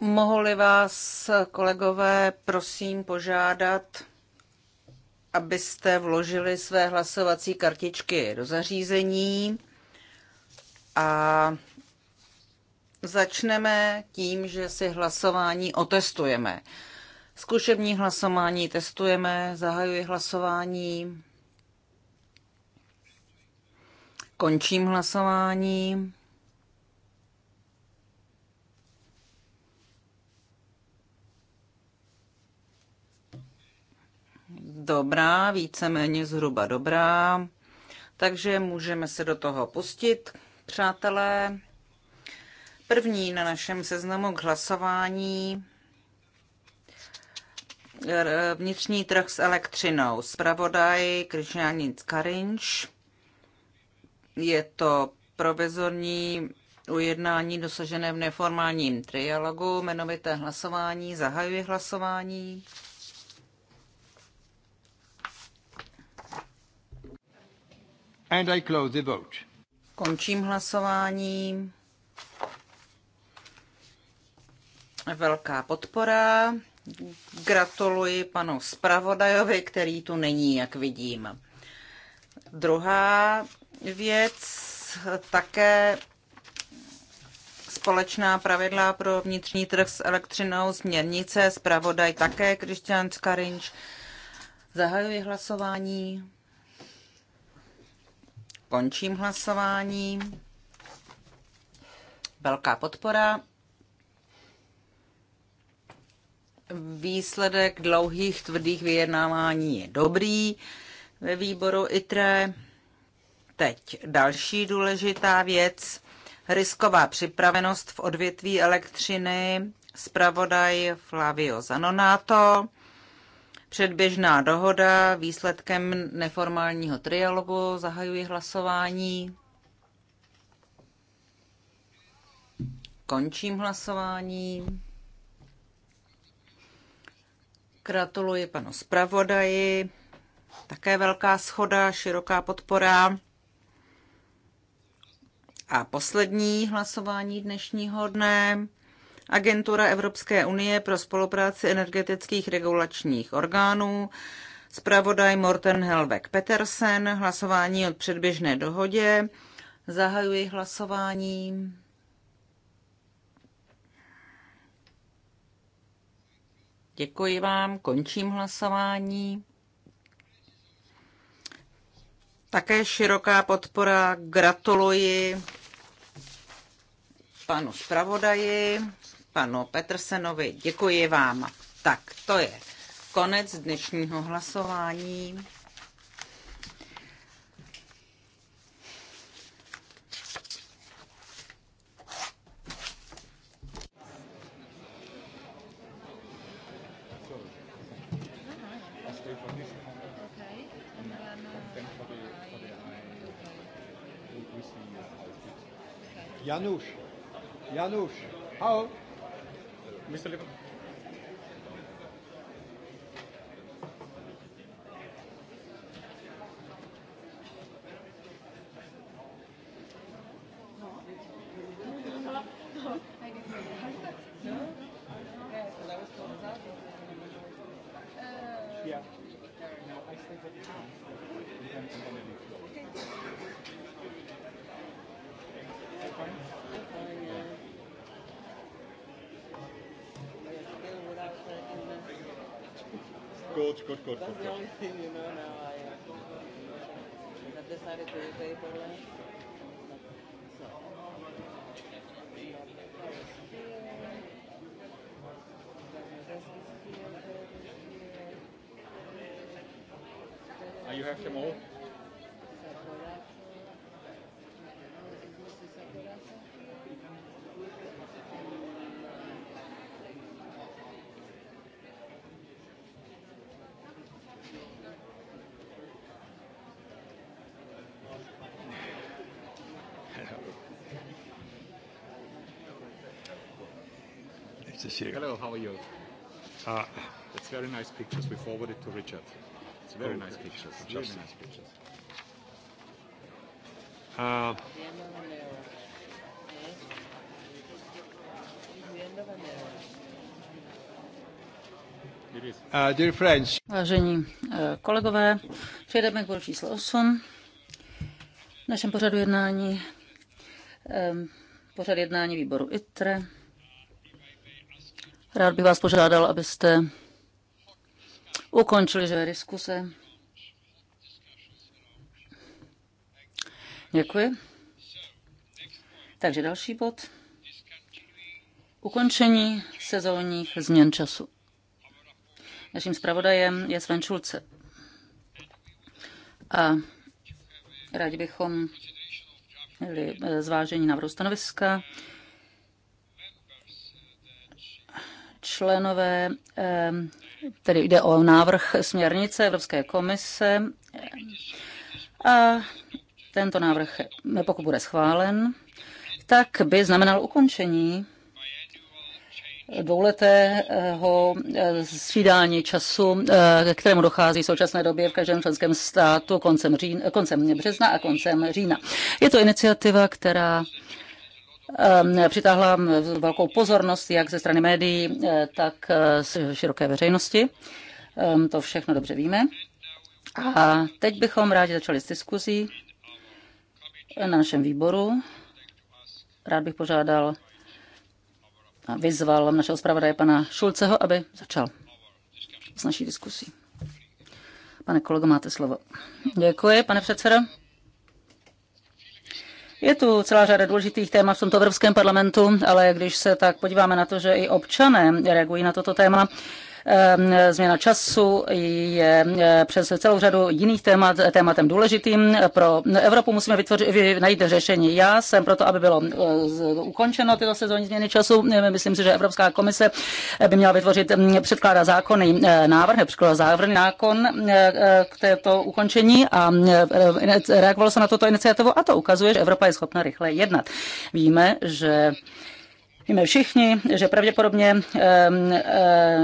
Mohu-li vás, kolegové, prosím požádat, abyste vložili své hlasovací kartičky do zařízení a začneme tím, že si hlasování otestujeme. Zkušební hlasování testujeme, zahajuji hlasování, končím hlasování. dobrá, víceméně zhruba dobrá, takže můžeme se do toho pustit, přátelé. První na našem seznamu k hlasování vnitřní trh s elektřinou. Spravodaj Kryšňánic Karinč. Je to provizorní ujednání dosažené v neformálním trialogu, jmenovité hlasování, zahajuje hlasování. And I close the vote. Končím hlasování. Velká podpora. Gratuluji panu zpravodajovi, který tu není, jak vidím. Druhá věc, také společná pravidla pro vnitřní trh s elektřinou, směrnice, zpravodaj také Kristian Skarinč. Zahajuji hlasování. Končím hlasování. Velká podpora. Výsledek dlouhých tvrdých vyjednávání je dobrý ve výboru ITRE. Teď další důležitá věc. Risková připravenost v odvětví elektřiny. Spravodaj Flavio Zanonato. Předběžná dohoda výsledkem neformálního trialogu. Zahajuji hlasování. Končím hlasování. Gratuluji panu zpravodaji. Také velká schoda, široká podpora. A poslední hlasování dnešního dne. Agentura Evropské unie pro spolupráci energetických regulačních orgánů, zpravodaj Morten Helvek Petersen, hlasování od předběžné dohodě. Zahajuji hlasování. Děkuji vám, končím hlasování. Také široká podpora. Gratuluji panu zpravodaji panu Petersenovi. Děkuji vám. Tak, to je konec dnešního hlasování. Janusz, Janusz, how? Mr. Lippert. good, good, good. That's good, the only thing you know now. I, uh, decided to for less. So. you have them all? Nice to see you. Hello, how are you? Uh, It's very nice pictures. We forwarded to Richard. It's very oh, nice pictures. Just very nice pictures. Uh, uh Vážení uh, kolegové, přejdeme k bodu číslo 8. V našem pořadu jednání, um, pořad jednání výboru ITRE, Rád bych vás požádal, abyste ukončili živé diskuse. Děkuji. Takže další bod. Ukončení sezónních změn času. Naším zpravodajem je Sven Šulce. A rádi bychom měli eh, zvážení návrhu stanoviska. členové, tedy jde o návrh směrnice Evropské komise a tento návrh, pokud bude schválen, tak by znamenal ukončení dvouletého eh, střídání času, eh, k kterému dochází v současné době v každém členském státu koncem, říjn, koncem března a koncem října. Je to iniciativa, která Ehm, přitáhla ehm, velkou pozornost jak ze strany médií, eh, tak eh, z široké veřejnosti. Ehm, to všechno dobře víme. A teď bychom rádi začali s diskuzí na našem výboru. Rád bych požádal a vyzval našeho zpravodaje pana Šulceho, aby začal s naší diskusí. Pane kolego, máte slovo. Děkuji, pane předsedo. Je tu celá řada důležitých témat v tomto Evropském parlamentu, ale když se tak podíváme na to, že i občané reagují na toto téma, Ehm, změna času je eh, přes celou řadu jiných témat tématem důležitým. Pro Evropu musíme vytvořit, najít řešení. Já jsem proto, aby bylo eh, ukončeno tyto sezónní změny času. Eh, myslím si, že Evropská komise by měla vytvořit, hm, předkládá zákonný návrh, předkládá závrný nákon k této ukončení a reagovalo se na tuto iniciativu a to ukazuje, že Evropa je schopna rychle jednat. Víme, že Víme všichni, že pravděpodobně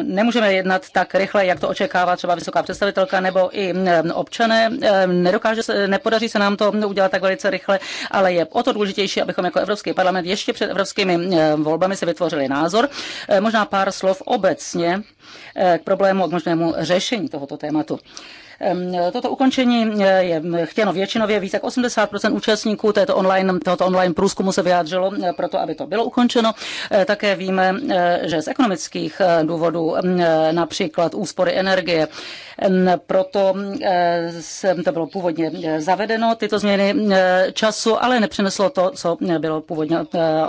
nemůžeme jednat tak rychle, jak to očekává třeba vysoká představitelka nebo i občané. Nedokáže, nepodaří se nám to udělat tak velice rychle, ale je o to důležitější, abychom jako Evropský parlament ještě před evropskými volbami si vytvořili názor. E, možná pár slov obecně e, k problému, k možnému řešení tohoto tématu. Toto ukončení eh, je chtěno většinově. Více jak 80% účastníků této online, tohoto online průzkumu se vyjádřilo eh, proto, aby to bylo ukončeno. Eh, také víme, že z ekonomických důvodů, například úspory energie, proto to bylo původně zavedeno, tyto změny času, ale nepřineslo to, co bylo původně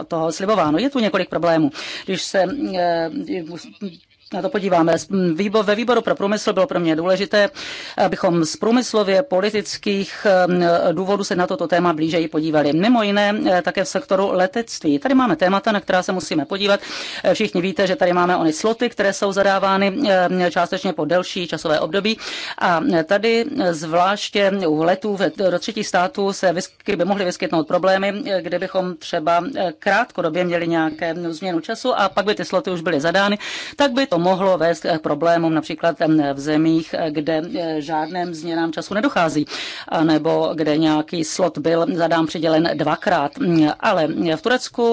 toho slibováno. Je tu několik problémů. Když se na to podíváme. Ve výboru pro průmysl bylo pro mě důležité, abychom z průmyslově politických důvodů se na toto téma blížeji podívali. Mimo jiné e, také v sektoru letectví. Tady máme témata, na která se musíme podívat. E, všichni víte, že tady máme ony sloty, které jsou zadávány e, částečně po delší časové období. A tady zvláště u letů do třetích států se vysky, by mohly vyskytnout problémy, kde bychom třeba krátkodobě měli nějaké změnu času a pak by ty sloty už byly zadány, tak by to mohlo vést k problémům například v zemích, kde eh, žádném změnám času nedochází, nebo kde nějaký slot byl zadán přidělen dvakrát. Mm, ale mm, v Turecku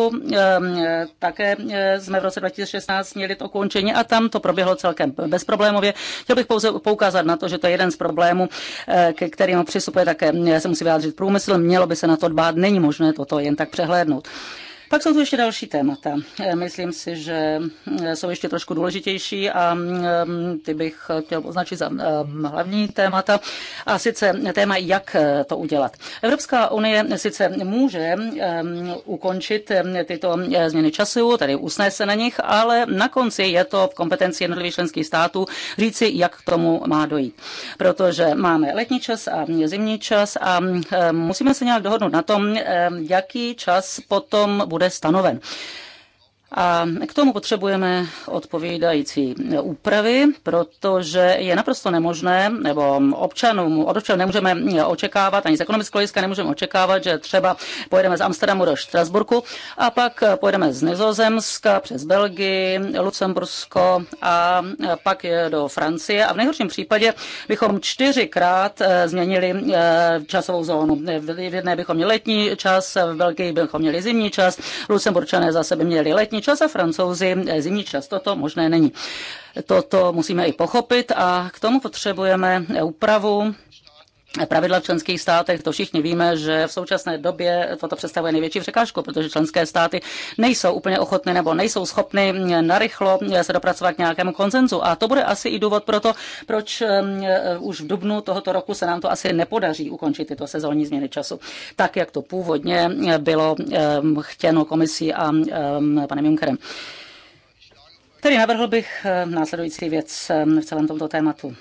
také eh, jsme v roce 2016 měli to ukončení a tam to proběhlo celkem bezproblémově. Chtěl bych pouze poukázat na to, že to je jeden z problémů, eh, ke kterým přistupuje také, se musí vyjádřit průmysl, mělo by se na to dbát, není možné toto jen tak přehlédnout. Pak jsou tu ještě další témata. Eh, myslím si, že eh, jsou ještě trošku důležitější a mm, eh, ty bych chtěl označit za hlavní témata. A sice téma, jak to udělat. Evropská unie sice může ukončit tyto změny času, tedy usnést se na nich, ale na konci je to v kompetenci jednotlivých členských států říci, jak k tomu má dojít. Protože máme letní čas a zimní čas a musíme se nějak dohodnout na tom, jaký čas potom bude bude stanoven. A k tomu potřebujeme odpovídající úpravy, protože je naprosto nemožné, nebo občanům, od občanů nemůžeme očekávat, ani z ekonomického hlediska nemůžeme očekávat, že třeba pojedeme z Amsterdamu do Štrasburku a pak pojedeme z Nizozemska přes Belgii, Lucembursko a pak do Francie. A v nejhorším případě bychom čtyřikrát eh, změnili eh, časovou zónu. V jedné bychom měli letní čas, v Belgii bychom měli zimní čas, Lucemburčané zase by měli letní čas a francouzi eh, zimní čas. Toto možné není. Toto musíme i pochopit a k tomu potřebujeme eh, úpravu pravidla v členských státech, to všichni víme, že v současné době toto představuje největší překážku, protože členské státy nejsou úplně ochotny nebo nejsou schopny narychlo se dopracovat k nějakému konsenzu. A to bude asi i důvod pro to, proč eh, už v dubnu tohoto roku se nám to asi nepodaří ukončit tyto sezónní změny času, tak jak to původně eh, bylo chtěno komisí a panem Junckerem. Tedy navrhl bych eh, následující věc v celém tomto tématu.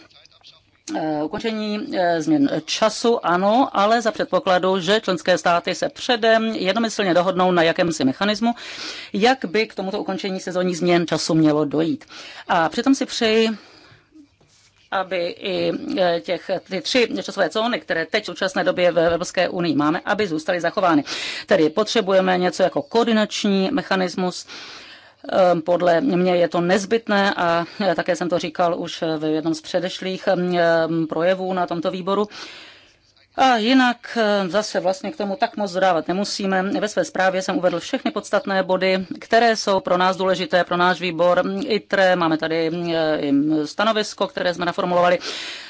Eh, ukončení eh, změn času, ano, ale za předpokladu, že členské státy se předem jednomyslně dohodnou na jakémsi mechanismu, jak by k tomuto ukončení sezónní změn času mělo dojít. A přitom si přeji aby i eh, těch, ty tři časové zóny, které teď v současné době v Evropské unii máme, aby zůstaly zachovány. Tedy potřebujeme něco jako koordinační mechanismus, Ehm, podle mě je to nezbytné a eh, také jsem to říkal už v jednom z předešlých ehm, projevů na tomto výboru. A jinak eh, zase vlastně k tomu tak moc dodávat nemusíme. Ve své zprávě jsem uvedl všechny podstatné body, které jsou pro nás důležité, pro náš výbor mm, ITRE. Máme tady eh, stanovisko, které jsme naformulovali.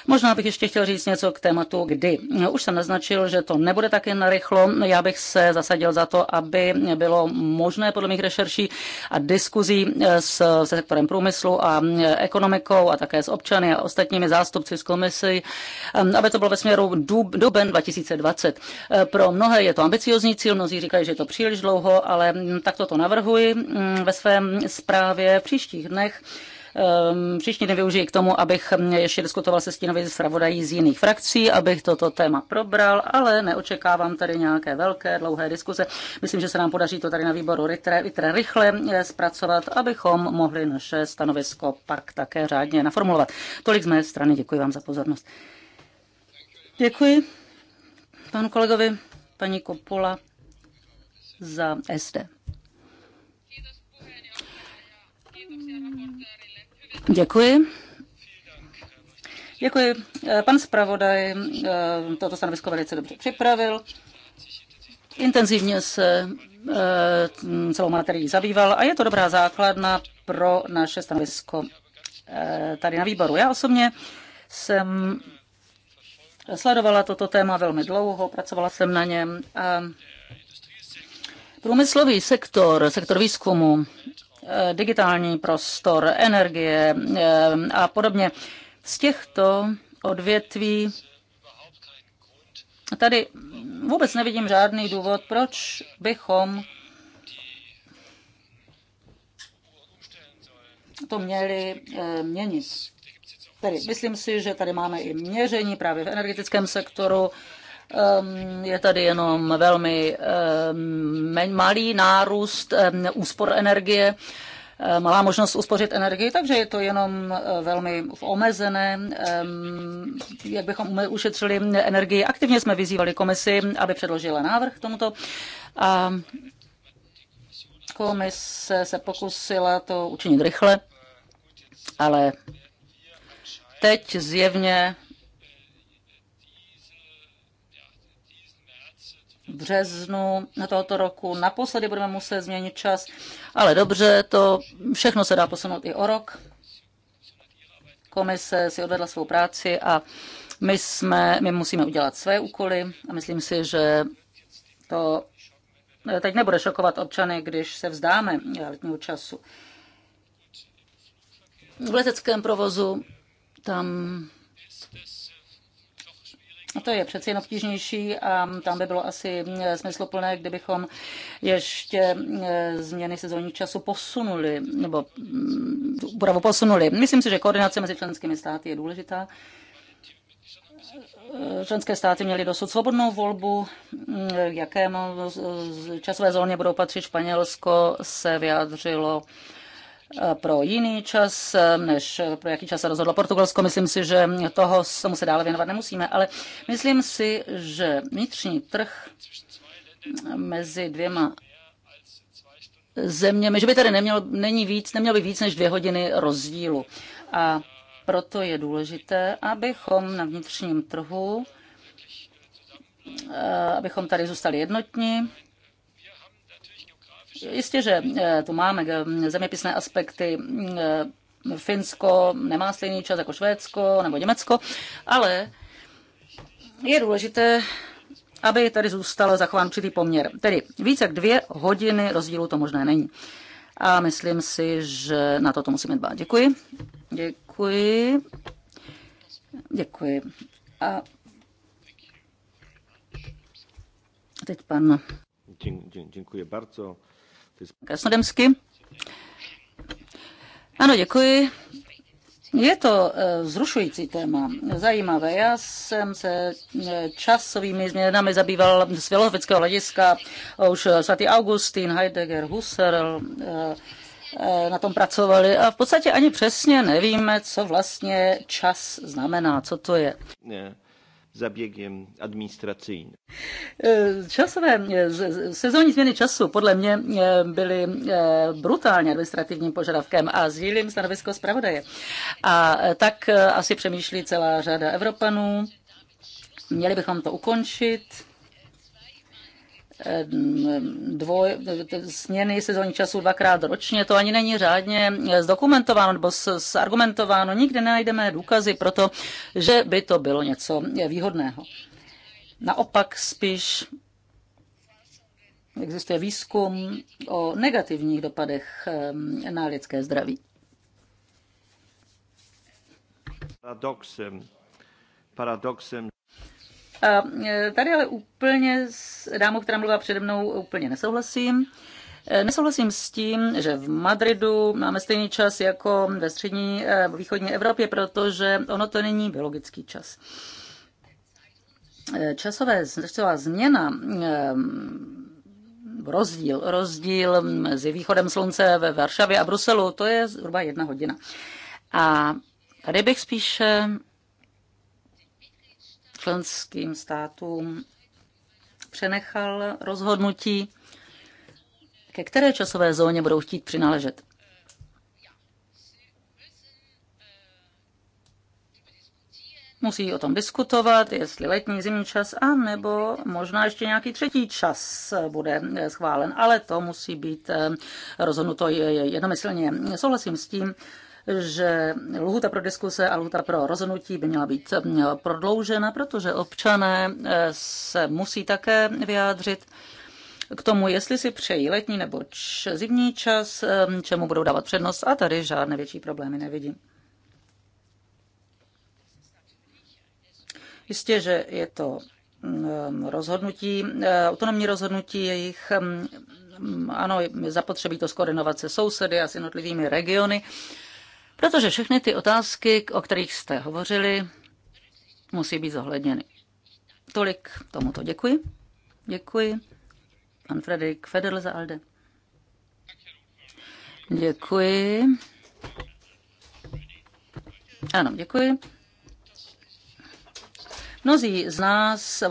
Možná bych ještě chtěl říct něco k tématu, kdy. Už jsem naznačil, že to nebude taky narychlo. Já bych se zasadil za to, aby bylo možné podle mých rešerší a diskuzí eh, s, se sektorem průmyslu a ekonomikou a také s občany a ostatními zástupci z komisy, aby to bylo ve směru dub, dub duben 2020. Eh, pro mnohé je to ambiciozní cíl, mnozí říkají, že je to příliš dlouho, ale mm, takto to navrhuji mm, ve svém zprávě v příštích dnech. Ehm, příští den využiji k tomu, abych mm, ještě diskutoval se stínovými zpravodají z jiných frakcí, abych toto téma probral, ale neočekávám tady nějaké velké, dlouhé diskuze. Myslím, že se nám podaří to tady na výboru Ritre, rychle eh, zpracovat, abychom mohli naše stanovisko pak také řádně naformulovat. Tolik z mé strany, děkuji vám za pozornost. Děkuji panu kolegovi, paní Kopula za SD. Děkuji. Děkuji. Pan zpravodaj eh, toto stanovisko velice dobře připravil. Intenzivně se eh, celou materií zabýval a je to dobrá základna pro naše stanovisko eh, tady na výboru. Já osobně jsem sledovala toto téma velmi dlouho, pracovala jsem na něm. A průmyslový sektor, sektor výzkumu, e, digitální prostor, energie e, a podobně, z těchto odvětví tady vůbec nevidím žádný důvod, proč bychom to měli e, měnit Tedy myslím si, že tady máme i měření právě v energetickém sektoru. Je tady jenom velmi malý nárůst úspor energie, malá možnost uspořit energii, takže je to jenom e, velmi omezené, jak bychom ušetřili energii. Aktivně jsme vyzývali komisi, aby předložila návrh k tomuto. A komise se pokusila to učinit rychle, ale teď zjevně březnu tohoto roku. Naposledy budeme muset změnit čas, ale dobře, to všechno se dá posunout i o rok. Komise si odvedla svou práci a my, jsme, my musíme udělat své úkoly a myslím si, že to eh, teď nebude šokovat občany, když se vzdáme letního času. V leteckém provozu tam a to je přeci jen obtížnější a tam by bylo asi eh, smysluplné, kdybychom ještě eh, změny sezónních času posunuli, nebo bravo, mm, posunuli. Myslím si, že koordinace mezi členskými státy je důležitá. Eh, členské státy měly dosud svobodnou volbu, mm, jakému časové zóně budou patřit. Španělsko se vyjádřilo E, pro jiný čas, e, než pro jaký čas se rozhodlo Portugalsko. Myslím si, že toho tomu se dále věnovat nemusíme, ale myslím si, že vnitřní trh mezi dvěma zeměmi, že by tady neměl, není víc, neměl by víc než dvě hodiny rozdílu. A proto je důležité, abychom na vnitřním trhu, e, abychom tady zůstali jednotní, Jistě, že eh, tu máme eh, zeměpisné aspekty eh, Finsko nemá stejný čas jako Švédsko nebo Německo, ale je důležité, aby tady zůstal zachován určitý poměr. Tedy více jak dvě hodiny rozdílu to možné není. A myslím si, že na to to musíme dbát. Děkuji. Děkuji. Děkuji. A teď pan. Děkuji bardzo. Krasnodemsky. Ano, děkuji. Je to eh, zrušující téma, zajímavé. Já jsem se eh, časovými změnami zabýval z filozofického hlediska už eh, svatý Augustín, Heidegger, Husserl, na tom pracovali a v podstatě ani přesně nevíme, co vlastně čas znamená, co to je. Yeah zabiegiem administracyjnym. Eh, časové eh, sezónní změny času podle mě eh, byly brutálně administrativním požadavkem a sdílím stanovisko zpravodaje. A tak asi přemýšlí celá řada Evropanů. Měli bychom to ukončit Ehm, dvoj, směny sezónní času dvakrát ročně. To ani není řádně zdokumentováno nebo zargumentováno. Nikde nenajdeme důkazy pro to, že by to bylo něco výhodného. Naopak spíš existuje výzkum o negativních dopadech ehm, na lidské zdraví. Paradoxem, paradoxem a e, tady ale úplně s dámou, která mluvila přede mnou, úplně nesouhlasím. E, nesouhlasím s tím, že v Madridu máme stejný čas jako ve střední e, východní Evropě, protože ono to není biologický čas. Časové, časová změna rozdíl, rozdíl mezi východem slunce ve Varšavě a Bruselu, to je zhruba jedna hodina. A tady bych spíše členským státům přenechal rozhodnutí, ke které časové zóně budou chtít přináležet. Musí o tom diskutovat, jestli letní, zimní čas, a nebo možná ještě nějaký třetí čas bude schválen, ale to musí být eh, rozhodnuto jednomyslně. Souhlasím s tím, že lhuta pro diskuse a lhuta pro rozhodnutí by měla být eh, prodloužena, protože občané eh, se musí také vyjádřit k tomu, jestli si přejí letní nebo zimní čas, eh, čemu budou dávat přednost a tady žádné větší problémy nevidím. Jistě, že je to mm, rozhodnutí, autonomní rozhodnutí jejich, mm, mm, ano, zapotřebí to skoordinovat se sousedy a s jednotlivými regiony, protože všechny ty otázky, o kterých jste hovořili, musí být zohledněny. Tolik tomuto děkuji. Děkuji. Pan Frederik Federl za ALDE. Děkuji. Ano, děkuji. Mnozí z nás,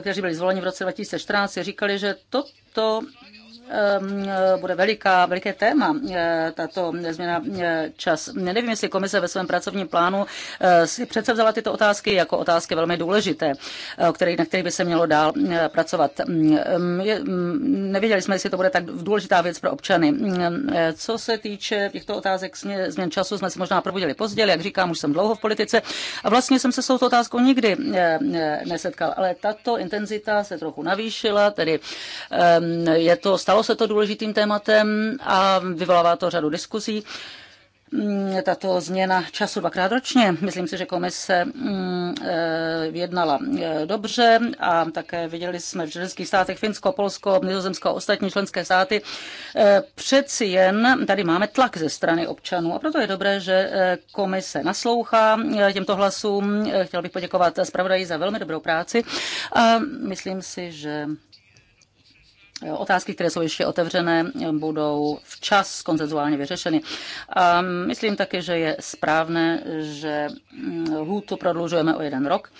kteří byli zvoleni v roce 2014, říkali, že toto Ehm, eh, bude veliká, veliké téma, eh, tato změna eh, čas. Nevím, jestli komise ve svém pracovním plánu si přece vzala tyto otázky jako otázky velmi důležité, na kterých by se mělo dál pracovat. Mm, ehm, mm, nevěděli jsme, jestli to bude tak důležitá věc pro občany. Mm, co se týče těchto otázek změn času, jsme si možná probudili později, jak říkám, už jsem dlouho v politice a vlastně jsem se s touto otázkou nikdy nesetkal, ale tato intenzita se trochu navýšila, tedy ehm, je to stalo stalo se to důležitým tématem a vyvolává to řadu diskuzí mm, tato změna času dvakrát ročně. Myslím si, že komise mm, e, jednala e, dobře a také viděli jsme v členských státech Finsko, Polsko, Nizozemsko a ostatní členské státy. E, přeci jen tady máme tlak ze strany občanů a proto je dobré, že komise naslouchá těmto hlasům. Chtěl bych poděkovat zpravodaji za velmi dobrou práci a myslím si, že Otázky, které jsou ještě otevřené, budou včas koncenzuálně vyřešeny. A myslím také, že je správné, že mm, lhůtu prodlužujeme o jeden rok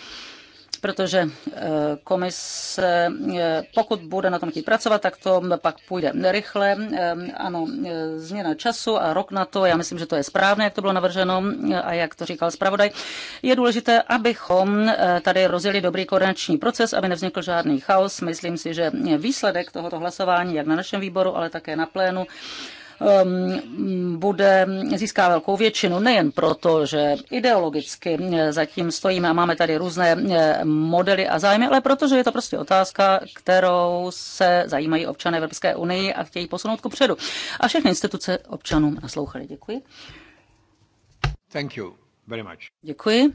protože eh, komise, eh, pokud bude na tom chtít pracovat, tak to pak půjde rychle. Eh, ano, změna času a rok na to, já myslím, že to je správné, jak to bylo navrženo a jak to říkal zpravodaj. Je důležité, abychom tady rozjeli dobrý koordinační proces, aby nevznikl žádný chaos. Myslím si, že výsledek tohoto hlasování, jak na našem výboru, ale také na plénu, Um, bude získá velkou většinu, nejen proto, že ideologicky zatím stojíme a máme tady různé eh, modely a zájmy, ale protože je to prostě otázka, kterou se zajímají občané Evropské unii a chtějí posunout ku předu. A všechny instituce občanům naslouchaly. Děkuji. Thank you very much. Děkuji.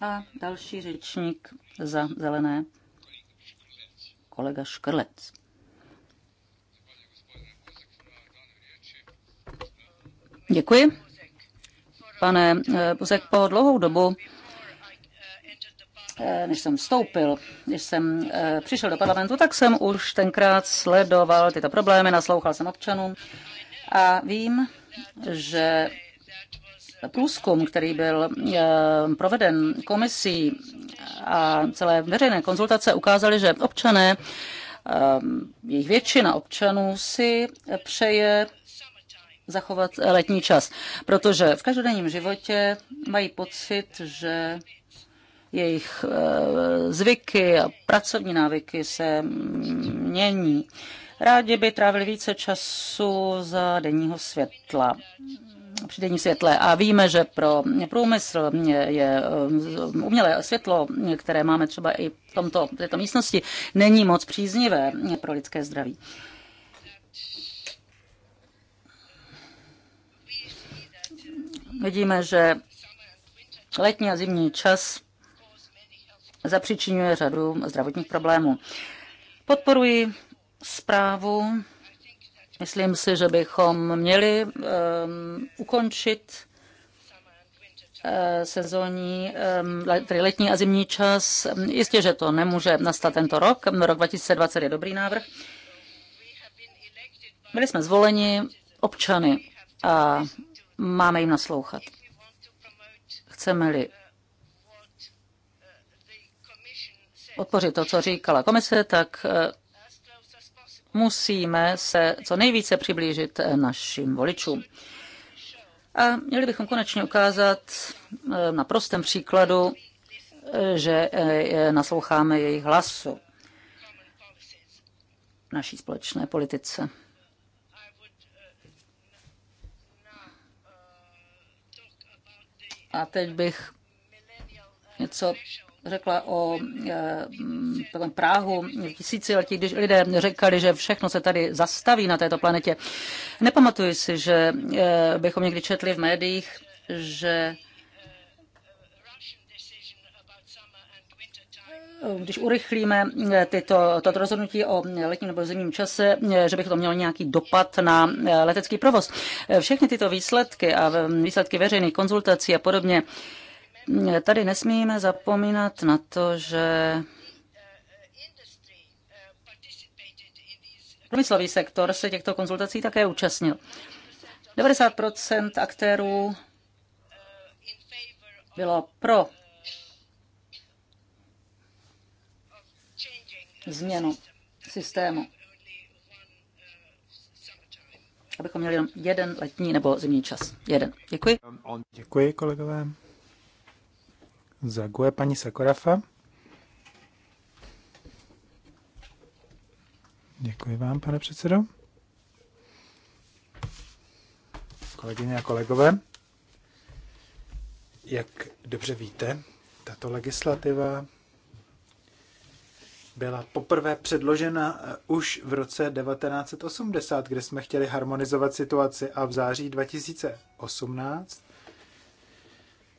A další řečník za zelené, kolega Škrlec. Děkuji. Pane eh, Buzek, po dlouhou dobu eh, než jsem vstoupil, než jsem eh, přišel do parlamentu, tak jsem už tenkrát sledoval tyto problémy, naslouchal jsem občanům a vím, že průzkum, který byl proveden komisí a celé veřejné konzultace ukázaly, že občané, jejich většina občanů si přeje zachovat letní čas, protože v každodenním životě mají pocit, že jejich eh, zvyky a pracovní návyky se mění. Rádi by trávili více času za denního světla při denní světle. A víme, že pro průmysl je eh, umělé světlo, které máme třeba i v tomto, této místnosti, není moc příznivé pro lidské zdraví. Vidíme, že letní a zimní čas zapříčinuje řadu zdravotních problémů. Podporuji zprávu. Myslím si, že bychom měli um, ukončit eh, sezónní, eh, tedy letní a zimní čas. Jistě, že to nemůže nastat tento rok. Rok 2020 je dobrý návrh. Byli jsme zvoleni občany a máme jim naslouchat. Chceme-li podpořit to, co říkala komise, tak eh, musíme se co nejvíce přiblížit eh, našim voličům. A měli bychom konečně ukázat eh, na prostém příkladu, že nasloucháme jejich hlasu naší společné politice. A teď bych něco řekla o takovém eh, mm, Práhu tisíciletí, když lidé řekali, že všechno se tady zastaví na této planetě. Nepamatuji si, že eh, bychom někdy četli v médiích, že když urychlíme eh, tyto, toto rozhodnutí o eh, letním nebo zimním čase, eh, že bych to mělo nějaký dopad na letecký provoz. Všechny tyto výsledky a výsledky veřejných konzultací a podobně, tady nesmíme zapomínat na to, že průmyslový sektor se těchto konzultací také účastnil. 90 aktérů bylo pro změnu systému. Abychom měli jenom jeden letní nebo zimní čas. Jeden. Děkuji. Děkuji, kolegové. Zaguje paní Sakorafa. Děkuji vám, pane předsedo. Kolegyně a kolegové, jak dobře víte, tato legislativa byla poprvé předložena eh, už v roce 1980, kde jsme chtěli harmonizovat situaci a v září 2018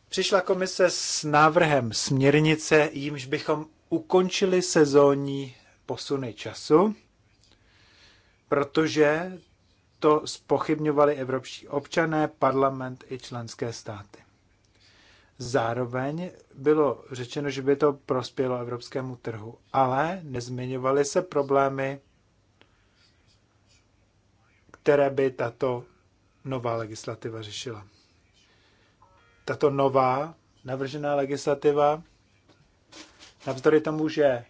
přišla komise s návrhem směrnice, jímž bychom ukončili sezónní posuny času, protože to spochybňovali evropští občané, parlament i členské státy. Zároveň bylo řečeno, že by to prospělo evropskému trhu, ale nezmiňovaly se problémy, které by tato nová legislativa řešila. Tato nová navržená legislativa, navzdory tomu, že e,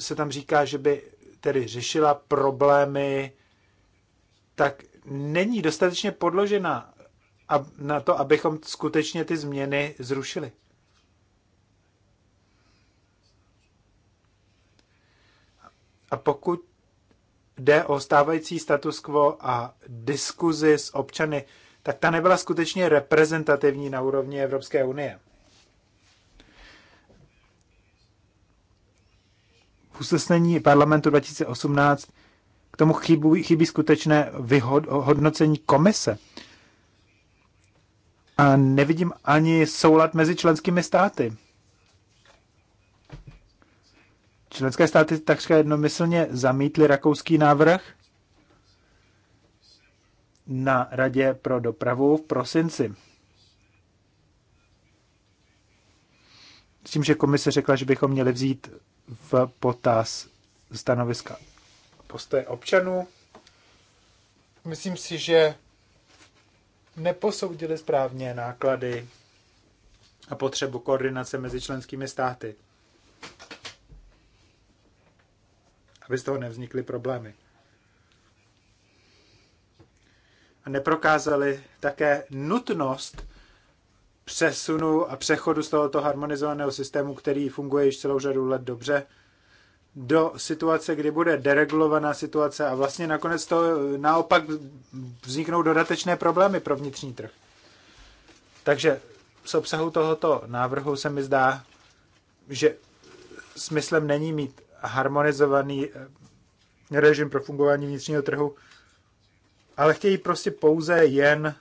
se tam říká, že by tedy řešila problémy, tak není dostatečně podložena na to, abychom skutečně ty změny zrušili. A pokud jde o stávající status quo a diskuzi s občany, tak ta nebyla skutečně reprezentativní na úrovni Evropské unie. V usnesení parlamentu 2018 k tomu chybí, chybí skutečné vyhodnocení komise. A nevidím ani soulad mezi členskými státy. Členské státy takřka jednomyslně zamítly rakouský návrh na Radě pro dopravu v prosinci. S tím, že komise řekla, že bychom měli vzít v potaz stanoviska postoje občanů. Myslím si, že neposoudili správně náklady a potřebu koordinace mezi členskými státy, aby z toho nevznikly problémy. A neprokázali také nutnost přesunu a přechodu z tohoto harmonizovaného systému, který funguje již celou řadu let dobře, do situace, kdy bude deregulovaná situace a vlastně nakonec to naopak vzniknou dodatečné problémy pro vnitřní trh. Takže z obsahu tohoto návrhu se mi zdá, že smyslem není mít harmonizovaný eh, režim pro fungování vnitřního trhu, ale chtějí prostě pouze jen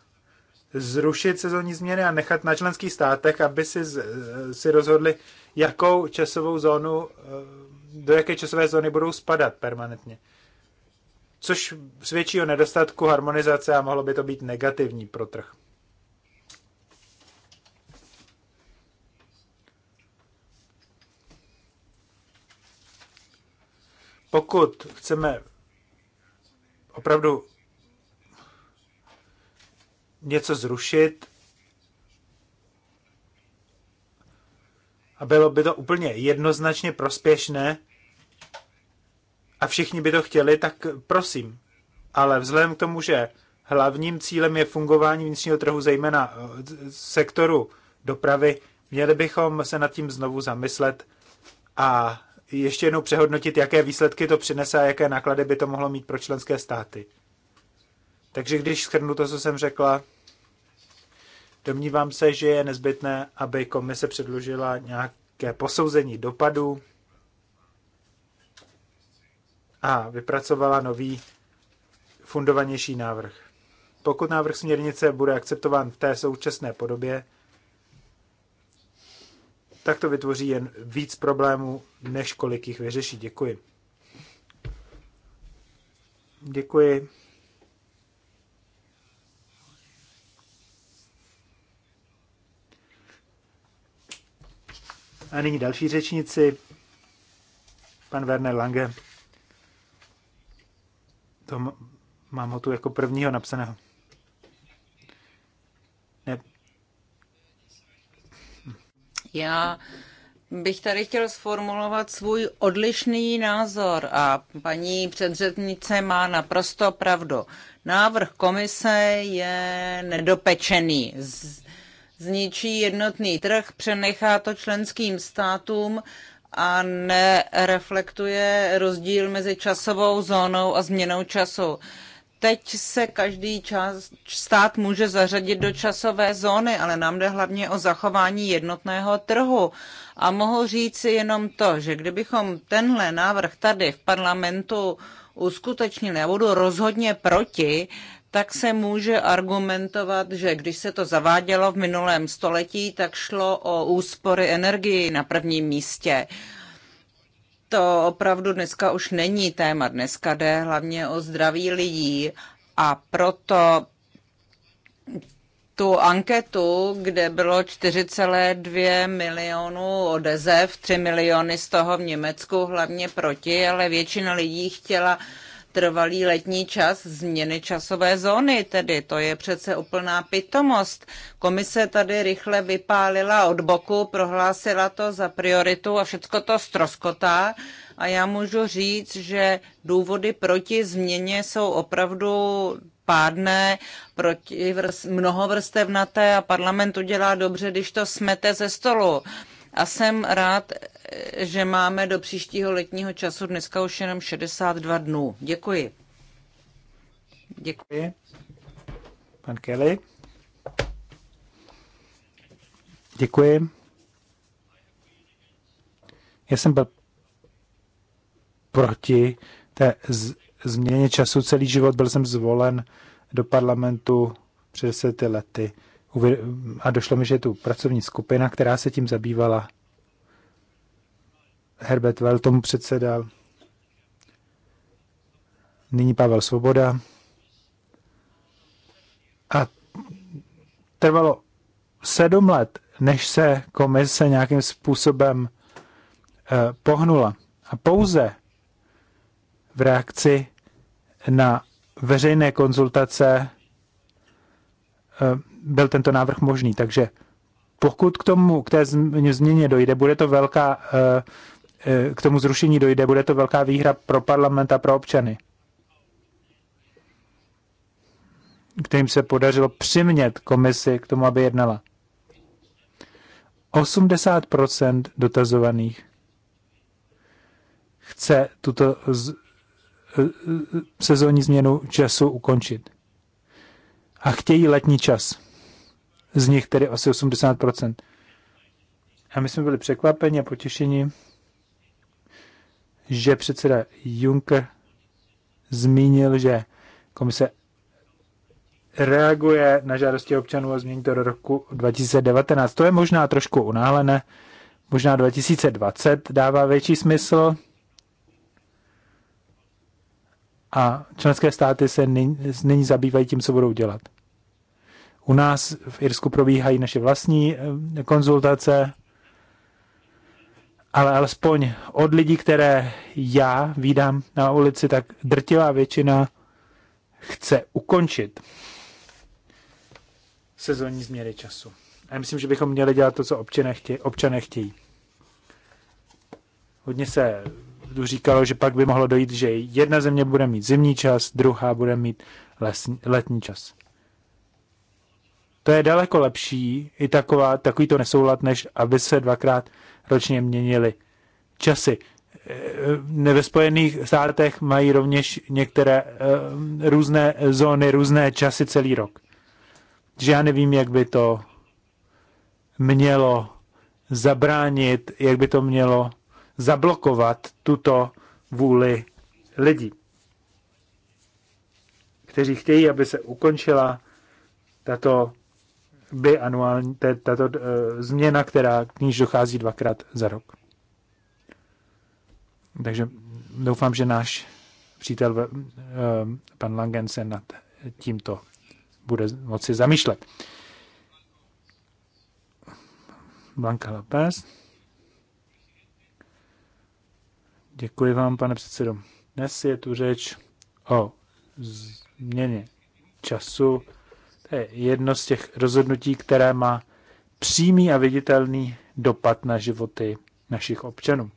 zrušit sezónní změny a nechat na členských státech, aby si, eh, si rozhodli, jakou časovou zónu eh, do jaké časové zóny budou spadat permanentně. Což svědčí o nedostatku harmonizace a mohlo by to být negativní pro trh. Pokud chceme opravdu něco zrušit, a bylo by to úplně jednoznačně prospěšné a všichni by to chtěli, tak prosím. Ale vzhledem k tomu, že hlavním cílem je fungování vnitřního trhu, zejména eh, sektoru dopravy, měli bychom se nad tím znovu zamyslet a ještě jednou přehodnotit, jaké výsledky to přinese a jaké náklady by to mohlo mít pro členské státy. Takže když shrnu to, co jsem řekla, Domnívám se, že je nezbytné, aby komise předložila nějaké posouzení dopadů a vypracovala nový fundovanější návrh. Pokud návrh směrnice bude akceptován v té současné podobě, tak to vytvoří jen víc problémů, než kolik jich vyřeší. Děkuji. Děkuji. A nyní další řečnici, pan Werner Lange. To mám ho tu jako prvního napsaného. Ne. Já bych tady chtěl sformulovat svůj odlišný názor a paní předřednice má naprosto pravdu. Návrh komise je nedopečený. Z zničí jednotný trh, přenechá to členským státům a nereflektuje rozdíl mezi časovou zónou a změnou času. Teď se každý čas, stát může zařadit do časové zóny, ale nám jde hlavně o zachování jednotného trhu. A mohu říci jenom to, že kdybychom tenhle návrh tady v parlamentu uskutečnili, já budu rozhodně proti, tak se může argumentovat, že když se to zavádělo v minulém století, tak šlo o úspory energii na prvním místě. To opravdu dneska už není téma. Dneska jde hlavně o zdraví lidí a proto tu anketu, kde bylo 4,2 milionů odezev, 3 miliony z toho v Německu hlavně proti, ale většina lidí chtěla uh, trvalý letní čas změny časové zóny, tedy to je přece úplná pitomost. Komise tady rychle vypálila od boku, prohlásila to za prioritu a všecko to stroskotá. A já můžu říct, že důvody proti změně jsou opravdu pádné, proti mnohovrstevnaté a parlament udělá dobře, když to smete ze stolu. A jsem rád, že máme do příštího letního času dneska už jenom 62 dnů. Děkuji. Děkuji. Pan Kelly. Děkuji. Já jsem byl proti té změně času celý život. Byl jsem zvolen do parlamentu před deseti lety a došlo mi, že je tu pracovní skupina, která se tím zabývala. Herbert Well tomu předsedal. Nyní Pavel Svoboda. A trvalo sedm let, než se komise nějakým způsobem eh, pohnula. A pouze v reakci na veřejné konzultace eh, byl tento návrh možný. Takže pokud k tomu, k té změně dojde, bude to velká, eh, eh, k tomu zrušení dojde, bude to velká výhra pro parlament a pro občany, kterým se podařilo přimět komisi k tomu, aby jednala. 80% dotazovaných chce tuto z, eh, sezónní změnu času ukončit. A chtějí letní čas z nich tedy asi 80%. A my jsme byli překvapeni a potěšeni, že předseda Juncker zmínil, že komise reaguje na žádosti občanů a změní to do roku 2019. To je možná trošku unáhlené, možná 2020 dává větší smysl. A členské státy se nyní, nyní zabývají tím, co budou dělat. U nás v Irsku probíhají naše vlastní eh, konzultace, ale alespoň od lidí, které já vídám na ulici, tak drtivá většina chce ukončit sezónní změry času. A já myslím, že bychom měli dělat to, co občané, chtě, občané chtějí. Hodně se říkalo, že pak by mohlo dojít, že jedna země bude mít zimní čas, druhá bude mít lesní, letní čas. To je daleko lepší i taková, takový to nesoulad, než aby se dvakrát ročně měnili časy. Eh, ve Spojených státech mají rovněž některé eh, různé zóny, různé časy celý rok. Takže já nevím, jak by to mělo zabránit, jak by to mělo zablokovat tuto vůli lidí, kteří chtějí, aby se ukončila tato by anuální, tato eh, změna, která k níž dochází dvakrát za rok. Takže doufám, že náš přítel eh, pan Langen se nad tímto bude moci zamýšlet. Blanka Lopez. Děkuji vám, pane předsedo. Dnes je tu řeč o změně času to je jedno z těch rozhodnutí, které má přímý a viditelný dopad na životy našich občanů.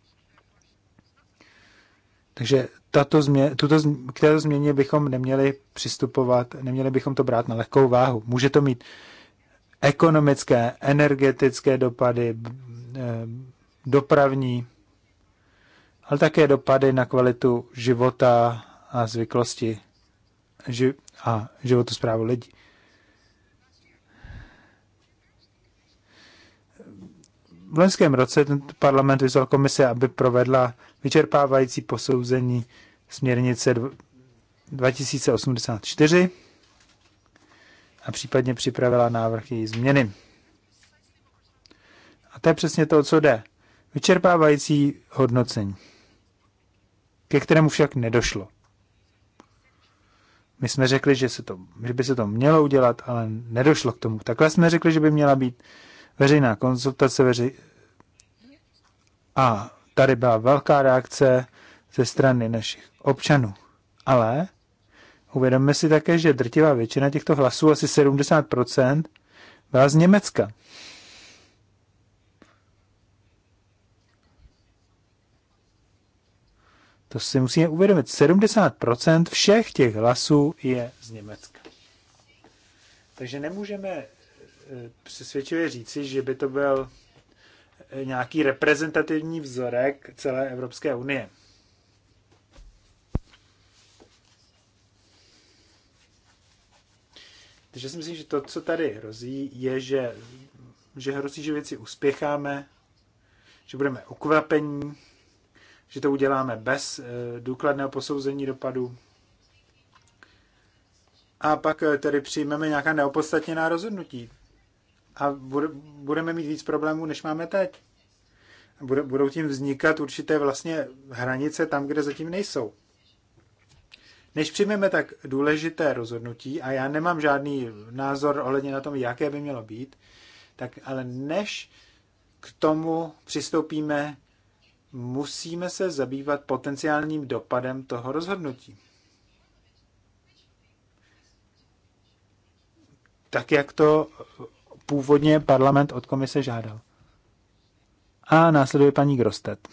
Takže tato změ, tuto, k této změně bychom neměli přistupovat, neměli bychom to brát na lehkou váhu. Může to mít ekonomické, energetické dopady, e, dopravní, ale také dopady na kvalitu života a zvyklosti a životosprávu lidí. V loňském roce tento parlament vyzval komise, aby provedla vyčerpávající posouzení směrnice 2084 a případně připravila návrh její změny. A to je přesně to, co jde. Vyčerpávající hodnocení, ke kterému však nedošlo. My jsme řekli, že, se to, že by se to mělo udělat, ale nedošlo k tomu. Takhle jsme řekli, že by měla být veřejná konzultace veři... a tady byla velká reakce ze strany našich občanů. Ale uvědomme si také, že drtivá většina těchto hlasů, asi 70%, byla z Německa. To si musíme uvědomit. 70% všech těch hlasů je z Německa. Takže nemůžeme přesvědčivě říci, že by to byl eh, nějaký reprezentativní vzorek celé Evropské unie. Takže si myslím, že to, co tady hrozí, je, že, že hrozí, že věci uspěcháme, že budeme ukvapení, že to uděláme bez eh, důkladného posouzení dopadu. A pak eh, tedy přijmeme nějaká neopodstatněná rozhodnutí a budeme mít víc problémů, než máme teď. Budou tím vznikat určité vlastně hranice tam, kde zatím nejsou. Než přijmeme tak důležité rozhodnutí, a já nemám žádný názor ohledně na tom, jaké by mělo být, tak ale než k tomu přistoupíme, musíme se zabývat potenciálním dopadem toho rozhodnutí. Tak jak to původně parlament od komise žádal. A následuje paní Grostet.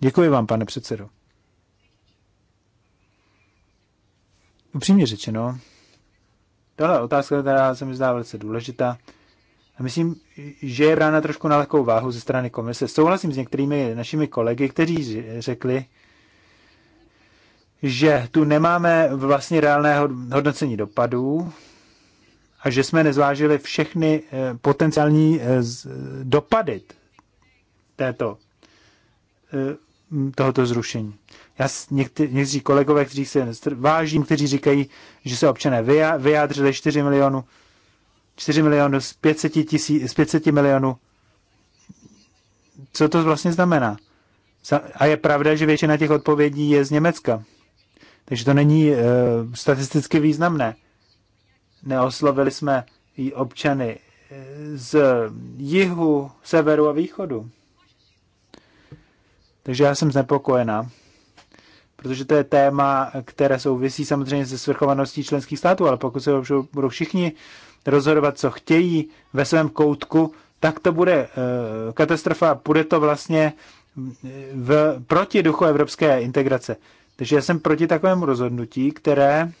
Děkuji vám, pane předsedo. Upřímně řečeno, tohle otázka, která se mi zdá velice důležitá, a myslím, že je brána trošku na lehkou váhu ze strany komise. Souhlasím s některými našimi kolegy, kteří řekli, že tu nemáme vlastně reálné hodnocení dopadů, a že jsme nezvážili všechny eh, potenciální eh, dopady této, eh, tohoto zrušení. Já někteří kolegové, kteří se vážím, kteří říkají, že se občané vyjádřili 4 milionů, 4 milionů z 500, tisí, z 500 milionů. Co to vlastně znamená? A je pravda, že většina těch odpovědí je z Německa. Takže to není uh, statisticky významné neoslovili jsme i občany eh, z jihu, severu a východu. Takže já jsem znepokojená, protože to je téma, které souvisí samozřejmě se svrchovaností členských států, ale pokud se budou všichni rozhodovat, co chtějí ve svém koutku, tak to bude eh, katastrofa, bude to vlastně eh, v, proti duchu evropské integrace. Takže já jsem proti takovému rozhodnutí, které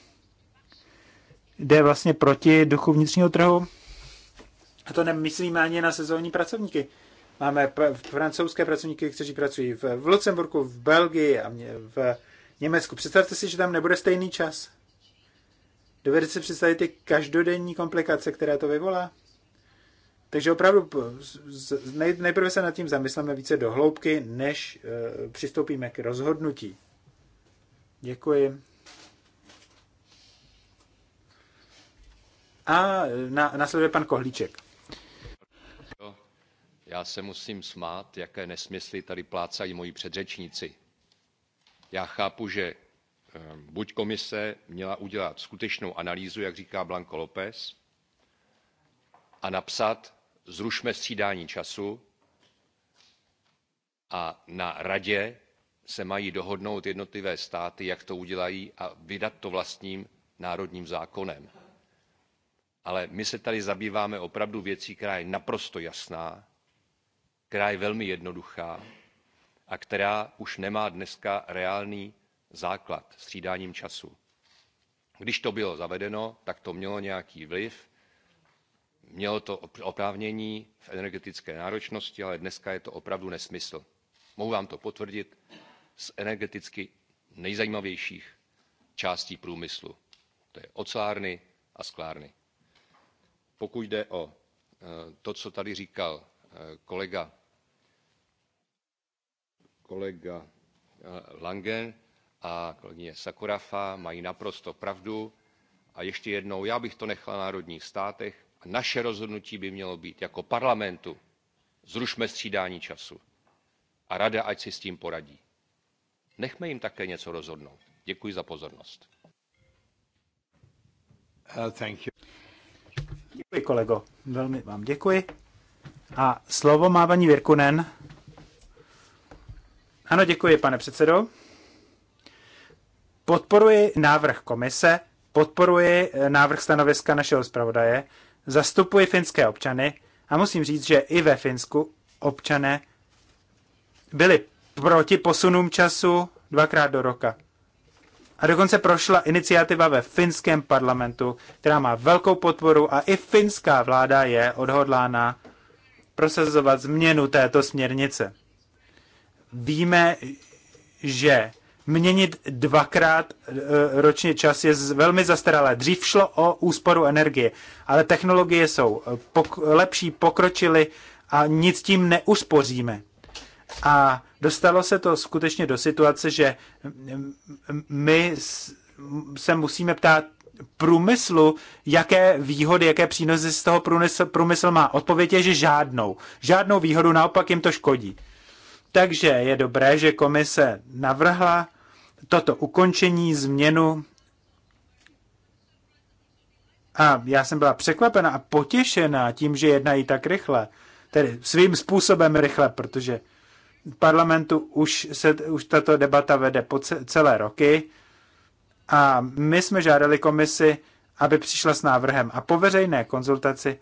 jde vlastně proti duchu vnitřního trhu. A to nemyslíme ani na sezónní pracovníky. Máme francouzské pracovníky, kteří pracují v, v Lucemburku, v Belgii a mě, v Německu. Představte si, že tam nebude stejný čas. Dovedete si představit ty každodenní komplikace, které to vyvolá? Takže opravdu nejprve se nad tím zamysleme více do hloubky, než eh, přistoupíme k rozhodnutí. Děkuji. A e, na, nasleduje pan Kohlíček. Já se musím smát, jaké nesmysly tady plácají moji předřečníci. Já chápu, že e, buď komise měla udělat skutečnou analýzu, jak říká Blanco López, a napsat zrušme střídání času a na radě se mají dohodnout jednotlivé státy, jak to udělají a vydat to vlastním národním zákonem ale my se tady zabýváme opravdu věcí, která je naprosto jasná, která je velmi jednoduchá a která už nemá dneska reálný základ střídáním času. Když to bylo zavedeno, tak to mělo nějaký vliv, mělo to oprávnění v energetické náročnosti, ale dneska je to opravdu nesmysl. Mohu vám to potvrdit z energeticky nejzajímavějších částí průmyslu. To je ocelárny a sklárny. Pokud jde o eh, to, co tady říkal eh, kolega, kolega eh, Langen a kolegyně Sakorafa, mají naprosto pravdu. A ještě jednou, já bych to nechal na národních státech. A naše rozhodnutí by mělo být jako parlamentu. Zrušme střídání času. A rada, ať si s tím poradí. Nechme jim také něco rozhodnout. Děkuji za pozornost. Uh, thank you. Děkuji, kolego. Velmi vám děkuji. A slovo má paní Virkunen. Ano, děkuji, pane předsedo. Podporuji návrh komise, podporuji návrh stanoviska našeho zpravodaje, zastupuji finské občany a musím říct, že i ve Finsku občané byli proti posunům času dvakrát do roka. A dokonce prošla iniciativa ve finském parlamentu, která má velkou podporu a i finská vláda je odhodlána prosazovat změnu této směrnice. Víme, že měnit dvakrát e, ročně čas je velmi zastaralé. Dřív šlo o úsporu energie, ale technologie jsou pok- lepší, pokročily a nic tím neuspoříme. A Dostalo se to skutečně do situace, že my se musíme ptát průmyslu, jaké výhody, jaké přínosy z toho průmysl, průmysl má. Odpověď je, že žádnou. Žádnou výhodu, naopak jim to škodí. Takže je dobré, že komise navrhla toto ukončení, změnu. A já jsem byla překvapena a potěšena tím, že jednají tak rychle. Tedy svým způsobem rychle, protože parlamentu už, se, už tato debata vede po celé roky a my jsme žádali komisi, aby přišla s návrhem. A po veřejné konzultaci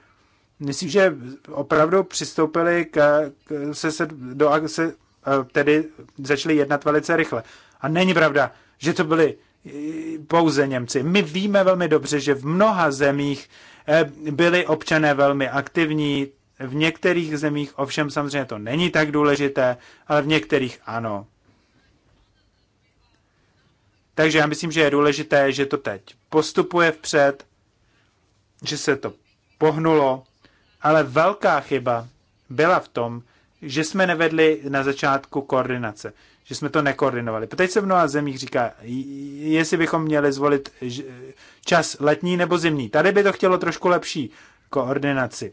myslím, že opravdu přistoupili k, k, se, se, do, se, e, tedy začali jednat velice rychle. A není pravda, že to byli e, pouze Němci. My víme velmi dobře, že v mnoha zemích e, byli občané velmi aktivní, v některých zemích ovšem samozřejmě to není tak důležité, ale v některých ano. Takže já myslím, že je důležité, že to teď postupuje vpřed, že se to pohnulo, ale velká chyba byla v tom, že jsme nevedli na začátku koordinace, že jsme to nekoordinovali. Teď se v mnoha zemích říká, jestli bychom měli zvolit čas letní nebo zimní. Tady by to chtělo trošku lepší koordinaci.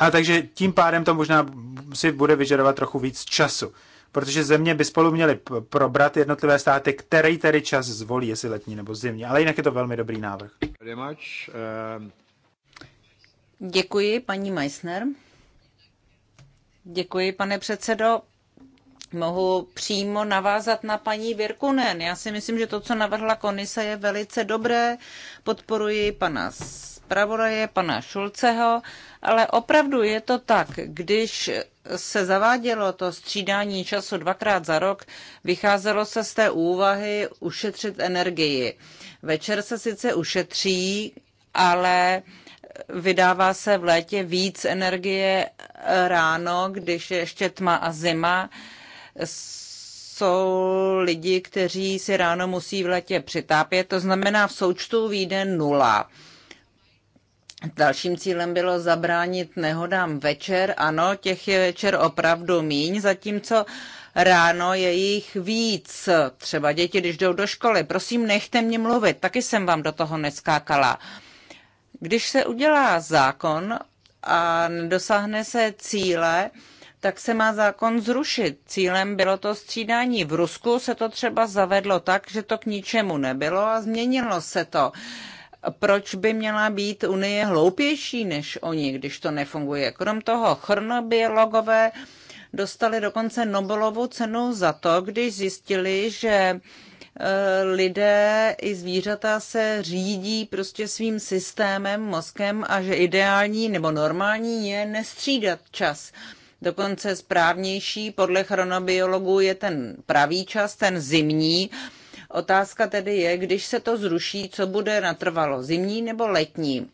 A takže tím pádem to možná si bude vyžadovat trochu víc času, protože země by spolu měly probrat jednotlivé státy, který tedy čas zvolí, jestli letní nebo zimní. Ale jinak je to velmi dobrý návrh. Děkuji, paní Meissner. Děkuji, pane předsedo. Mohu přímo navázat na paní Virkunen. Já si myslím, že to, co navrhla Konise, je velice dobré. Podporuji pana zpravodaje pana Šulceho, ale opravdu je to tak, když se zavádělo to střídání času dvakrát za rok, vycházelo se z té úvahy ušetřit energii. Večer se sice ušetří, ale vydává se v létě víc energie ráno, když je ještě tma a zima. Jsou lidi, kteří si ráno musí v letě přitápět, to znamená v součtu výjde nula. Dalším cílem bylo zabránit nehodám večer. Ano, těch je večer opravdu míň, zatímco ráno je jich víc. Třeba děti, když jdou do školy. Prosím, nechte mě mluvit, taky jsem vám do toho neskákala. Když se udělá zákon a nedosáhne se cíle, tak se má zákon zrušit. Cílem bylo to střídání. V Rusku se to třeba zavedlo tak, že to k ničemu nebylo a změnilo se to proč by měla být Unie hloupější než oni, když to nefunguje? Krom toho, chronobiologové dostali dokonce Nobelovu cenu za to, když zjistili, že e, lidé i zvířata se řídí prostě svým systémem, mozkem a že ideální nebo normální je nestřídat čas. Dokonce správnější podle chronobiologů je ten pravý čas, ten zimní, Otázka tedy je, když se to zruší, co bude natrvalo, zimní nebo letní.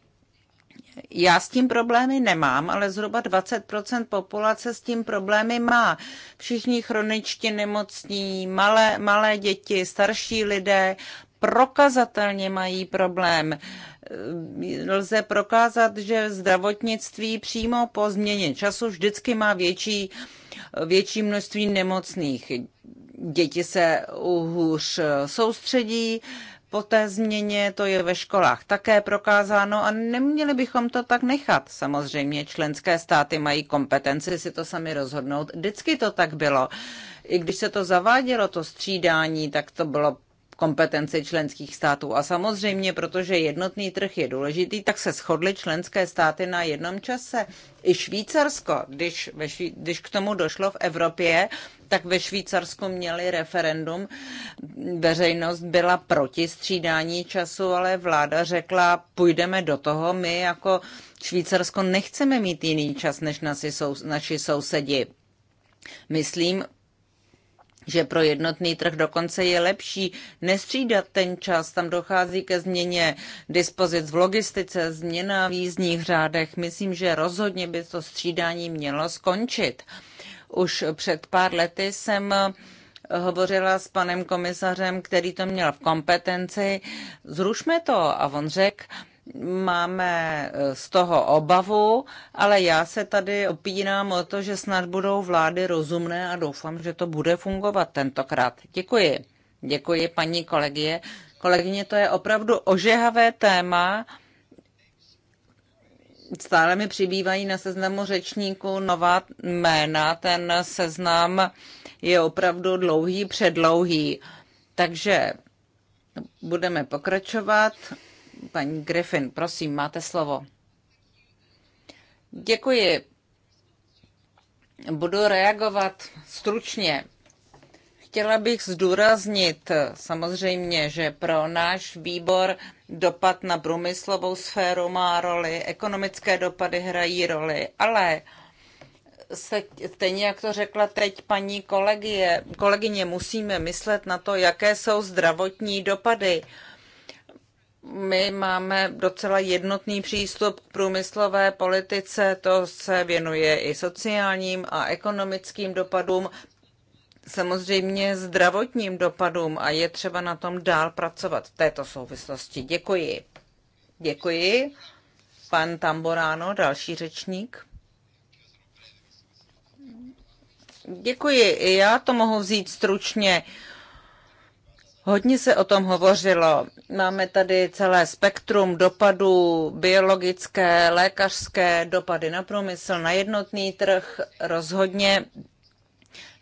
Já s tím problémy nemám, ale zhruba 20% populace s tím problémy má. Všichni chroničtí nemocní, malé, malé děti, starší lidé prokazatelně mají problém. Uh, Eh, lze prokázat, že zdravotnictví přímo po změně času vždycky má větší, větší množství nemocných. Děti se hůř soustředí, po té změně, to je ve školách také prokázáno a neměli bychom to tak nechat. Samozřejmě členské státy mají kompetenci si to sami rozhodnout. Vždycky to tak bylo. I když se to zavádělo, to střídání, tak to bylo kompetenci členských států. A samozřejmě, protože jednotný trh je důležitý, tak se shodly členské státy na jednom čase. I Švýcarsko, když, ve když k tomu došlo v Evropě, tak ve Švýcarsku měli referendum. Veřejnost byla proti střídání času, ale vláda řekla, půjdeme do toho, my jako Švýcarsko nechceme mít jiný čas než nasi, sou, naši sousedi. Myslím, že pro jednotný trh dokonce je lepší nestřídat ten čas. Tam dochází ke změně dispozic v logistice, změna v jízdních řádech. Myslím, že rozhodně by to střídání mělo skončit. Už před pár lety jsem hovořila s panem komisařem, který to měl v kompetenci. Zrušme to. A on řekl, máme eh, z toho obavu, ale já se tady opírám o to, že snad budou vlády rozumné a doufám, že to bude fungovat tentokrát. Děkuji. Děkuji, paní kolegie. Kolegyně, to je opravdu ožehavé téma. Stále mi přibývají na seznamu řečníků nová jména. Ten seznam je opravdu dlouhý, předlouhý. Takže budeme pokračovat. Paní Griffin, prosím, máte slovo. Děkuji. Budu reagovat stručně. Chtěla bych zdůraznit samozřejmě, že pro náš výbor dopad na průmyslovou sféru má roli, ekonomické dopady hrají roli, ale se, stejně jak to řekla teď paní kolegie, kolegyně, musíme myslet na to, jaké jsou zdravotní dopady. Uh, my máme docela jednotný přístup k průmyslové politice, to se věnuje i sociálním a ekonomickým dopadům, samozřejmě zdravotním dopadům a je třeba na tom dál pracovat v této souvislosti. Děkuji. Děkuji. Pan Tamboráno, další řečník. Děkuji. Já to mohu vzít stručně. Uh, Hodně se o tom hovořilo. Máme tady celé spektrum dopadů biologické, lékařské, dopady na průmysl, na jednotný trh. Rozhodně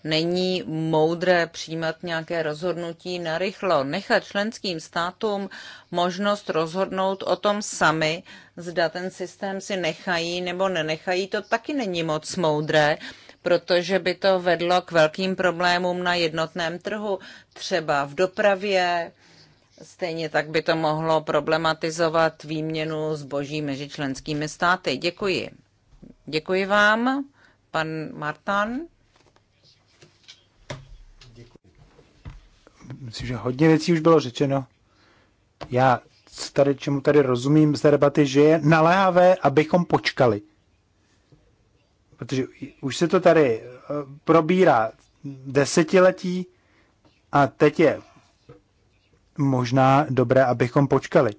není moudré přijímat nějaké rozhodnutí na rychlo. Nechat členským státům možnost rozhodnout o tom sami, zda ten systém si nechají nebo nenechají, to taky není moc moudré protože by to vedlo k velkým problémům na jednotném trhu, třeba v dopravě. Stejně tak by to mohlo problematizovat výměnu zboží mezi členskými státy. Děkuji. Děkuji vám, pan Martan. Děkuji. Myslím, že hodně věcí už bylo řečeno. Já tady, čemu tady rozumím z té debaty, že je naléhavé, abychom počkali protože už se to tady eh, probírá desetiletí a teď je možná dobré, abychom počkali.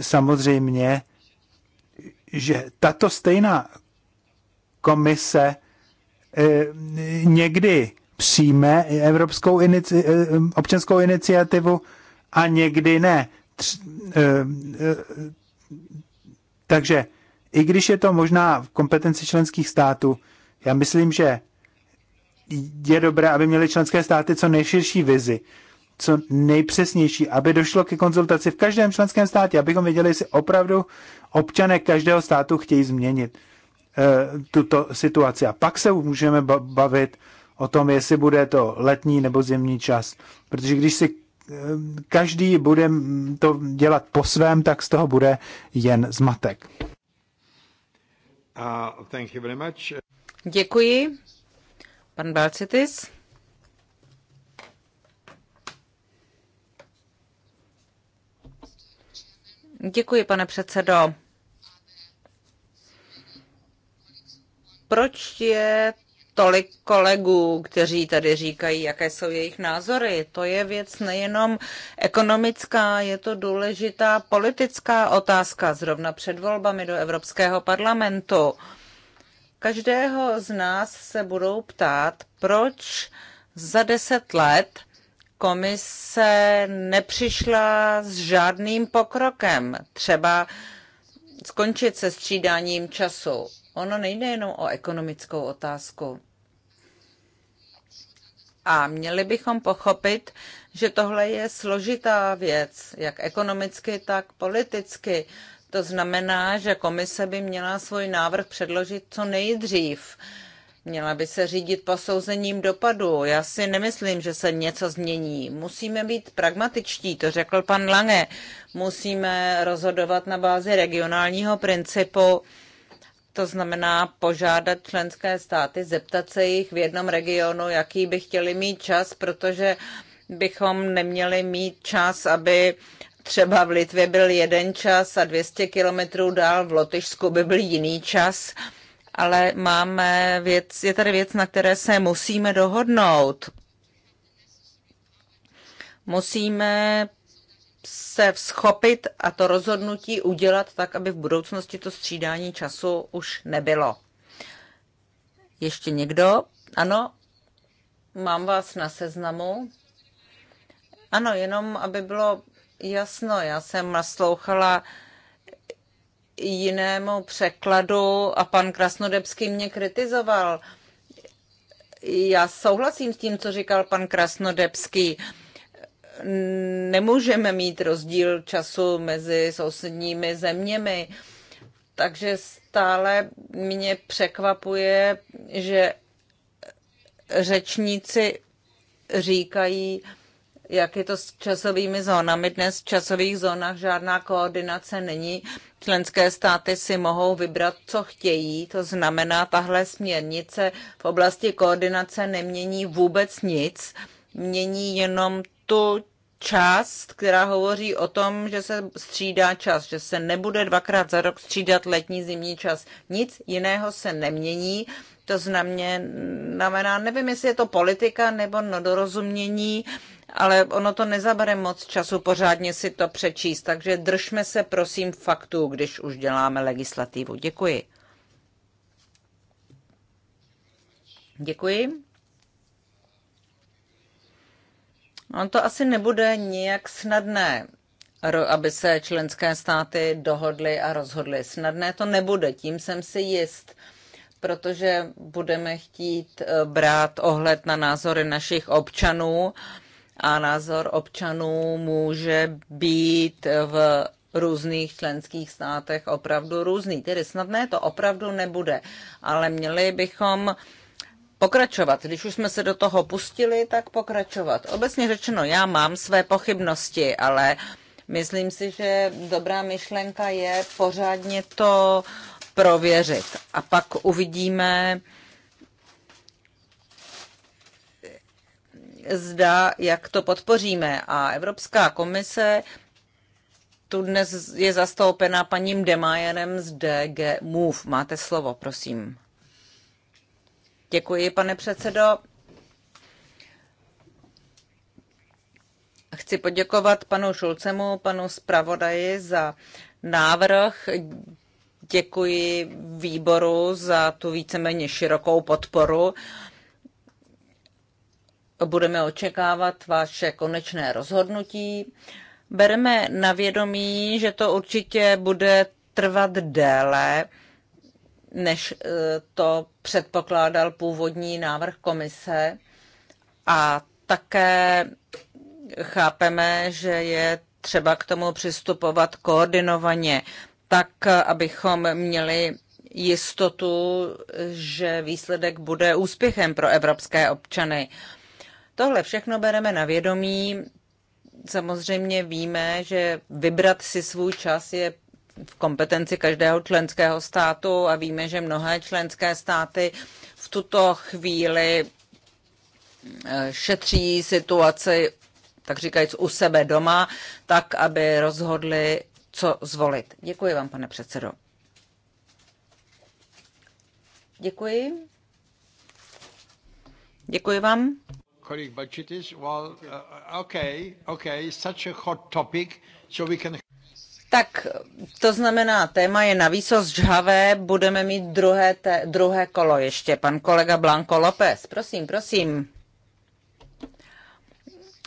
Samozřejmě, že tato stejná komise eh, někdy přijme Evropskou inici, eh, občanskou iniciativu a někdy ne. Takže i když je to možná v kompetenci členských států, já myslím, že je dobré, aby měly členské státy co nejširší vizi, co nejpřesnější, aby došlo ke konzultaci v každém členském státě, abychom věděli, jestli opravdu občané každého státu chtějí změnit e, tuto situaci. A pak se můžeme bavit o tom, jestli bude to letní nebo zimní čas. Protože když si eh, každý bude to dělat po svém, tak z toho bude jen zmatek. Uh, Děkuji. Pan Balcetis. Děkuji, pane předsedo. Proč je tolik kolegů, kteří tady říkají, jaké jsou jejich názory. To je věc nejenom ekonomická, je to důležitá politická otázka, zrovna před volbami do Evropského parlamentu. Každého z nás se budou ptát, proč za deset let komise nepřišla s žádným pokrokem. Třeba skončit se střídáním času. Ono nejde jenom o ekonomickou otázku. A měli bychom pochopit, že tohle je složitá věc, jak ekonomicky, tak politicky. To znamená, že komise by měla svůj návrh předložit co nejdřív. Měla by se řídit posouzením dopadu. Já si nemyslím, že se něco změní. Musíme být pragmatičtí, to řekl pan Lange. Musíme rozhodovat na bázi regionálního principu to znamená požádat členské státy, zeptat se jich v jednom regionu, jaký by chtěli mít čas, protože bychom neměli mít čas, aby třeba v Litvě byl jeden čas a 200 kilometrů dál v Lotyšsku by byl jiný čas. Ale máme věc, je tady věc, na které se musíme dohodnout. Musíme se schopit a to rozhodnutí udělat tak, aby v budoucnosti to střídání času už nebylo. Ještě někdo? Ano, mám vás na seznamu. Ano, jenom aby bylo jasno, já jsem naslouchala jinému překladu a pan Krasnodebský mě kritizoval. Já souhlasím s tím, co říkal pan Krasnodebský nemůžeme mít rozdíl času mezi sousedními zeměmi. Takže stále mě překvapuje, že řečníci říkají, jak je to s časovými zónami. Dnes v časových zónách žádná koordinace není. Členské státy si mohou vybrat, co chtějí. To znamená, tahle směrnice v oblasti koordinace nemění vůbec nic. Mění jenom tu část, která hovoří o tom, že se střídá čas, že se nebude dvakrát za rok střídat letní zimní čas. Nic jiného se nemění. To znamená, nevím, jestli je to politika nebo nedorozumění, ale ono to nezabere moc času pořádně si to přečíst, takže držme se prosím faktů, když už děláme legislativu. Děkuji. Děkuji. On no, to asi nebude nijak snadné, aby se členské státy dohodly a rozhodly. Snadné to nebude, tím jsem si jist, protože budeme chtít eh, brát ohled na názory našich občanů a názor občanů může být v různých členských státech opravdu různý. Tedy snadné to opravdu nebude, ale měli bychom pokračovat. Když už jsme se do toho pustili, tak pokračovat. Obecně řečeno, já mám své pochybnosti, ale myslím si, že dobrá myšlenka je pořádně to prověřit. A pak uvidíme, zda, jak to podpoříme. A Evropská komise tu dnes je zastoupena paním Demajerem z DG Move. Máte slovo, prosím. Děkuji, pane předsedo. Chci poděkovat panu Šulcemu, panu zpravodaji za návrh. Děkuji výboru za tu víceméně širokou podporu. Budeme očekávat vaše konečné rozhodnutí. Bereme na vědomí, že to určitě bude trvat déle než eh, to předpokládal původní návrh komise. A také chápeme, že je třeba k tomu přistupovat koordinovaně, tak, abychom měli jistotu, že výsledek bude úspěchem pro evropské občany. Tohle všechno bereme na vědomí. Samozřejmě víme, že vybrat si svůj čas je v kompetenci každého členského státu a víme, že mnohé členské státy v tuto chvíli eh, šetří situaci, tak říkajíc, u sebe doma, tak, aby rozhodli, co zvolit. Děkuji vám, pane předsedo. Děkuji. Děkuji vám. Kolik Well, uh, uh, okay, okay, such a hot topic, so we can... Tak to znamená, téma je navýsost žhavé, budeme mít druhé, te, druhé kolo ještě. Pan kolega Blanco López, prosím, prosím.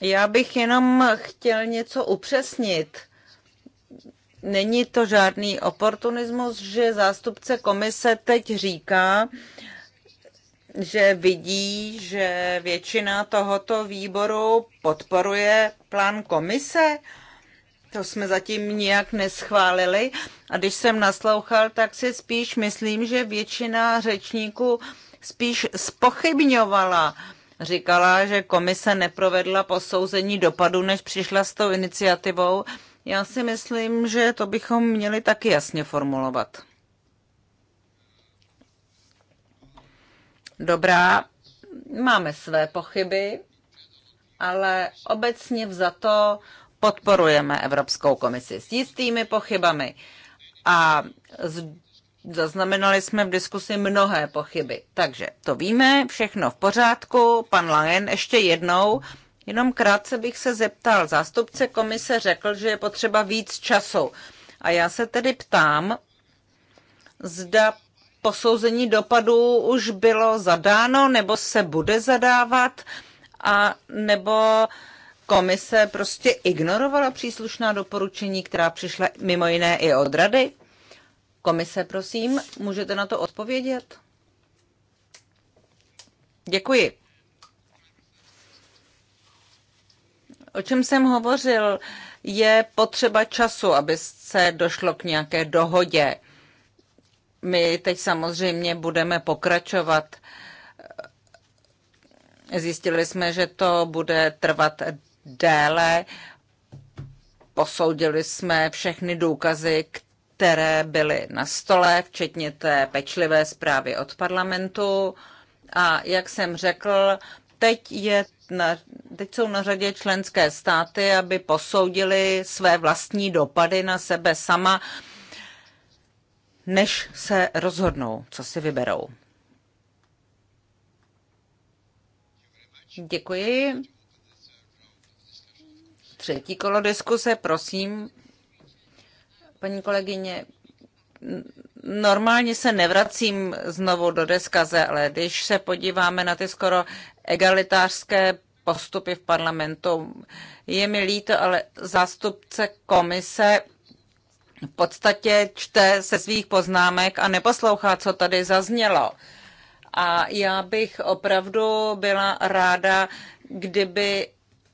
Já bych jenom chtěl něco upřesnit. Není to žádný oportunismus, že zástupce komise teď říká, že vidí, že většina tohoto výboru podporuje plán komise. To jsme zatím nijak neschválili. A když jsem naslouchal, tak si spíš myslím, že většina řečníků spíš spochybňovala. Říkala, že komise neprovedla posouzení dopadu, než přišla s tou iniciativou. Já si myslím, že to bychom měli taky jasně formulovat. Dobrá, máme své pochyby, ale obecně vzato podporujeme Evropskou komisi s jistými pochybami a z, zaznamenali jsme v diskusi mnohé pochyby. Takže to víme, všechno v pořádku. Pan Langen ještě jednou. Jenom krátce bych se zeptal. Zástupce komise řekl, že je potřeba víc času. A já se tedy ptám, zda posouzení dopadů už bylo zadáno, nebo se bude zadávat, a nebo uh, komise prostě ignorovala příslušná doporučení, která přišla mimo jiné i od rady? Komise, prosím, můžete na to odpovědět? Děkuji. O čem jsem hovořil, je potřeba času, aby se došlo k nějaké dohodě. My teď samozřejmě budeme pokračovat. Zjistili jsme, že to bude trvat déle. Posoudili jsme všechny důkazy, které byly na stole, včetně té pečlivé zprávy od parlamentu. A jak jsem řekl, teď, je na, teď jsou na řadě členské státy, aby posoudili své vlastní dopady na sebe sama, než se rozhodnou, co si vyberou. Děkuji. Třetí kolo diskuse, prosím. Paní kolegyně, normálně se nevracím znovu do deskaze, ale když se podíváme na ty skoro egalitářské postupy v parlamentu, je mi líto, ale zástupce komise v podstatě čte se svých poznámek a neposlouchá, co tady zaznělo. A já bych opravdu byla ráda, kdyby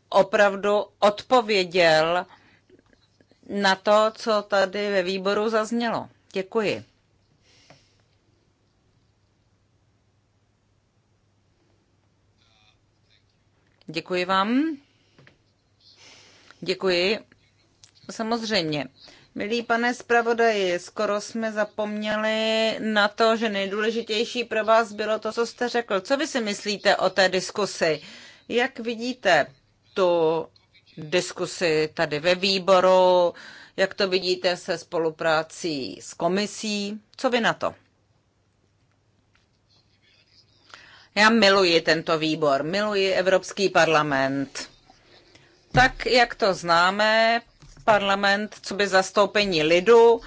opravdu odpověděl na to, co tady ve výboru zaznělo. Děkuji. Děkuji vám. Děkuji. Samozřejmě. Milí pane zpravodaji, skoro jsme zapomněli na to, že nejdůležitější pro vás bylo to, co jste řekl. Co vy si myslíte o té diskusi? Jak vidíte tu diskusi tady ve výboru, jak to vidíte se spoluprácí s komisí. Co vy na to? Já miluji tento výbor, miluji Evropský parlament. Tak, jak to známe, parlament, co by zastoupení lidu,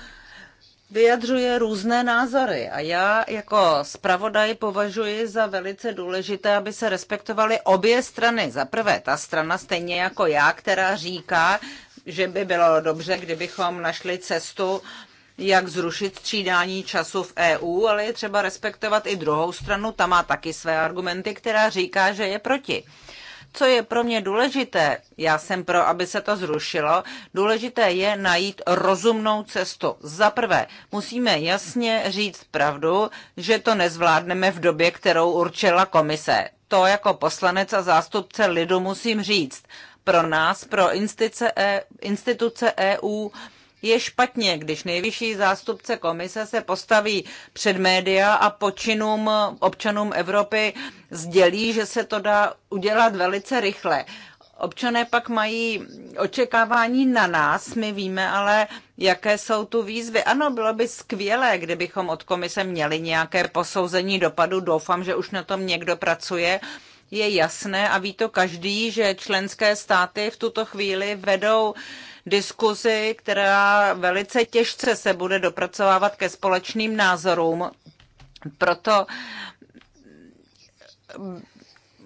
vyjadřuje různé názory a já jako zpravodaj považuji za velice důležité, aby se respektovaly obě strany. Za prvé ta strana stejně jako já, která říká, že by bylo dobře, kdybychom našli cestu, jak zrušit střídání času v EU, ale je třeba respektovat i druhou stranu, ta má taky své argumenty, která říká, že je proti. Co je pro mě důležité, já jsem pro, aby se to zrušilo, důležité je najít rozumnou cestu. Za prvé, musíme jasně říct pravdu, že to nezvládneme v době, kterou určila komise. To jako poslanec a zástupce lidu musím říct. Pro nás, pro instituce, e, instituce EU, je špatně, když nejvyšší zástupce komise se postaví před média a počinům občanům Evropy sdělí, že se to dá udělat velice rychle. Občané pak mají očekávání na nás, my víme ale, jaké jsou tu výzvy. Ano, bylo by skvělé, kdybychom od komise měli nějaké posouzení dopadu. Doufám, že už na tom někdo pracuje. Je jasné a ví to každý, že členské státy v tuto chvíli vedou uh, diskuzi, která velice těžce se bude dopracovávat ke společným názorům. Proto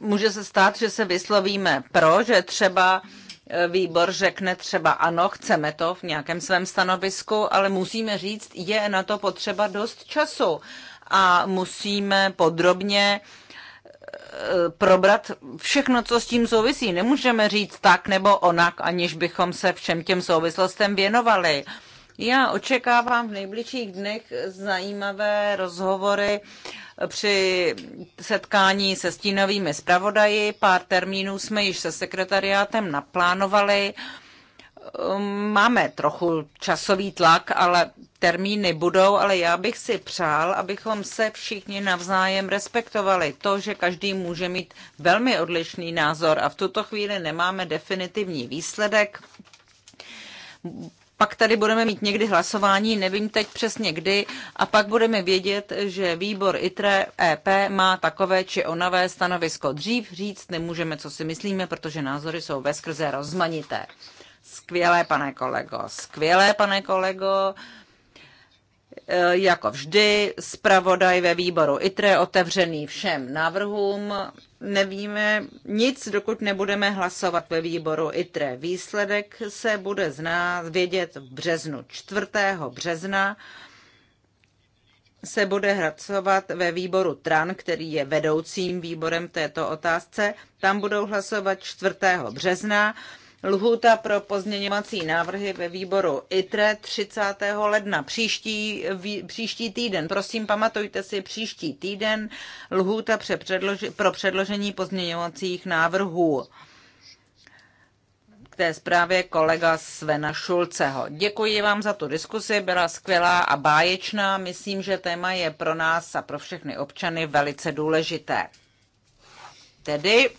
může se stát, že se vyslovíme pro, že třeba výbor řekne třeba ano, chceme to v nějakém svém stanovisku, ale musíme říct, je na to potřeba dost času a musíme podrobně uh, Eh, probrat všechno, co s tím souvisí. Nemůžeme říct tak nebo onak, aniž bychom se všem těm souvislostem věnovali. Já očekávám v nejbližších dnech zajímavé rozhovory při setkání se stínovými zpravodaji. Pár termínů jsme již se sekretariátem naplánovali. Um, máme trochu časový tlak, ale termíny budou, ale já bych si přál, abychom se všichni navzájem respektovali. To, že každý může mít velmi odlišný názor a v tuto chvíli nemáme definitivní výsledek, pak tady budeme mít někdy hlasování, nevím teď přesně kdy, a pak budeme vědět, že výbor ITRE EP má takové či onavé stanovisko. Dřív říct nemůžeme, co si myslíme, protože názory jsou veskrze rozmanité. Skvělé, pane kolego, skvělé, pane kolego. E, jako vždy, zpravodaj ve výboru ITRE otevřený všem návrhům. Nevíme nic, dokud nebudeme hlasovat ve výboru ITRE. Výsledek se bude znát vědět v březnu, 4. března se bude hlasovat ve výboru TRAN, který je vedoucím výborem této otázce. Tam budou hlasovat 4. března. Lhůta pro pozměňovací návrhy ve výboru ITRE 30. ledna. Příští, vý, příští týden, prosím, pamatujte si, příští týden lhůta předloži, pro předložení pozměňovacích návrhů. K té zprávě kolega Svena Šulceho. Děkuji vám za tu diskusi, byla skvělá a báječná. Myslím, že téma je pro nás a pro všechny občany velice důležité. Tedy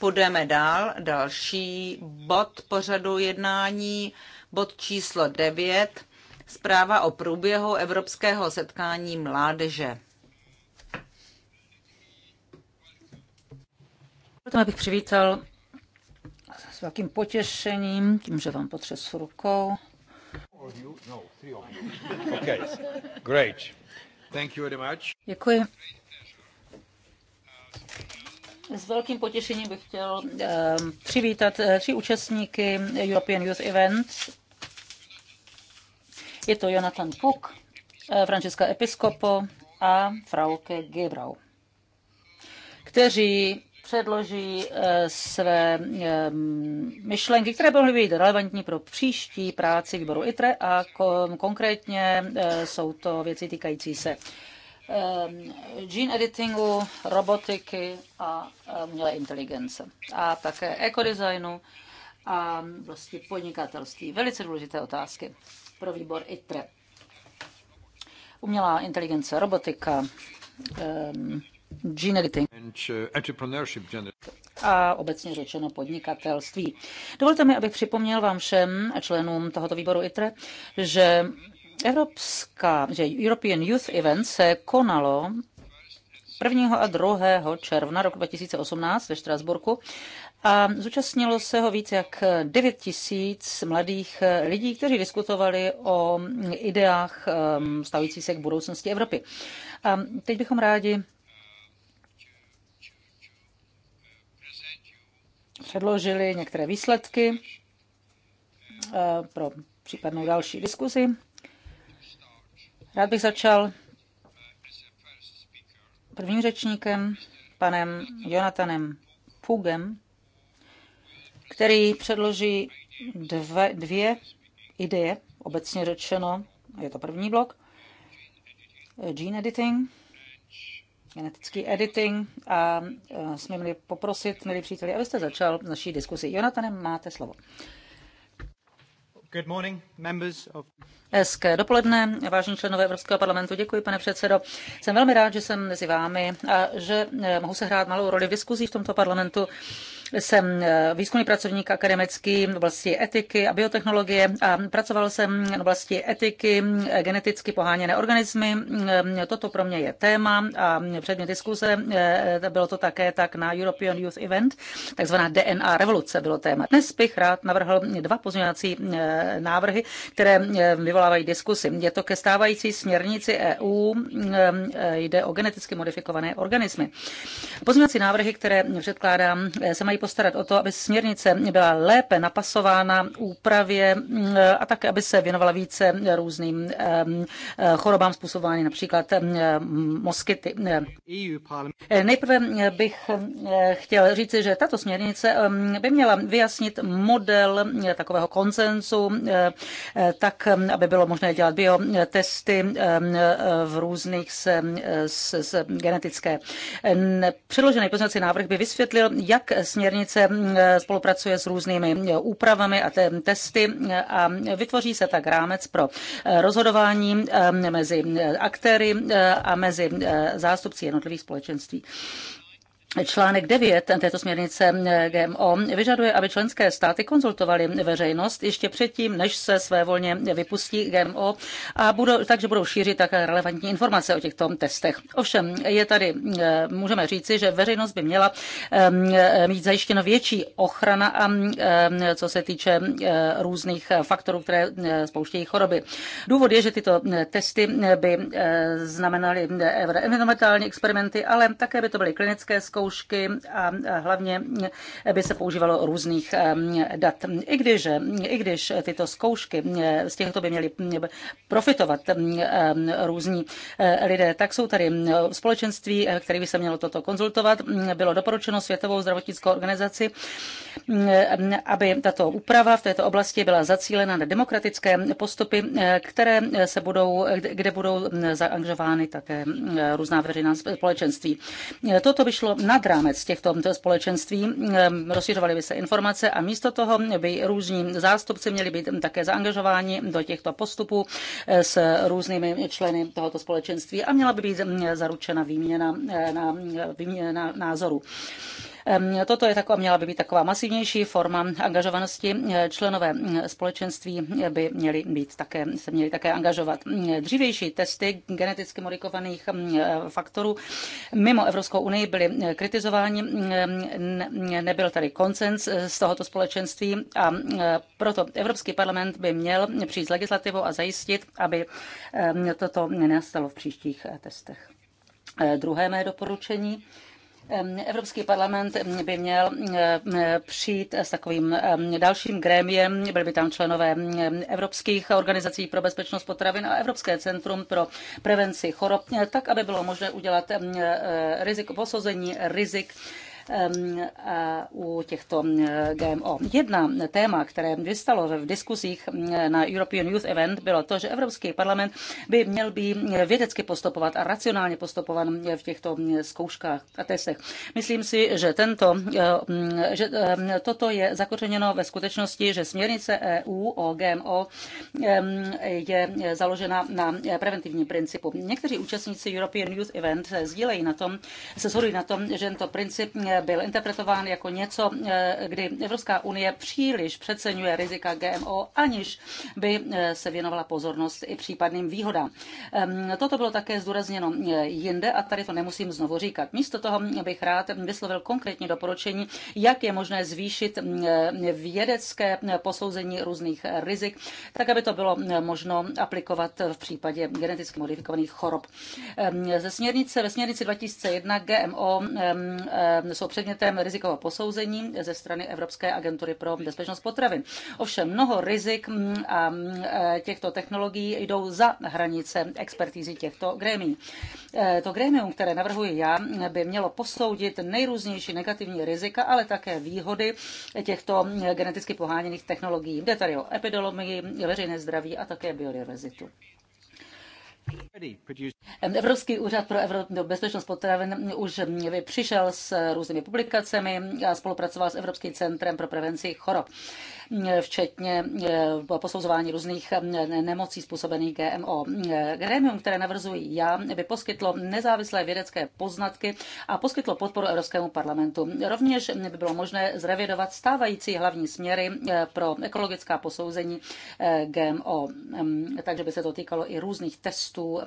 Půjdeme dál. Další bod pořadu jednání, bod číslo 9, zpráva o průběhu evropského setkání mládeže. Proto bych přivítal s velkým potěšením, tím, že vám potřesu rukou. Děkuji. S velkým potěšením bych chtěl eh, přivítat eh, tři účastníky European Youth Event. Je to Jonathan uh, Francesca Episkopo a Frauke Gebrau, kteří předloží své myšlenky, které byly mohly být relevantní pro příští práci výboru ITRE a konkrétně jsou to věci týkající se Ehm, gene editingu, robotiky a ehm, umělé inteligence. A také ekodesignu a ehm, vlastně podnikatelství. Velice důležité otázky pro výbor ITRE. Umělá inteligence, robotika, gene editing uh, a obecně řečeno podnikatelství. Dovolte mi, abych připomněl vám všem a členům tohoto výboru ITRE, že Evropská, že European Youth Event se konalo 1. a 2. června roku 2018 ve Štrasburku a zúčastnilo se ho více jak 9 tisíc mladých lidí, kteří diskutovali o ideách stavící um, se k budoucnosti Evropy. A teď bychom rádi předložili některé výsledky uh, pro případnou další diskuzi. Rád bych začal prvním řečníkem, panem Jonathanem Pugem, který předloží dve, dvě ideje, obecně řečeno, je to první blok, gene editing, genetický editing a e, jsme měli poprosit, milí příteli, abyste začal naší diskusi. Jonathanem, máte slovo. Hezké dopoledne, vážení členové Evropského parlamentu, děkuji, pane předsedo. Jsem velmi rád, že jsem mezi vámi a že eh, mohu se hrát malou roli v diskuzích v tomto parlamentu. Jsem eh, výzkumný pracovník akademický v oblasti etiky a biotechnologie a pracoval jsem v oblasti etiky eh, geneticky poháněné organismy. Eh, Toto pro mě je téma a předmět diskuze bylo to také tak na European Youth Event, takzvaná DNA revoluce bylo téma. Dnes bych rád navrhl dva pozměňovací návrhy, které vyvolávají diskusy. Je to ke stávající směrnici EU, jde o geneticky modifikované organismy. Pozměňovací návrhy, které předkládám, se mají postarat o to, aby směrnice byla lépe napasována úpravě mm, a také, aby se věnovala více různým chorobám způsobovaným například moskyty. Nejprve bych eh, chtěl říci, že tato směrnice by měla vyjasnit model eh, takového konsenzu, eh, tak, aby bylo možné dělat biotesty v různých se, se, se genetické. Předložený poznací návrh by vysvětlil, jak směrnice směrnice spolupracuje s různými úpravami a testy a vytvoří se tak rámec pro eh, rozhodování eh, mezi aktéry eh, a mezi zástupci jednotlivých společenství. Článek 9 této směrnice eh, GMO vyžaduje, aby členské státy konzultovaly veřejnost ještě předtím, než se své volně vypustí GMO, a budou, takže budou šířit také relevantní informace o těchto testech. Ovšem, je tady, eh, můžeme říci, že veřejnost by měla eh, mít zajištěno větší ochrana, co se týče různých faktorů, které spouštějí choroby. Důvod je, že tyto testy by znamenaly environmentální experimenty, ale také by to byly klinické zkoušky, zkoušky a hlavně by se používalo různých dat. I když, i když tyto zkoušky, z těchto by měli profitovat různí eh, lidé, tak jsou tady společenství, eh, které by se mělo toto konzultovat. Bylo doporučeno Světovou zdravotnickou organizaci, aby tato úprava v této oblasti byla zacílena na demokratické postupy, eh, které se budou, kde budou zaangažovány také různá veřejná společenství. Toto by šlo nad rámec těchto společenství, rozšiřovaly by se informace a místo toho by různí zástupci měli být také zaangažováni do těchto postupů eh, s různými členy tohoto společenství a měla by být zaručena výměna eh, na, výměna názorů. Toto je taková, měla by být taková masivnější forma angažovanosti. Členové mm, společenství by měli být také, se měli také angažovat. Mm, dřívější testy geneticky modifikovaných mm, faktorů mimo Evropskou unii byly kritizováni. Nebyl tady koncens e, z tohoto společenství a proto Evropský parlament by měl přijít s legislativou a zajistit, aby toto nenastalo v příštích e, testech. E, druhé mé doporučení Evropský parlament by měl přijít s takovým dalším grémiem, byli by tam členové evropských organizací pro bezpečnost potravin a Evropské centrum pro prevenci chorob, tak, aby bylo možné udělat e, riziko, posouzení rizik u těchto GMO. Jedna téma, které vystalo v diskusích na European Youth Event, bylo to, že Evropský parlament by měl být vědecky postupovat a racionálně postupovat v těchto zkouškách a testech. Myslím si, že, tento, že toto je zakořeněno ve skutečnosti, že směrnice EU o GMO je založena na preventivním principu. Někteří účastníci European Youth Event sdílejí na tom, se shodují na tom, že tento princip byl interpretován jako něco, eh, kdy Evropská unie příliš přeceňuje rizika GMO, aniž by eh, se věnovala pozornost i případným výhodám. Ehm, toto bylo také zdůrazněno eh, jinde a tady to nemusím znovu říkat. Místo toho bych rád vyslovil konkrétní doporučení, jak je možné zvýšit vědecké posouzení různých rizik, tak aby to bylo možno aplikovat v případě geneticky modifikovaných chorob. Ehm, ze směrnice, ve směrnici 2001 GMO ehm, jsou předmětem rizikového posouzení ze strany Evropské agentury pro bezpečnost potravin. Ovšem mnoho rizik mm, a e, těchto technologií jdou za hranice expertízy těchto grémí. E, to grémium, které navrhuji já, by mělo posoudit nejrůznější negativní rizika, ale také výhody těchto geneticky poháněných technologií. Jde tady o epidemiologii, veřejné zdraví a také biodiverzitu. Evropský úřad pro Evro- no, bezpečnost potravin už přišel s různými publikacemi a spolupracoval s Evropským centrem pro prevenci chorob včetně eh, posouzování různých eh, nemocí způsobených GMO. Gremium, které navrzuji já, by poskytlo nezávislé vědecké poznatky a poskytlo podporu Evropskému parlamentu. Rovněž by bylo možné zrevidovat stávající hlavní směry eh, pro ekologická posouzení GMO, ehm, takže by se to týkalo i různých testů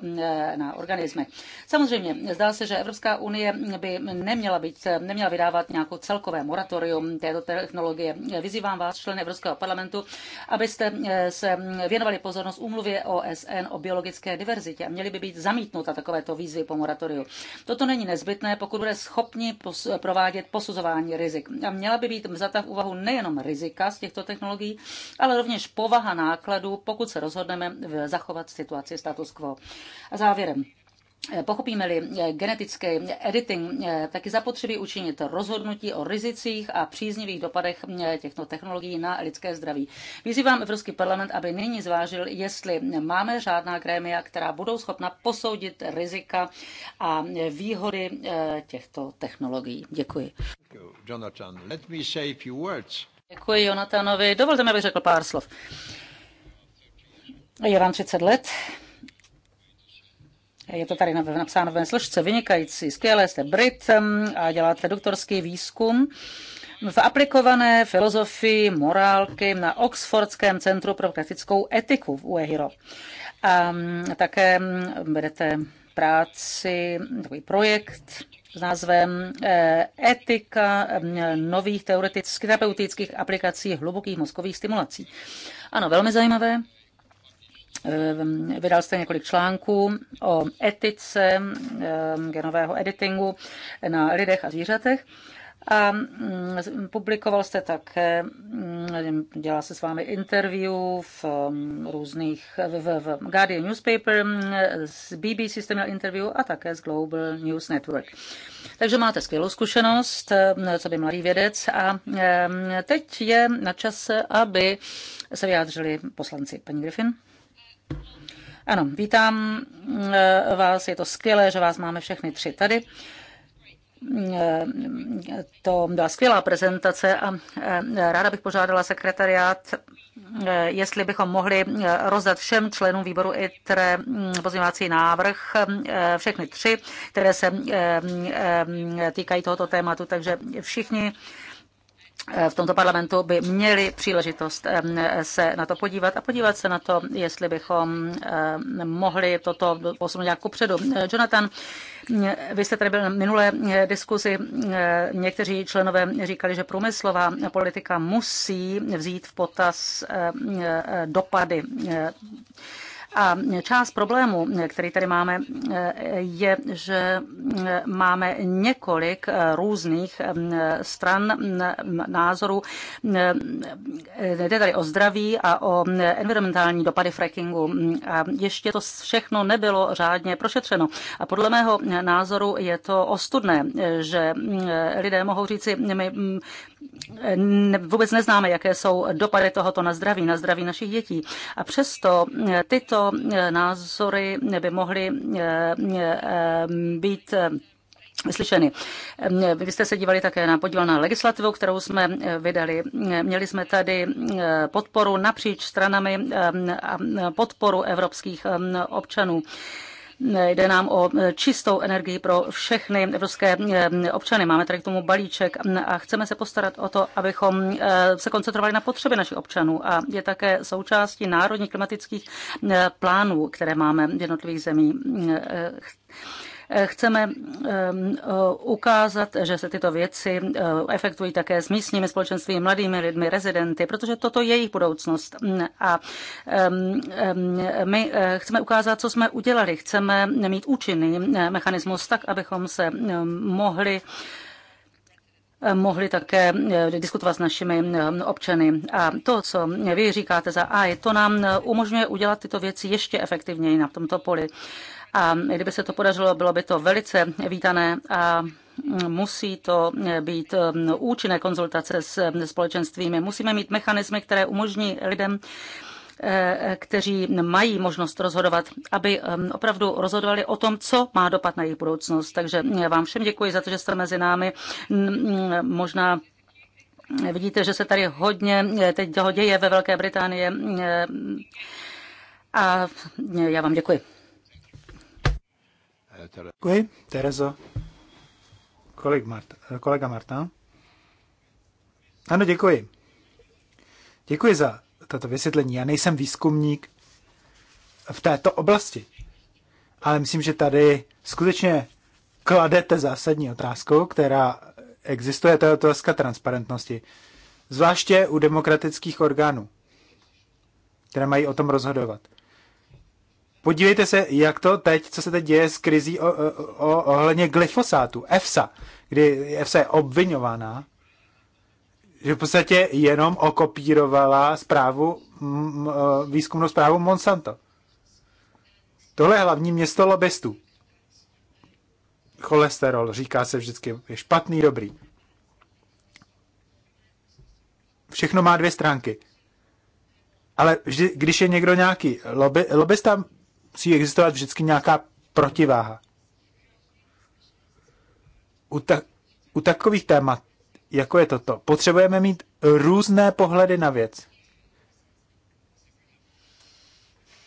na organismy. Samozřejmě, zdá se, že Evropská unie by neměla, být, neměla vydávat nějakou celkové moratorium této technologie. Vyzývám vás, členy Evropské Evropského parlamentu, abyste eh, se mm, věnovali pozornost úmluvě OSN o biologické diverzitě a měly by být zamítnuta takovéto výzvy po moratoriu. Toto není nezbytné, pokud bude schopni provádět posuzování rizik. A měla by být vzata v úvahu nejenom rizika z těchto technologií, ale rovněž povaha nákladů, pokud se rozhodneme zachovat situaci status quo. A závěrem. Eh, pochopíme-li eh, genetický eh, editing, taky zapotřebí učinit rozhodnutí o rizicích a příznivých dopadech těchto technologií na lidské zdraví. Vyzývám Evropský parlament, aby nyní zvážil, jestli máme řádná grémia, která budou schopna posoudit rizika a výhody těchto technologií. Děkuji. Jonathan, let Děkuji Jonatanovi. Dovolte mi, abych řekl pár slov. Je vám 30 let je to tady napsáno ve složce, vynikající, skvělé, jste Brit a děláte doktorský výzkum v aplikované filozofii morálky na Oxfordském centru pro praktickou etiku v UEHIRO. A také vedete práci, takový projekt s názvem e, Etika nových teoretických terapeutických aplikací hlubokých mozkových stimulací. Ano, velmi zajímavé. Ehm, vydal jste několik článků o etice ehm, genového editingu na lidech a zvířatech. A mm, publikoval jste také, mm, dělá se s vámi interview v mm, různých, v, v Guardian Newspaper, s BBC jste měl interview a také z Global News Network. Takže máte skvělou zkušenost, ehm, co by mladý vědec a teď je na čase, aby se vyjádřili poslanci. Paní Griffin? Ano, vítám eh, vás, je to skvělé, že vás máme všechny tři tady eh, to byla skvělá prezentace a eh, ráda bych požádala sekretariát, jestli bychom mohli rozdat všem členům výboru ITRE mm, pozměňovací návrh, všechny tři, které se mm, týkají tohoto tématu, takže všichni Eh, v tomto parlamentu by měli příležitost eh, se na to podívat a podívat se na to, jestli bychom eh, mohli toto posunout nějak předu. Jonathan, vy jste tady byl na minulé diskuzi, někteří členové říkali, že průmyslová politika musí vzít v potaz dopady a část problému, který tady máme, je, že máme několik různých stran názorů. Jde tady o zdraví a o environmentální dopady frackingu. A ještě to všechno nebylo řádně prošetřeno. A podle mého názoru je to ostudné, že lidé mohou říci, my vůbec neznáme, jaké jsou dopady tohoto na zdraví, na zdraví našich dětí. A přesto eh, tyto eh, názory by mohly eh, být slyšeny. Vy jste se dívali také na podíl na legislativu, kterou jsme vydali. Měli jsme tady podporu napříč stranami a podporu evropských občanů. Jde nám o e, čistou energii pro všechny evropské e, občany. Máme tady k tomu balíček a chceme se postarat o to, abychom e, se koncentrovali na potřeby našich občanů a je také součástí národních klimatických plánů, které máme v jednotlivých zemích Chceme um, uh, ukázat, že se tyto věci uh, efektují také s místními společenství, mladými lidmi, rezidenty, protože toto je jejich budoucnost. Mm, a um, um, my uh, chceme ukázat, co jsme udělali. Chceme mít účinný mechanismus tak, abychom se mohli mohli také eh, diskutovat s našimi eh, občany. A to, co vy říkáte za AI, to nám eh, umožňuje udělat tyto věci ještě efektivněji na tomto poli. A kdyby se to podařilo, bylo by to velice vítané a mm, musí to být účinné konzultace s společenstvími. Musíme mít mechanismy, které umožní lidem Eh, kteří mají možnost rozhodovat, aby eh, opravdu rozhodovali o tom, co má dopad na jejich budoucnost. Takže eh, vám všem děkuji za to, že jste mezi námi. Možná vidíte, že se tady hodně teď toho děje ve Velké Británii. A já vám děkuji. Děkuji, Terezo. Kolik Mart, kolega Marta. Ano, děkuji. Děkuji za toto vysvětlení. Já nejsem výzkumník v této oblasti, ale myslím, že tady skutečně kladete zásadní otázku, která existuje, to je otázka transparentnosti. Zvláště u demokratických orgánů, které mají o tom rozhodovat. Podívejte se, jak to teď, co se teď děje s krizí o, o, o, ohledně glyfosátu, EFSA, kdy EFSA je obvinována že v podstatě jenom okopírovala zprávu, eh, výzkumnou zprávu Monsanto. Tohle je hlavní město lobbystů. Cholesterol, říká se vždycky, je špatný, dobrý. Všechno má dvě stránky. Ale vždy, když je někdo nějaký lobby, lobbysta, musí existovat vždycky nějaká protiváha. U, ta, u takových témat jako je toto. Potřebujeme mít různé pohledy na věc.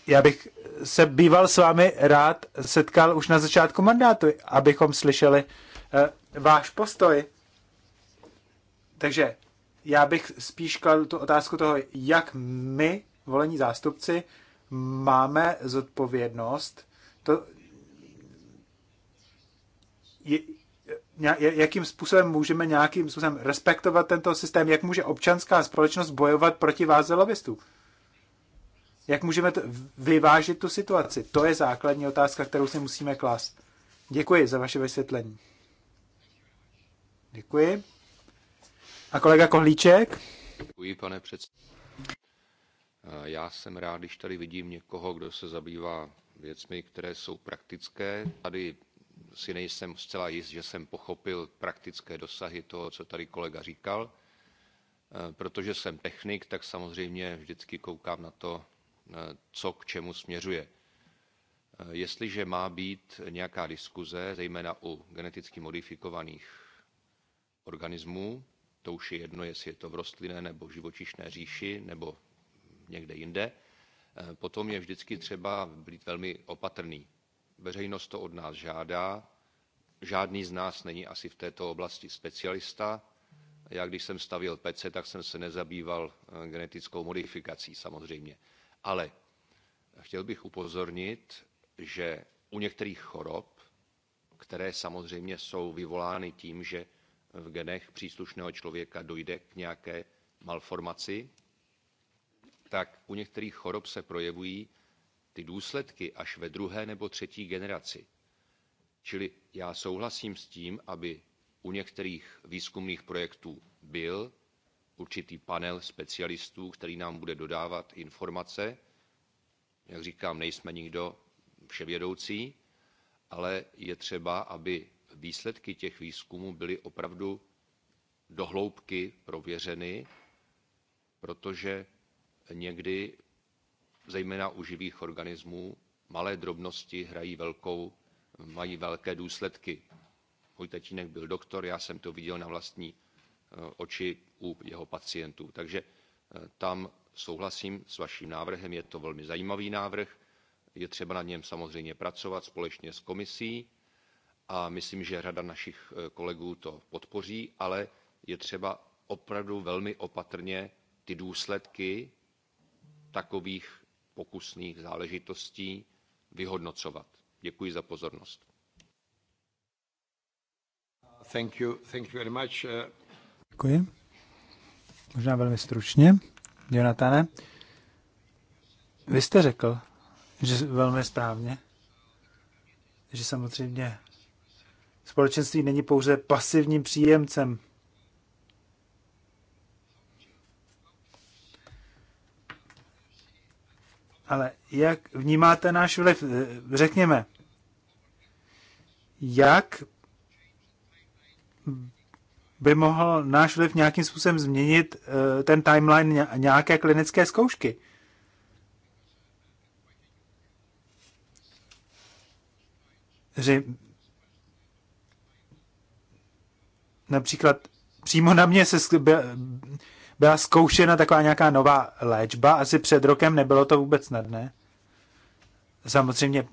Já bych se býval s vámi rád setkal už na začátku mandátu, abychom slyšeli uh, váš postoj. Takže já bych spíš kladl tu otázku toho, jak my, volení zástupci, máme zodpovědnost. To jakým způsobem můžeme nějakým způsobem respektovat tento systém, jak může občanská společnost bojovat proti vázelovistů. Jak můžeme t- vyvážit tu situaci? To je základní otázka, kterou si musíme klást. Děkuji za vaše vysvětlení. Děkuji. A kolega Kohlíček? Děkuji, pane předsedo. Eh, já jsem rád, když tady vidím někoho, kdo se zabývá věcmi, které jsou praktické. Tady si nejsem zcela jist, že jsem pochopil praktické dosahy toho, co tady kolega říkal. E, protože jsem technik, tak samozřejmě vždycky koukám na to, e, co k čemu směřuje. E, jestliže má být nějaká diskuze, zejména u geneticky modifikovaných organismů, to už je jedno, jestli je to v rostlinné nebo živočišné říši nebo někde jinde, potom je vždycky třeba být velmi opatrný Veřejnost to od nás žádá. Žádný z nás není asi v této oblasti specialista. Já, když jsem stavil PC, tak jsem se nezabýval eh, genetickou modifikací samozřejmě. Ale chtěl bych upozornit, že u některých chorob, které samozřejmě jsou vyvolány tím, že v genech příslušného člověka dojde k nějaké malformaci, tak u některých chorob se projevují ty důsledky až ve druhé nebo třetí generaci. Čili já souhlasím s tím, aby u některých výzkumných projektů byl určitý panel specialistů, který nám bude dodávat informace. Jak říkám, nejsme nikdo vševědoucí, ale je třeba, aby výsledky těch výzkumů byly opravdu dohloubky prověřeny, protože někdy zejména u živých organismů, malé drobnosti hrají velkou, mají velké důsledky. Můj tatínek byl doktor, já jsem to viděl na vlastní eh, oči u jeho pacientů. Takže eh, tam souhlasím s vaším návrhem, je to velmi zajímavý návrh, je třeba na něm samozřejmě pracovat společně s komisí a myslím, že řada našich eh, kolegů to podpoří, ale je třeba opravdu velmi opatrně ty důsledky takových pokusných záležitostí vyhodnocovat. Děkuji za pozornost. Thank you, thank you very much. Uh, Děkuji. Možná velmi stručně. Jonatane, vy jste řekl, že velmi správně, že samozřejmě společenství není pouze pasivním příjemcem Ale jak vnímáte náš vliv? Eh, řekněme, jak by mohl náš vliv nějakým způsobem změnit eh, ten timeline nějaké klinické zkoušky? Že například přímo na mě se byla zkoušena taková nějaká nová léčba, asi před rokem nebylo to vůbec snadné. Samozřejmě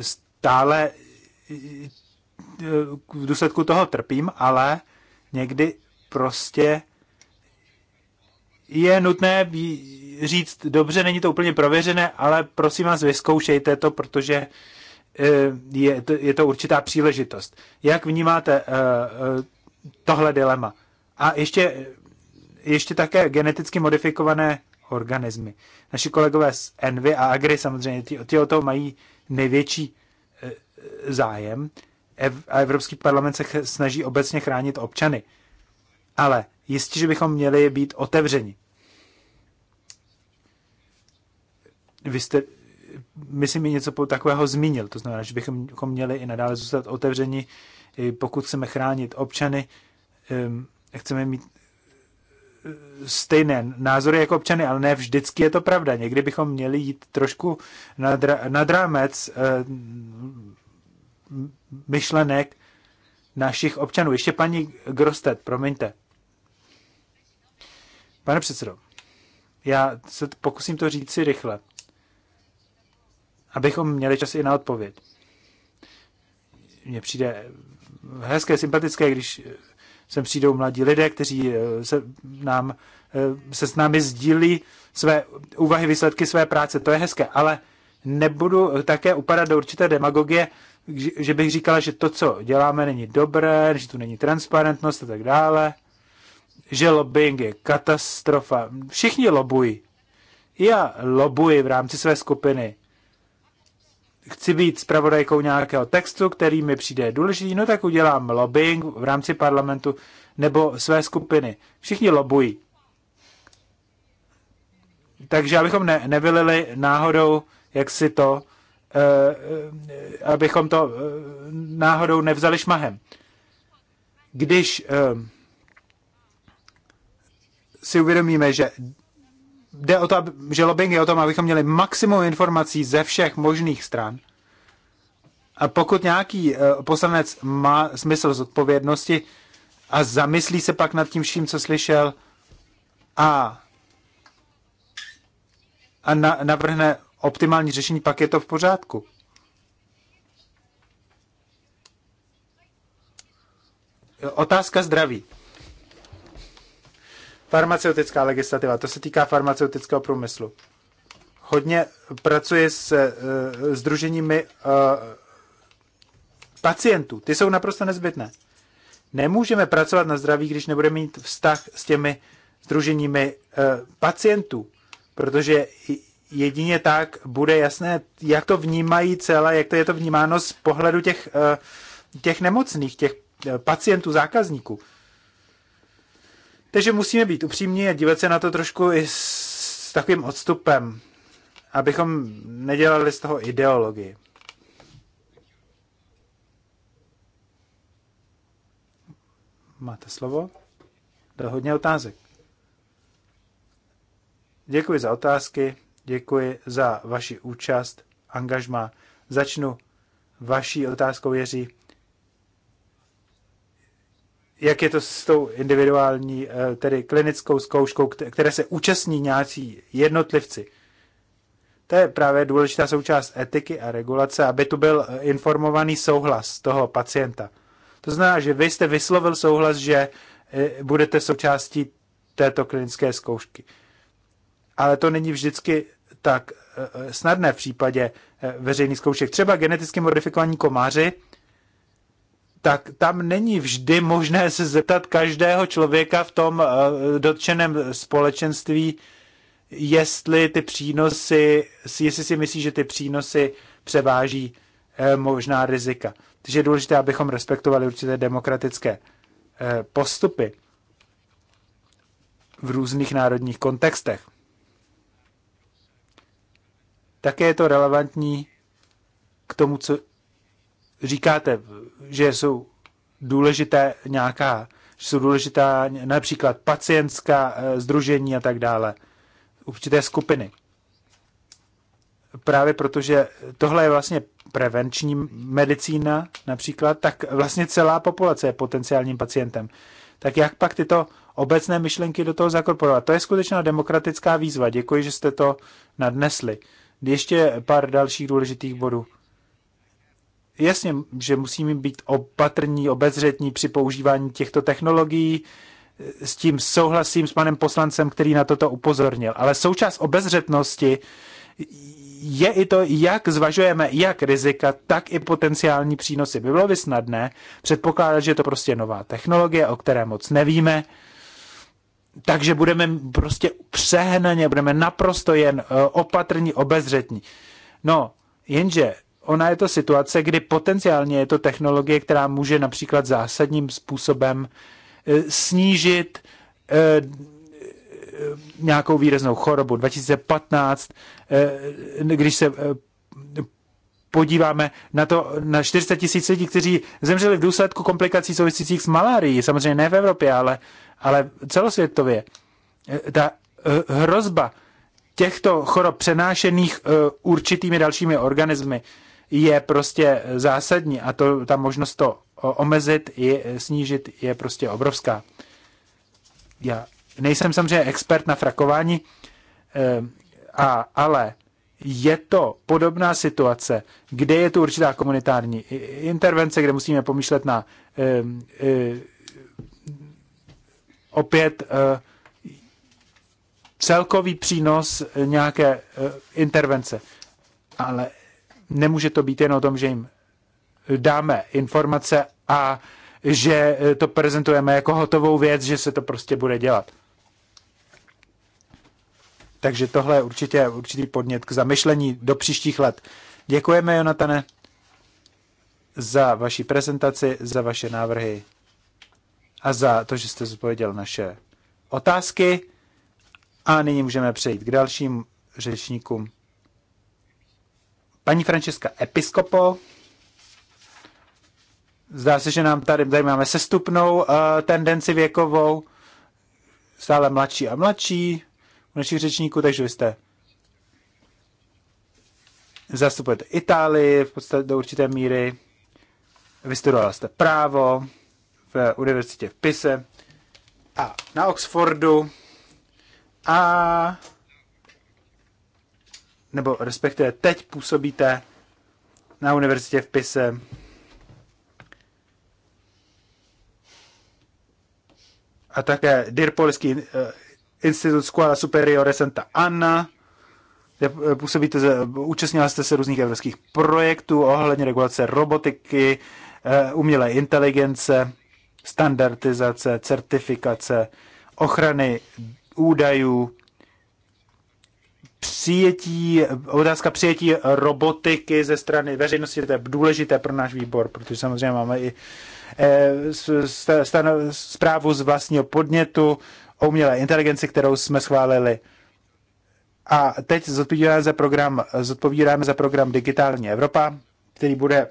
stále eh, v důsledku toho trpím, ale někdy prostě je nutné říct, dobře, není to úplně prověřené, ale prosím vás, vyzkoušejte to, protože eh, je to, je to určitá příležitost. Jak vnímáte eh, tohle dilema? A ještě ještě také geneticky modifikované organismy. Naši kolegové z Envy a Agri samozřejmě, ty, ty o to mají největší e, e, zájem Ev, a Evropský parlament se ch, snaží obecně chránit občany. Ale jistě, že bychom měli být otevřeni. Vy jste, myslím, mi něco takového zmínil. To znamená, že bychom měli i nadále zůstat otevřeni, pokud chceme chránit občany, chceme mít stejné názory jako občany, ale ne vždycky je to pravda. Někdy bychom měli jít trošku nad, nad rámec eh, myšlenek našich občanů. Ještě paní Grostet, promiňte. Pane předsedo, já se pokusím to říct si rychle, abychom měli čas i na odpověď. Mně přijde hezké, sympatické, když sem přijdou mladí lidé, kteří eh, se, nám, eh, se s námi sdílí své úvahy, výsledky své práce. To je hezké, ale nebudu také upadat do určité demagogie, že bych říkala, že to, co děláme, není dobré, že tu není transparentnost a tak dále, že lobbying je katastrofa. Všichni lobují. Já lobuji v rámci své skupiny chci být zpravodajkou nějakého textu, který mi přijde důležitý, no tak udělám lobbying v rámci parlamentu nebo své skupiny. Všichni lobují. Takže abychom ne, nevylili náhodou, jak si to, eh, eh, abychom to eh, náhodou nevzali šmahem. Když eh, si uvědomíme, že jde o to, že lobbying je o tom, abychom měli maximum informací ze všech možných stran. A pokud nějaký eh, poslanec má smysl zodpovědnosti a zamyslí se pak nad tím vším, co slyšel a, a na, navrhne optimální řešení, pak je to v pořádku. Otázka zdraví. Farmaceutická legislativa, to se týká farmaceutického průmyslu. Hodně pracuji s uh, eh, združeními uh, eh, pacientů. Ty jsou naprosto nezbytné. Nemůžeme pracovat na zdraví, když nebudeme mít vztah s těmi združeními uh, eh, pacientů, protože jedině tak bude jasné, jak to vnímají celé, jak to je to vnímáno z pohledu těch, těch nemocných, těch pacientů, zákazníků. Takže musíme být upřímní a dívat se na to trošku i s takovým odstupem, abychom nedělali z toho ideologii. Máte slovo? Dal hodně otázek. Děkuji za otázky, děkuji za vaši účast, angažma. Začnu vaší otázkou, Jeří jak je to s tou individuální, eh, tedy klinickou zkouškou, které se účastní nějací jednotlivci. To je právě důležitá součást etiky a regulace, aby tu byl eh, informovaný souhlas toho pacienta. To znamená, že vy jste vyslovil souhlas, že eh, budete součástí této klinické zkoušky. Ale to není vždycky tak snadné v případě veřejných zkoušek. Třeba geneticky modifikovaní komáři tak tam není vždy možné se zeptat každého člověka v tom eh, dotčeném společenství, jestli ty přínosy, jestli si myslí, že ty přínosy převáží eh, možná rizika. Takže je důležité, abychom respektovali určité demokratické eh, postupy v různých národních kontextech. Také je to relevantní k tomu, co říkáte že jsou důležité nějaká, že jsou důležitá například pacientská eh, združení a tak dále, určité skupiny. Právě protože tohle je vlastně prevenční medicína například, tak vlastně celá populace je potenciálním pacientem. Tak jak pak tyto obecné myšlenky do toho zakorporovat? To je skutečná demokratická výzva. Děkuji, že jste to nadnesli. Ještě pár dalších důležitých bodů jasně, že musíme být opatrní, obezřetní při používání těchto technologií. S tím souhlasím s panem poslancem, který na toto upozornil. Ale součást obezřetnosti je i to, jak zvažujeme jak rizika, tak i potenciální přínosy. By bylo by snadné předpokládat, že je to prostě nová technologie, o které moc nevíme, takže budeme prostě přehnaně, budeme naprosto jen eh, opatrní, obezřetní. No, jenže ona je to situace, kdy potenciálně je to technologie, která může například zásadním způsobem eh, snížit eh, eh, nějakou výraznou chorobu. 2015, když se podíváme na to, na 400 tisíc lidí, kteří zemřeli v důsledku komplikací souvisících s malárií, samozřejmě ne v Evropě, ale, ale celosvětově. Ta hrozba těchto chorob přenášených určitými dalšími organismy je prostě zásadní a to, ta možnost to omezit, je, snížit je prostě obrovská. Já nejsem samozřejmě expert na frakování, eh, a, ale je to podobná situace, kde je tu určitá komunitární intervence, kde musíme pomýšlet na eh, eh, opět celkový přínos nějaké intervence. Ale nemůže to být jen o tom, že jim dáme informace a že to prezentujeme jako hotovou věc, že se to prostě bude dělat. Takže tohle je určitě určitý podnět k zamyšlení do příštích let. Děkujeme, Jonatane, za vaši prezentaci, za vaše návrhy a za to, že jste zodpověděl naše otázky. A nyní můžeme přejít k dalším řečníkům. Paní Francesca Episkopo, zdá se, že nám tady, tady máme sestupnou uh, tendenci věkovou, stále mladší a mladší u našich řečníků, takže vy jste zastupujete Itálii v podstatě do určité míry, vystudovala jste právo v univerzitě v Pise a na Oxfordu a nebo respektive teď působíte na univerzitě v Pise. A také Dirpolský eh, institut Skuala Superiore Santa Anna, eh, působíte, účastnila jste se různých evropských projektů ohledně regulace robotiky, eh, umělé inteligence, standardizace, certifikace, ochrany údajů, přijetí, otázka přijetí robotiky ze strany veřejnosti, to je důležité pro náš výbor, protože samozřejmě máme i eh, zprávu z vlastního podnětu o umělé inteligenci, kterou jsme schválili. A teď zodpovídáme za program, zodpovídáme za program Digitální Evropa, který bude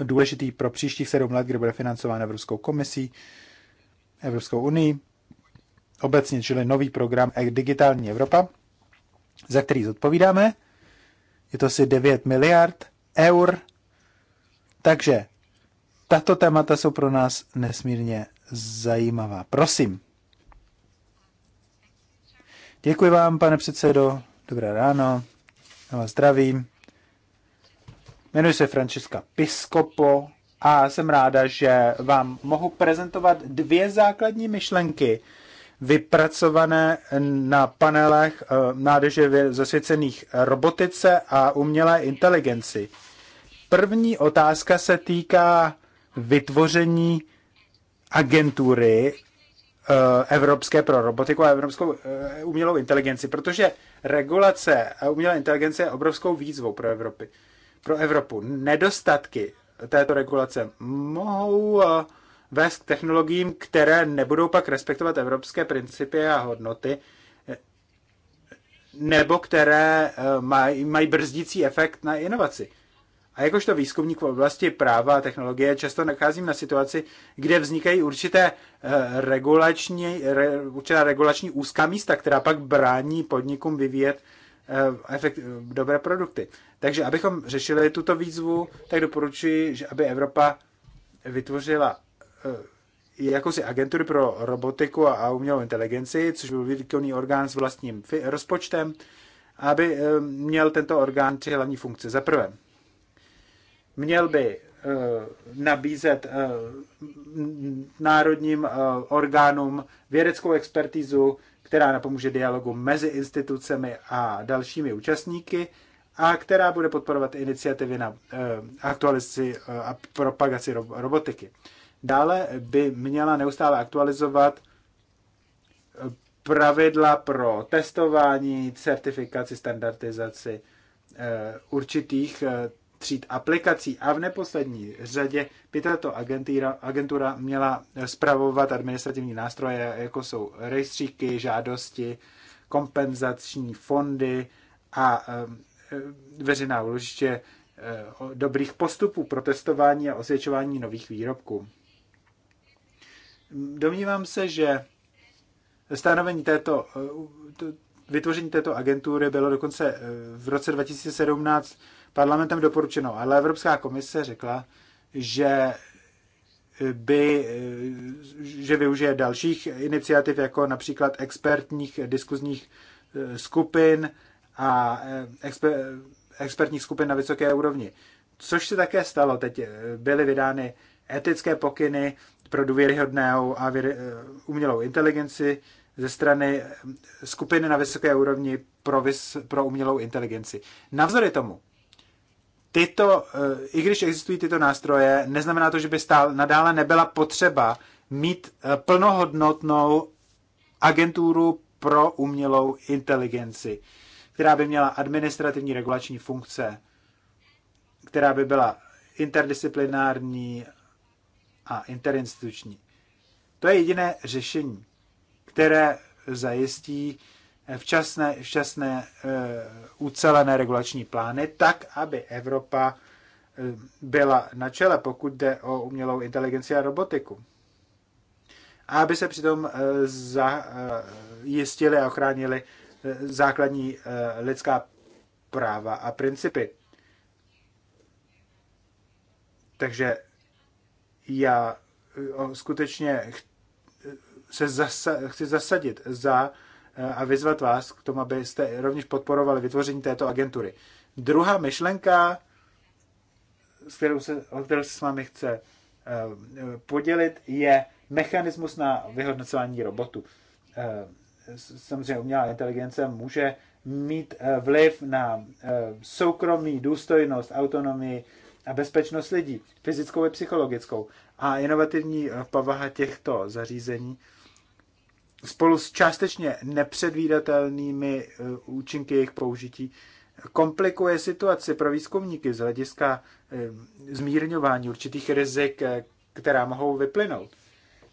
důležitý pro příštích sedm let, kdy bude financován Evropskou komisí, Evropskou unii, obecně, čili nový program Digitální Evropa za který zodpovídáme. Je to asi 9 miliard eur. Takže tato témata jsou pro nás nesmírně zajímavá. Prosím. Děkuji vám, pane předsedo. Dobré ráno. Já vás zdravím. Jmenuji se Francesca Piscopo a jsem ráda, že vám mohu prezentovat dvě základní myšlenky, vypracované na panelech eh, nádeže zasvěcených robotice a umělé inteligenci. První otázka se týká vytvoření agentury eh, evropské pro robotiku a evropskou eh, umělou inteligenci, protože regulace a umělé inteligence je obrovskou výzvou pro, Evropy, pro Evropu. Nedostatky této regulace mohou vést k technologiím, které nebudou pak respektovat evropské principy a hodnoty, nebo které eh, mají, mají brzdící efekt na inovaci. A jakožto výzkumník v oblasti práva a technologie často nacházím na situaci, kde vznikají určité eh, regulační, re, určitá regulační úzká místa, která pak brání podnikům vyvíjet eh, efekt, dobré produkty. Takže abychom řešili tuto výzvu, tak doporučuji, že aby Evropa vytvořila Eh, jakousi agentury pro robotiku a umělou inteligenci, což byl výkonný orgán s vlastním rozpočtem, aby eh, měl tento orgán tři hlavní funkce. Za prvé, měl by eh, nabízet národním orgánům vědeckou expertizu, která napomůže dialogu mezi institucemi a dalšími účastníky a která bude podporovat iniciativy na aktualizaci a propagaci robotiky. Dále by měla neustále aktualizovat pravidla pro testování, certifikaci, standardizaci eh, určitých eh, tříd aplikací a v neposlední řadě by tato agentura, agentura měla spravovat administrativní nástroje, jako jsou rejstříky, žádosti, kompenzační fondy a eh, veřejná úložiště dobrých postupů pro testování a osvědčování nových výrobků. Domnívám se, že stanovení této, eh, vytvoření této agentury bylo dokonce eh, v roce 2017 parlamentem doporučeno, ale Evropská komise řekla, že eh, by, že využije dalších iniciativ, jako například expertních diskuzních skupin a exper, expertních skupin na vysoké úrovni. Což se také stalo teď. Byly vydány etické pokyny pro důvěryhodnou a eh, umělou inteligenci ze strany eh, skupiny na vysoké úrovni pro, vys, pro umělou inteligenci. Navzory tomu, tyto, eh, i když existují tyto nástroje, neznamená to, že by stál, nadále nebyla potřeba mít plnohodnotnou agenturu pro umělou inteligenci, která by měla administrativní regulační funkce, která by byla interdisciplinární a interinstituční. To je jediné řešení, které zajistí včasné, včasné uh, ucelené regulační plány, tak, aby Evropa eh, byla na čele, pokud jde o umělou inteligenci a robotiku. A aby se přitom eh, zajistili a ochránili základní lidská práva a principy. Takže já eh, skutečně eh, se zasa, chci zasadit za eh, a vyzvat vás k tomu, abyste rovněž podporovali vytvoření této agentury. Druhá myšlenka, s kterou se, o kterou se s vámi chce podělit, je mechanismus na vyhodnocování robotu. Samozřejmě umělá inteligence může mít vliv na soukromí, důstojnost, autonomii, a bezpečnost lidí, fyzickou i psychologickou a inovativní povaha těchto zařízení spolu s částečně nepředvídatelnými eh, účinky jejich použití komplikuje situaci pro výzkumníky z hlediska eh, zmírňování určitých rizik, eh, která mohou vyplynout.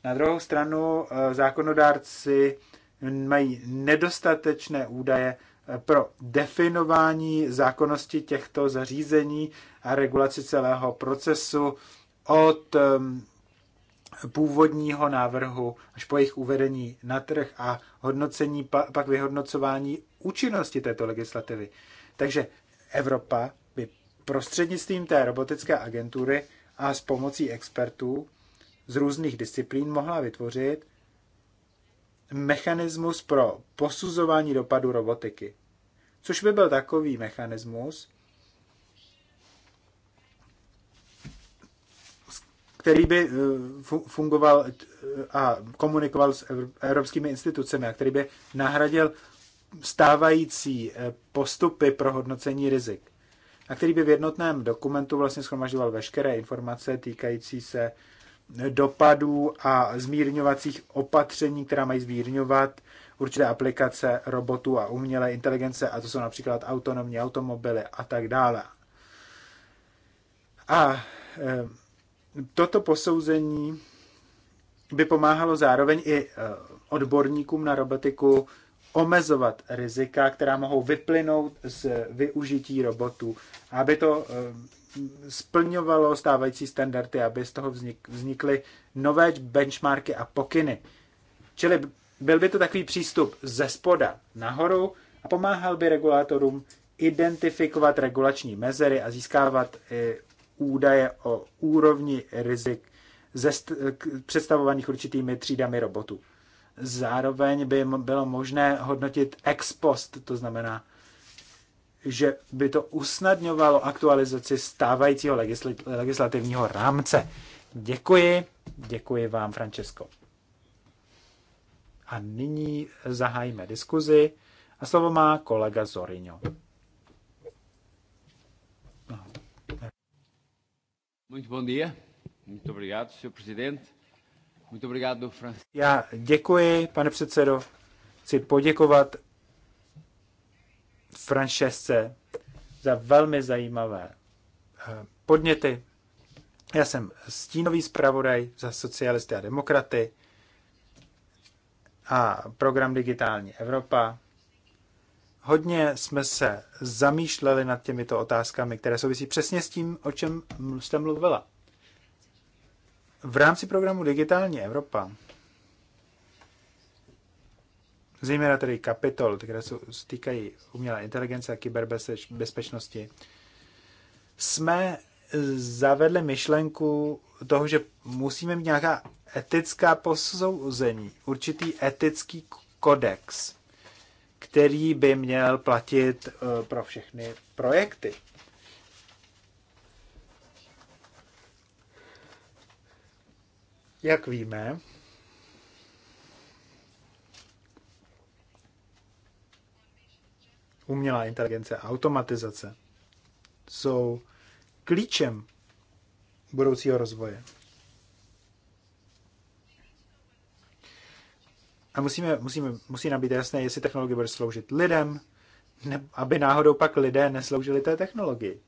Na druhou stranu zákonodárci mají nedostatečné údaje pro definování zákonnosti těchto zařízení a regulaci celého procesu od původního návrhu až po jejich uvedení na trh a hodnocení, pak vyhodnocování účinnosti této legislativy. Takže Evropa by prostřednictvím té robotické agentury a s pomocí expertů z různých disciplín mohla vytvořit mechanismus pro posuzování dopadu robotiky. Což by byl takový mechanismus, který by eh, fungoval eh, a komunikoval s evropskými institucemi a který by nahradil stávající eh, postupy pro hodnocení rizik a který by v jednotném dokumentu vlastně schromažďoval veškeré informace týkající se dopadů a zmírňovacích opatření, která mají zmírňovat určité aplikace robotů a umělé inteligence, a to jsou například autonomní automobily a tak dále. A eh, toto posouzení by pomáhalo zároveň i eh, odborníkům na robotiku omezovat rizika, která mohou vyplynout z využití robotů, aby to eh, splňovalo stávající standardy, aby z toho vznik, vznikly nové benchmarky a pokyny. Čili byl by to takový přístup ze spoda nahoru a pomáhal by regulátorům identifikovat regulační mezery a získávat eh, údaje o úrovni rizik ze představovaných určitými třídami robotů. Zároveň by bylo možné hodnotit ex post, to znamená že by to usnadňovalo aktualizaci stávajícího legislativního rámce. Děkuji, děkuji vám, Francesco. A nyní zahájíme diskuzi a slovo má kolega Zorino. Muito bom dia. Muito obrigado, senhor presidente. Muito obrigado, Já děkuji, pane předsedo. Chci poděkovat Francesce za velmi zajímavé eh, podněty. Já jsem stínový zpravodaj za socialisty a demokraty a program Digitální Evropa. Hodně jsme se zamýšleli nad těmito otázkami, které souvisí přesně s tím, o čem jste mluvila. V rámci programu Digitální Evropa zejména tedy kapitol, které se týkají umělé inteligence a kyberbezpečnosti, jsme zavedli myšlenku toho, že musíme mít nějaká etická posouzení, určitý etický kodex, který by měl platit eh, pro všechny projekty. Jak víme, umělá inteligence a automatizace jsou klíčem budoucího rozvoje. A musíme, musíme, musí nám být jasné, jestli technologie bude sloužit lidem, ne, aby náhodou pak lidé nesloužili té technologii.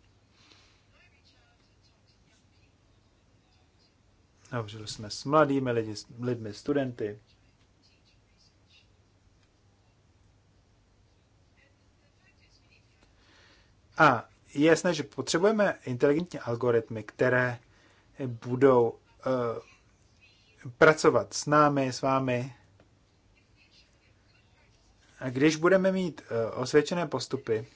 Dobře, jsme s mladými lidi, lidmi, studenty, A je jasné, že potřebujeme inteligentní algoritmy, které budou uh, pracovat s námi, s vámi. A když budeme mít uh, osvědčené postupy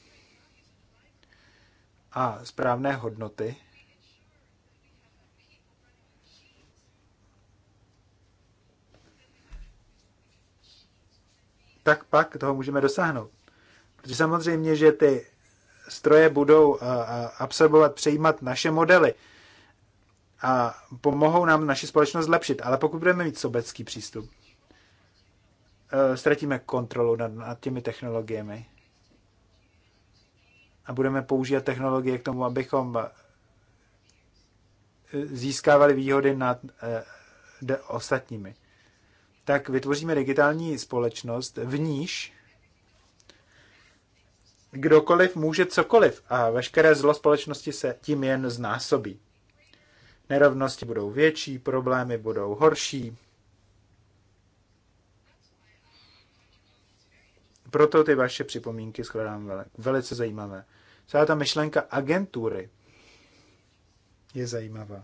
a správné hodnoty, tak pak toho můžeme dosáhnout. Protože samozřejmě, že ty stroje budou eh, eh, absorbovat, přejímat naše modely a pomohou nám naši společnost zlepšit. Ale pokud budeme mít sobecký přístup, eh, ztratíme kontrolu nad, nad těmi technologiemi a budeme používat technologie k tomu, abychom získávali výhody nad ostatními, tak vytvoříme digitální společnost, v níž kdokoliv může cokoliv a veškeré zlo společnosti se tím jen znásobí. Nerovnosti budou větší, problémy budou horší. Proto ty vaše připomínky shledám velice zajímavé. Celá ta myšlenka agentury je zajímavá.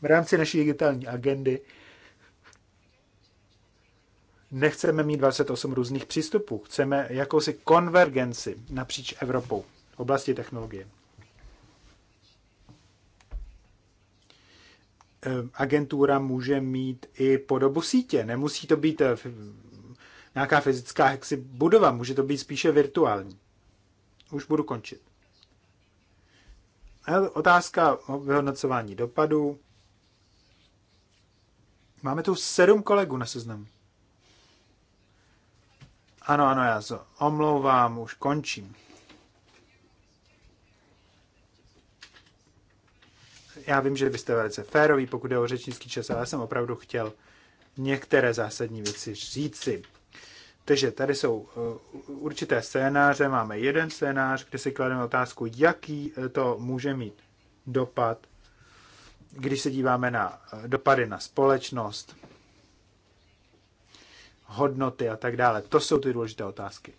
V rámci naší digitální agendy nechceme mít 28 různých přístupů, chceme jakousi konvergenci napříč Evropou v oblasti technologie. Ehm, agentura může mít i podobu sítě. Nemusí to být eh, nějaká fyzická jaksi budova, může to být spíše virtuální. Už budu končit. Otázka o vyhodnocování dopadů. Máme tu sedm kolegů na seznamu. Ano, ano, já se omlouvám, už končím. Já vím, že byste velice férový, pokud je o řečnický čas, ale já jsem opravdu chtěl některé zásadní věci říci. Takže tady jsou eh, určité scénáře. Máme jeden scénář, kde si klademe otázku, jaký eh, to může mít dopad, když se díváme na eh, dopady na společnost, hodnoty a tak dále. To jsou ty důležité otázky.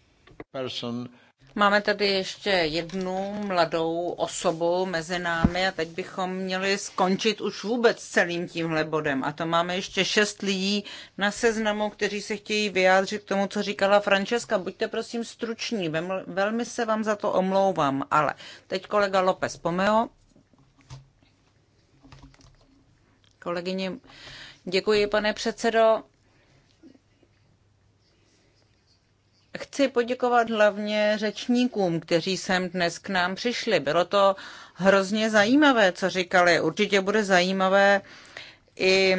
Person. Máme tady ještě jednu mladou osobu mezi námi a teď bychom měli skončit už vůbec celým tímhle bodem. A to máme ještě šest lidí na seznamu, kteří se chtějí vyjádřit k tomu, co říkala Francesca. Buďte prosím struční, velmi se vám za to omlouvám, ale teď kolega López Pomeo. Kolegyně, děkuji pane předsedo. Chci poděkovat hlavně řečníkům, kteří sem dnes k nám přišli. Bylo to hrozně zajímavé, co říkali. Určitě bude zajímavé i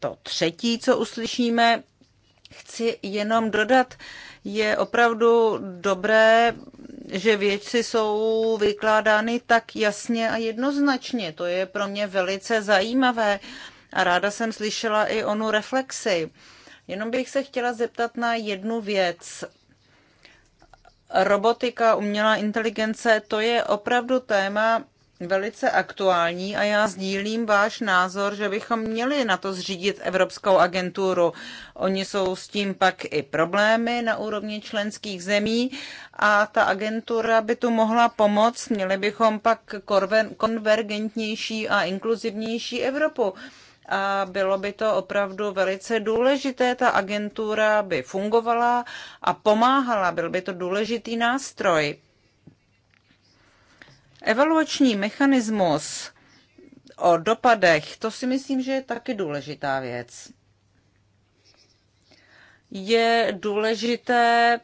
to třetí, co uslyšíme. Chci jenom dodat, je opravdu dobré, že věci jsou vykládány tak jasně a jednoznačně. To je pro mě velice zajímavé a ráda jsem slyšela i onu reflexi. Jenom bych se chtěla zeptat na jednu věc. Robotika, umělá inteligence, to je opravdu téma velice aktuální a já sdílím váš názor, že bychom měli na to zřídit Evropskou agenturu. Oni jsou s tím pak i problémy na úrovni členských zemí a ta agentura by tu mohla pomoct. Měli bychom pak konvergentnější a inkluzivnější Evropu a bylo by to opravdu velice důležité. Ta agentura by fungovala a pomáhala, byl by to důležitý nástroj. Evaluační mechanismus o dopadech, to si myslím, že je taky důležitá věc. Je důležité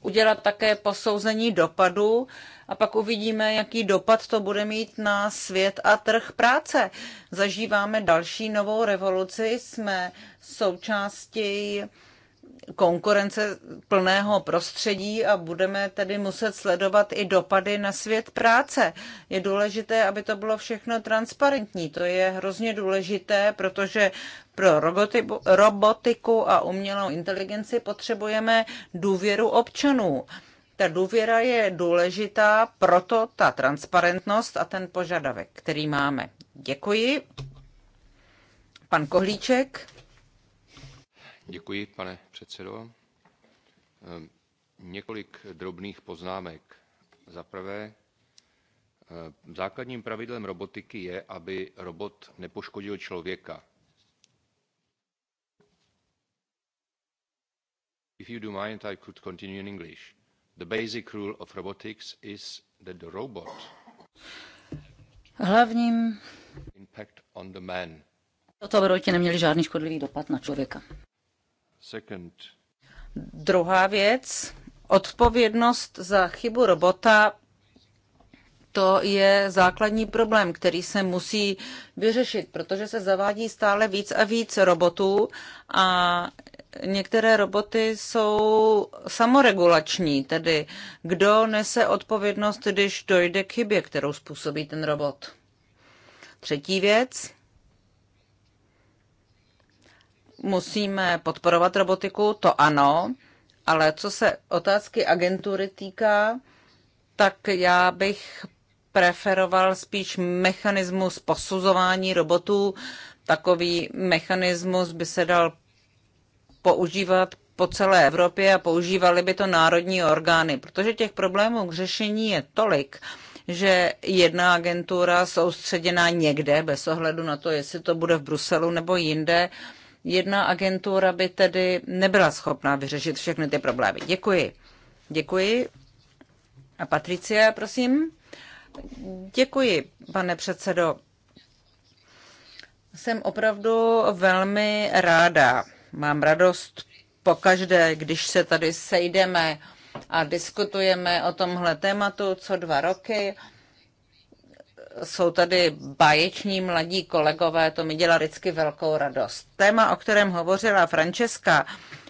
udělat také posouzení dopadu, a pak uvidíme, jaký dopad to bude mít na svět a trh práce. Zažíváme další novou revoluci, jsme součástí konkurence plného prostředí a budeme tedy muset sledovat i dopady na svět práce. Je důležité, aby to bylo všechno transparentní. To je hrozně důležité, protože pro robotiku a umělou inteligenci potřebujeme důvěru občanů. Ta důvěra je důležitá, proto ta transparentnost a ten požadavek, který máme. Děkuji. Pan Kohlíček. Děkuji, pane předsedo. Ehm, několik drobných poznámek. Za prvé, ehm, základním pravidlem robotiky je, aby robot nepoškodil člověka. If you do mind, I could continue in English. Hlavním impact on the man. neměli žádný škodlivý dopad na člověka. Druhá věc, odpovědnost za chybu robota to je základní problém, který se musí vyřešit, protože se zavádí stále víc a víc robotů a některé roboty jsou samoregulační, tedy kdo nese odpovědnost, když dojde k chybě, kterou způsobí ten robot. Třetí věc. Musíme podporovat robotiku, to ano, ale co se otázky agentury týká, tak já bych preferoval spíš mechanismus posuzování robotů. Takový mechanismus by se dal používat po celé Evropě a používali by to národní orgány, protože těch problémů k řešení je tolik, že jedna agentura soustředěná někde, bez ohledu na to, jestli to bude v Bruselu nebo jinde, jedna agentura by tedy nebyla schopná vyřešit všechny ty problémy. Děkuji. Děkuji. A Patricie, prosím. Děkuji, pane předsedo. Jsem opravdu velmi ráda. Mám radost pokaždé, když se tady sejdeme a diskutujeme o tomhle tématu co dva roky. Jsou tady báječní mladí kolegové, to mi dělá vždycky velkou radost. Téma, o kterém hovořila Francesca,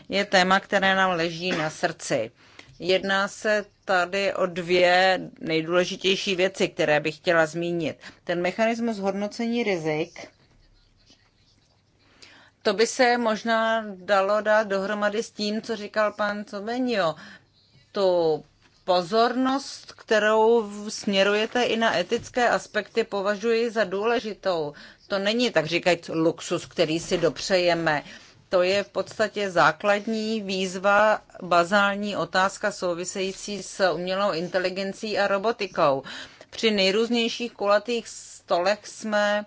je téma, které nám leží na srdci. Jedná se tady o dvě nejdůležitější věci, které bych chtěla zmínit. Ten mechanismus hodnocení rizik, to by se možná dalo dát dohromady s tím, co říkal pan Covenio. Tu pozornost, kterou směrujete i na etické aspekty, považuji za důležitou. To není tak říkat luxus, který si dopřejeme. To je v podstatě základní výzva, bazální otázka související s umělou inteligencí a robotikou. Při nejrůznějších kulatých stolech jsme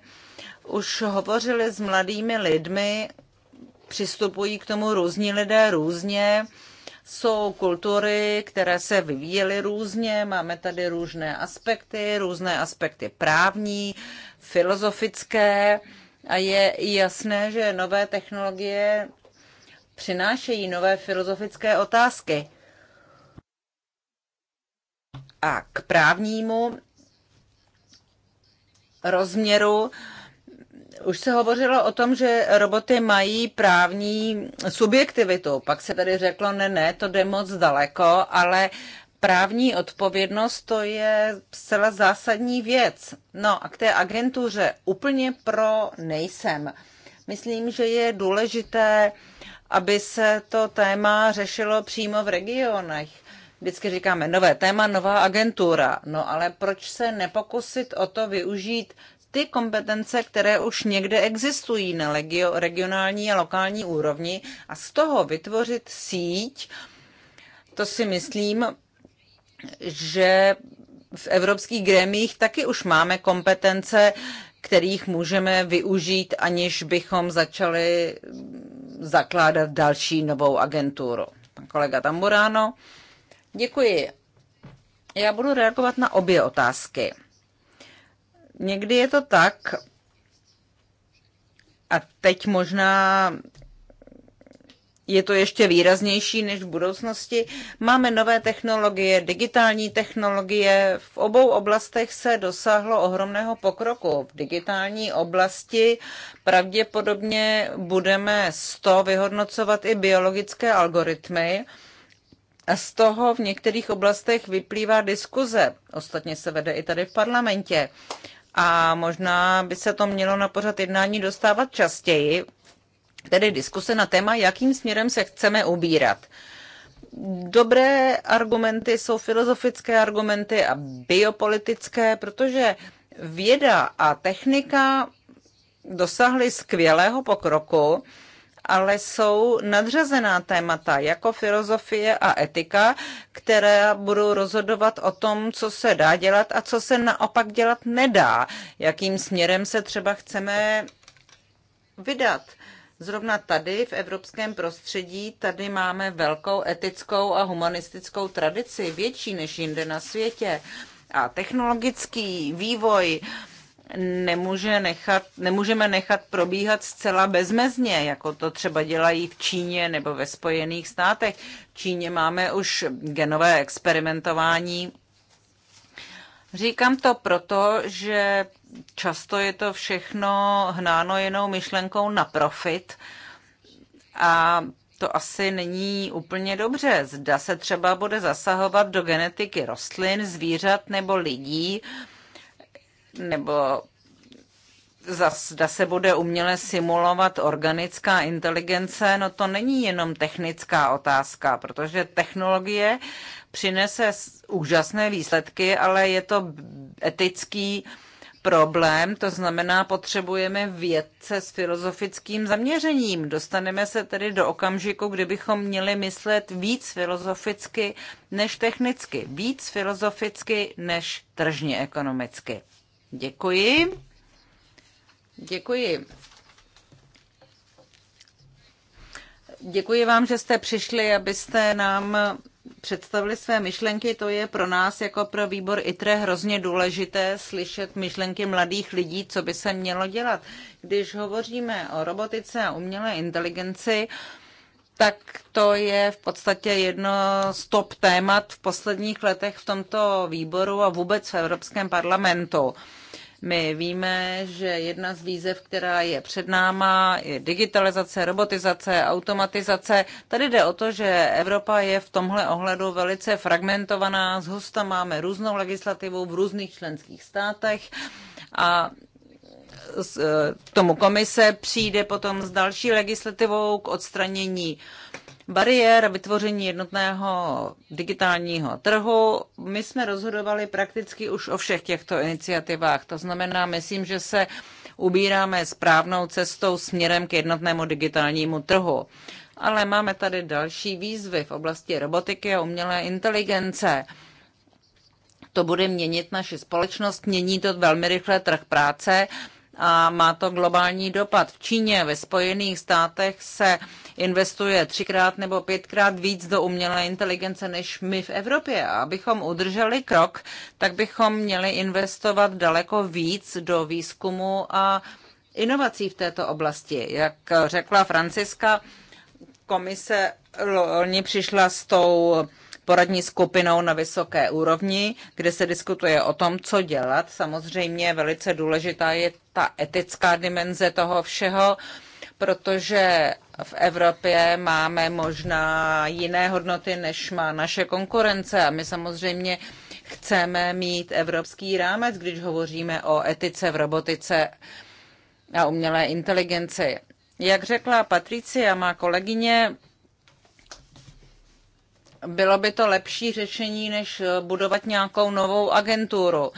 už hovořili s mladými lidmi, přistupují k tomu různí lidé různě. Jsou kultury, které se vyvíjely různě, máme tady různé aspekty, různé aspekty právní, filozofické. A je jasné, že nové technologie přinášejí nové filozofické otázky. A k právnímu rozměru už se hovořilo o tom, že roboty mají právní subjektivitu. Pak se tady řeklo, ne, ne, to jde moc daleko, ale právní odpovědnost, to je zcela zásadní věc. No a k té agentuře úplně pro nejsem. Myslím, že je důležité, aby se to téma řešilo přímo v regionech. Vždycky říkáme nové téma, nová agentura. No ale proč se nepokusit o to využít ty kompetence, které už někde existují na regionální a lokální úrovni a z toho vytvořit síť, to si myslím, že v evropských gremích taky už máme kompetence, kterých můžeme využít, aniž bychom začali zakládat další novou agenturu. Pan kolega Tamburáno. Děkuji. Já budu reagovat na obě otázky. Někdy je to tak, a teď možná je to ještě výraznější než v budoucnosti. Máme nové technologie, digitální technologie. V obou oblastech se dosáhlo ohromného pokroku. V digitální oblasti pravděpodobně budeme z toho vyhodnocovat i biologické algoritmy. A z toho v některých oblastech vyplývá diskuze. Ostatně se vede i tady v parlamentě. A možná by se to mělo na pořad jednání dostávat častěji, tedy diskuse na téma, jakým směrem se chceme ubírat. Dobré argumenty jsou filozofické argumenty a biopolitické, protože věda a technika dosáhly skvělého pokroku, ale jsou nadřazená témata jako filozofie a etika, které budou rozhodovat o tom, co se dá dělat a co se naopak dělat nedá, jakým směrem se třeba chceme vydat. Zrovna tady v evropském prostředí tady máme velkou etickou a humanistickou tradici, větší než jinde na světě. A technologický vývoj nemůže nechat, nemůžeme nechat probíhat zcela bezmezně, jako to třeba dělají v Číně nebo ve Spojených státech. V Číně máme už genové experimentování Říkám to proto, že často je to všechno hnáno jenou myšlenkou na profit a to asi není úplně dobře. Zda se třeba bude zasahovat do genetiky rostlin, zvířat nebo lidí, nebo zda se bude uměle simulovat organická inteligence, no to není jenom technická otázka, protože technologie přinese úžasné výsledky, ale je to etický problém, to znamená, potřebujeme vědce s filozofickým zaměřením. Dostaneme se tedy do okamžiku, kdy bychom měli myslet víc filozoficky než technicky, víc filozoficky než tržně ekonomicky. Děkuji. Děkuji. Děkuji vám, že jste přišli, abyste nám představili své myšlenky, to je pro nás jako pro výbor ITRE hrozně důležité slyšet myšlenky mladých lidí, co by se mělo dělat. Když hovoříme o robotice a umělé inteligenci, tak to je v podstatě jedno z top témat v posledních letech v tomto výboru a vůbec v Evropském parlamentu. My víme, že jedna z výzev, která je před náma, je digitalizace, robotizace, automatizace. Tady jde o to, že Evropa je v tomhle ohledu velice fragmentovaná. Z hosta máme různou legislativu v různých členských státech a eh, k tomu komise přijde potom s další legislativou k odstranění bariér a vytvoření jednotného digitálního trhu. My jsme rozhodovali prakticky už o všech těchto iniciativách. To znamená, myslím, že se ubíráme správnou cestou směrem k jednotnému digitálnímu trhu. Ale máme tady další výzvy v oblasti robotiky a umělé inteligence. To bude měnit naši společnost, mění to velmi rychle trh práce a má to globální dopad. V Číně, ve Spojených státech se investuje třikrát nebo pětkrát víc do umělé inteligence než my v Evropě. A abychom udrželi krok, tak bychom měli investovat daleko víc do výzkumu a inovací v této oblasti. Jak řekla Franciska, komise loni přišla s tou poradní skupinou na vysoké úrovni, kde se diskutuje o tom, co dělat. Samozřejmě velice důležitá je ta etická dimenze toho všeho, protože v Evropě máme možná jiné hodnoty, než má naše konkurence a my samozřejmě chceme mít evropský rámec, když hovoříme o etice v robotice a umělé inteligenci. Jak řekla Patricia, má kolegyně, bylo by to lepší řešení, než eh, budovat nějakou novou agenturu.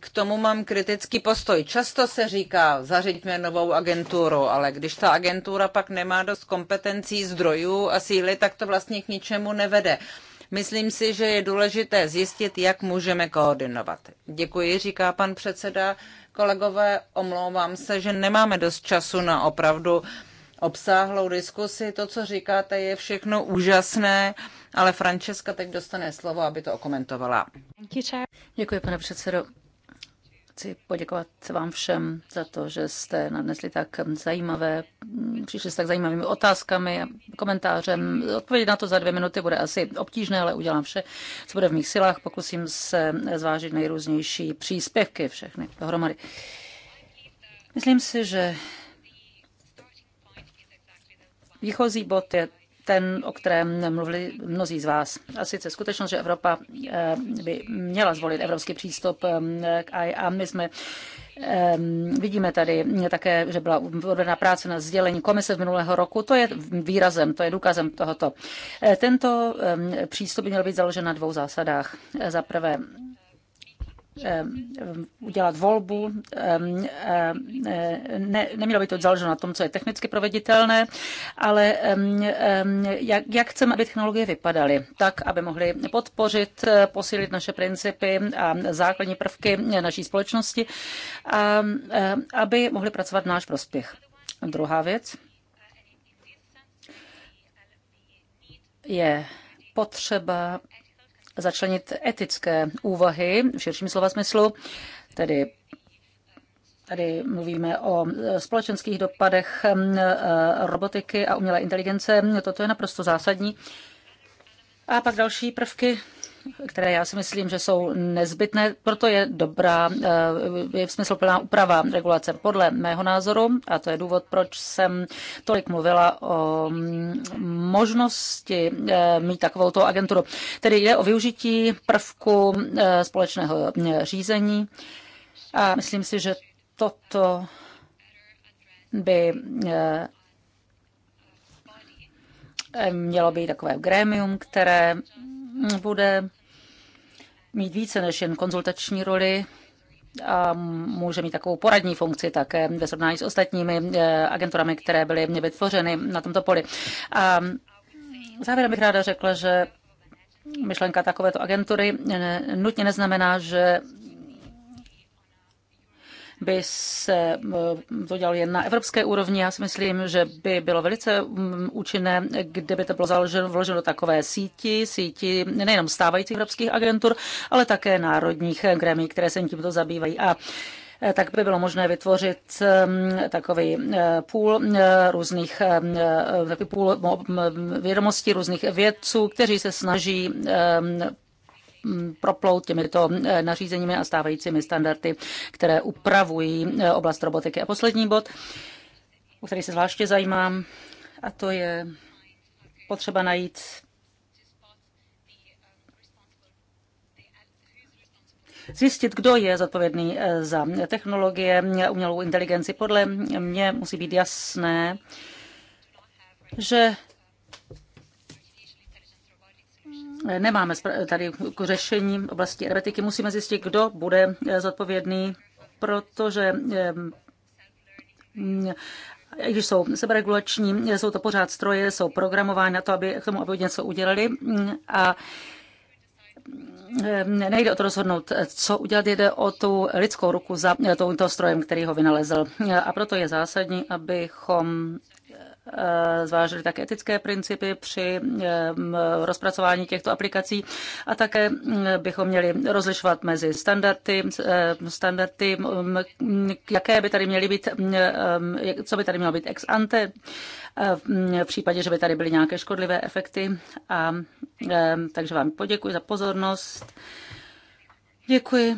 K tomu mám kritický postoj. Často se říká, zařiďme novou agenturu, ale když ta agentura pak nemá dost kompetencí, zdrojů a síly, tak to vlastně k ničemu nevede. Myslím si, že je důležité zjistit, jak můžeme koordinovat. Děkuji, říká pan předseda. Kolegové, omlouvám se, že nemáme dost času na opravdu uh, obsáhlou diskusi. To, co říkáte, je všechno úžasné, ale Francesca teď dostane slovo, aby to okomentovala. Děkuji, pane předsedo. Chci poděkovat vám všem za to, že jste nadnesli tak zajímavé, přišli s tak zajímavými otázkami a komentářem. Odpovědět na to za dvě minuty bude asi obtížné, ale udělám vše, co bude v mých silách. Pokusím se zvážit nejrůznější příspěvky všechny dohromady. Myslím si, že Výchozí bod je ten, o kterém mluvili mnozí z vás. A sice skutečnost, že Evropa eh, by měla zvolit evropský přístup eh, k AI a my jsme ehm, Vidíme tady také, že byla odvedena práce na sdělení komise z minulého roku. To je výrazem, to je důkazem tohoto. Eh, tento ehm, přístup by měl být založen na dvou zásadách. Za prvé, Eh, udělat volbu. Eh, ne, nemělo by to záležet na tom, co je technicky proveditelné, ale jak, jak chceme, aby technologie vypadaly, tak, aby mohly podpořit, posílit naše principy a základní prvky naší společnosti, a eh, aby mohly pracovat v náš prospěch. Druhá věc je potřeba začlenit etické úvahy v širším slova smyslu, tedy Tady mluvíme o společenských dopadech eh, robotiky a umělé inteligence. Toto je naprosto zásadní. A pak další prvky které já si myslím, že jsou nezbytné, proto je dobrá, eh, je smysluplná úprava regulace. Podle mého názoru, a to je důvod, proč jsem tolik mluvila o mm, možnosti eh, mít to agenturu. Tedy jde o využití prvku eh, společného řízení a myslím si, že toto by mělo být takové grémium, které bude mít více než jen konzultační roli a může mít takovou poradní funkci také ve srovnání s ostatními eh, agenturami, které byly mě vytvořeny na tomto poli. A závěrem bych ráda řekla, že myšlenka takovéto agentury eh, nutně neznamená, že by se eh, to dělalo jen na evropské úrovni. Já si myslím, že by bylo velice mm, účinné, kdyby to bylo založeno, vloženo do takové síti, síti nejenom stávajících evropských agentur, ale také národních eh, gremí, které se tímto zabývají. A eh, tak by bylo možné vytvořit mm, mm, takový půl různých takový půl vědomostí různých vědců, kteří se snaží Mm, proplout těmito eh, nařízeními a stávajícími standardy, které upravují eh, oblast robotiky. A poslední bod, o který se zvláště zajímám, a to je potřeba najít zjistit, kdo je zodpovědný eh, za technologie, umělou inteligenci. Podle mě musí být jasné, že nemáme tady k řešení oblasti energetiky. Musíme zjistit, kdo bude eh, zodpovědný, protože i eh, když jsou seberegulační, jsou to pořád stroje, jsou programovány na to, aby k tomu aby něco udělali. A eh, nejde o to rozhodnout, co udělat, jde o tu lidskou ruku za touto strojem, který ho vynalezl. A proto je zásadní, abychom Eh, zvážili také etické principy při eh, rozpracování těchto aplikací a také bychom měli rozlišovat mezi standardy, eh, standardy, jaké by tady měly být, co by tady mělo být ex ante, v případě, že by tady byly nějaké škodlivé efekty. A, takže vám poděkuji za pozornost. Děkuji.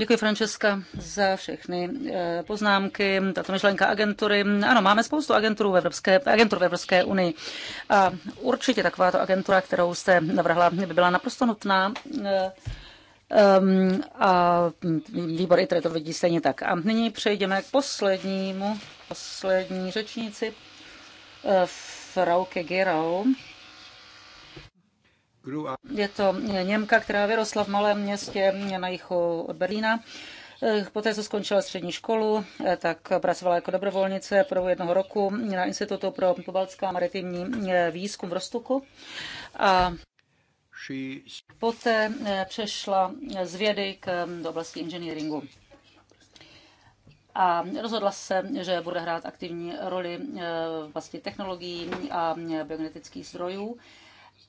Děkuji, Francesca, za všechny eh, poznámky. Tato myšlenka agentury. Ano, máme spoustu agenturů v Evropské, agentur v Evropské unii. A určitě takováto agentura, kterou jste navrhla, by byla naprosto nutná. Um, a výbor tady to vidí stejně tak. A nyní přejdeme k poslednímu, poslední řečníci, uh, eh, Frauke Gerau. Je to Němka, která vyrostla v malém městě na jihu od Berlína. Poté, co skončila střední školu, tak pracovala jako dobrovolnice pro jednoho roku na Institutu pro pobaltská maritimní výzkum v Rostoku. A poté přešla z vědy k, do oblasti inženýringu. A rozhodla se, že bude hrát aktivní roli eh, vlastně technologií a biogenetických zdrojů.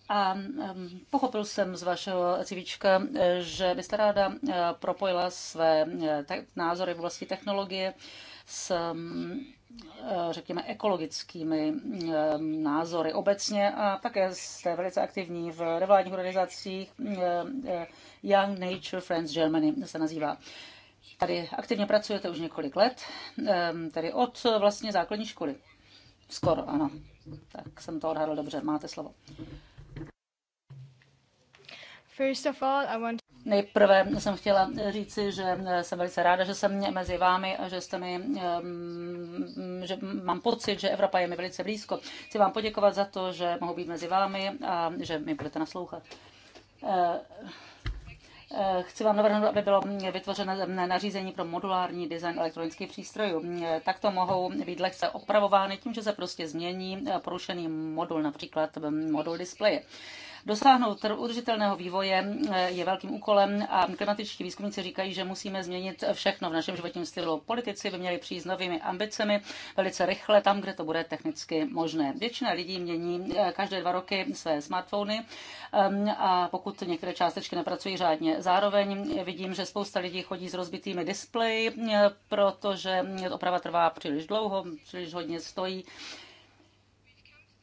A um, pochopil jsem z vašeho civíčka, eh, že byste ráda eh, propojila své eh, názory v oblasti technologie s mm, řekněme, ekologickými názory obecně a také jste velice aktivní v nevládních organizacích Young Nature Friends Germany se nazývá. Tady aktivně pracujete už několik let, ehm, tedy od vlastně základní školy. Skoro, ano. Tak jsem to odhadl dobře, máte slovo. Nejprve jsem chtěla říci, že jsem velice ráda, že jsem mezi vámi a že jste mi, ehm, že mám pocit, že Evropa je mi velice blízko. Chci vám poděkovat za to, že mohu být mezi vámi a že mi budete naslouchat. Eh, eh, chci vám navrhnout, aby bylo vytvořeno nařízení pro modulární design elektronických přístrojů. Eh, Takto mohou být lehce opravovány tím, že se prostě změní porušený modul, například modul displeje. Dosáhnout udržitelného vývoje eh, je velkým úkolem a klimatičtí výzkumníci říkají, že musíme změnit všechno v našem životním stylu. Politici by měli přijít s novými ambicemi velice rychle tam, kde to bude technicky možné. Většina lidí mění eh, každé dva roky své smartfony ehm, a pokud některé částečky nepracují řádně. Zároveň vidím, že spousta lidí chodí s rozbitými displeji, eh, protože oprava trvá příliš dlouho, příliš hodně stojí.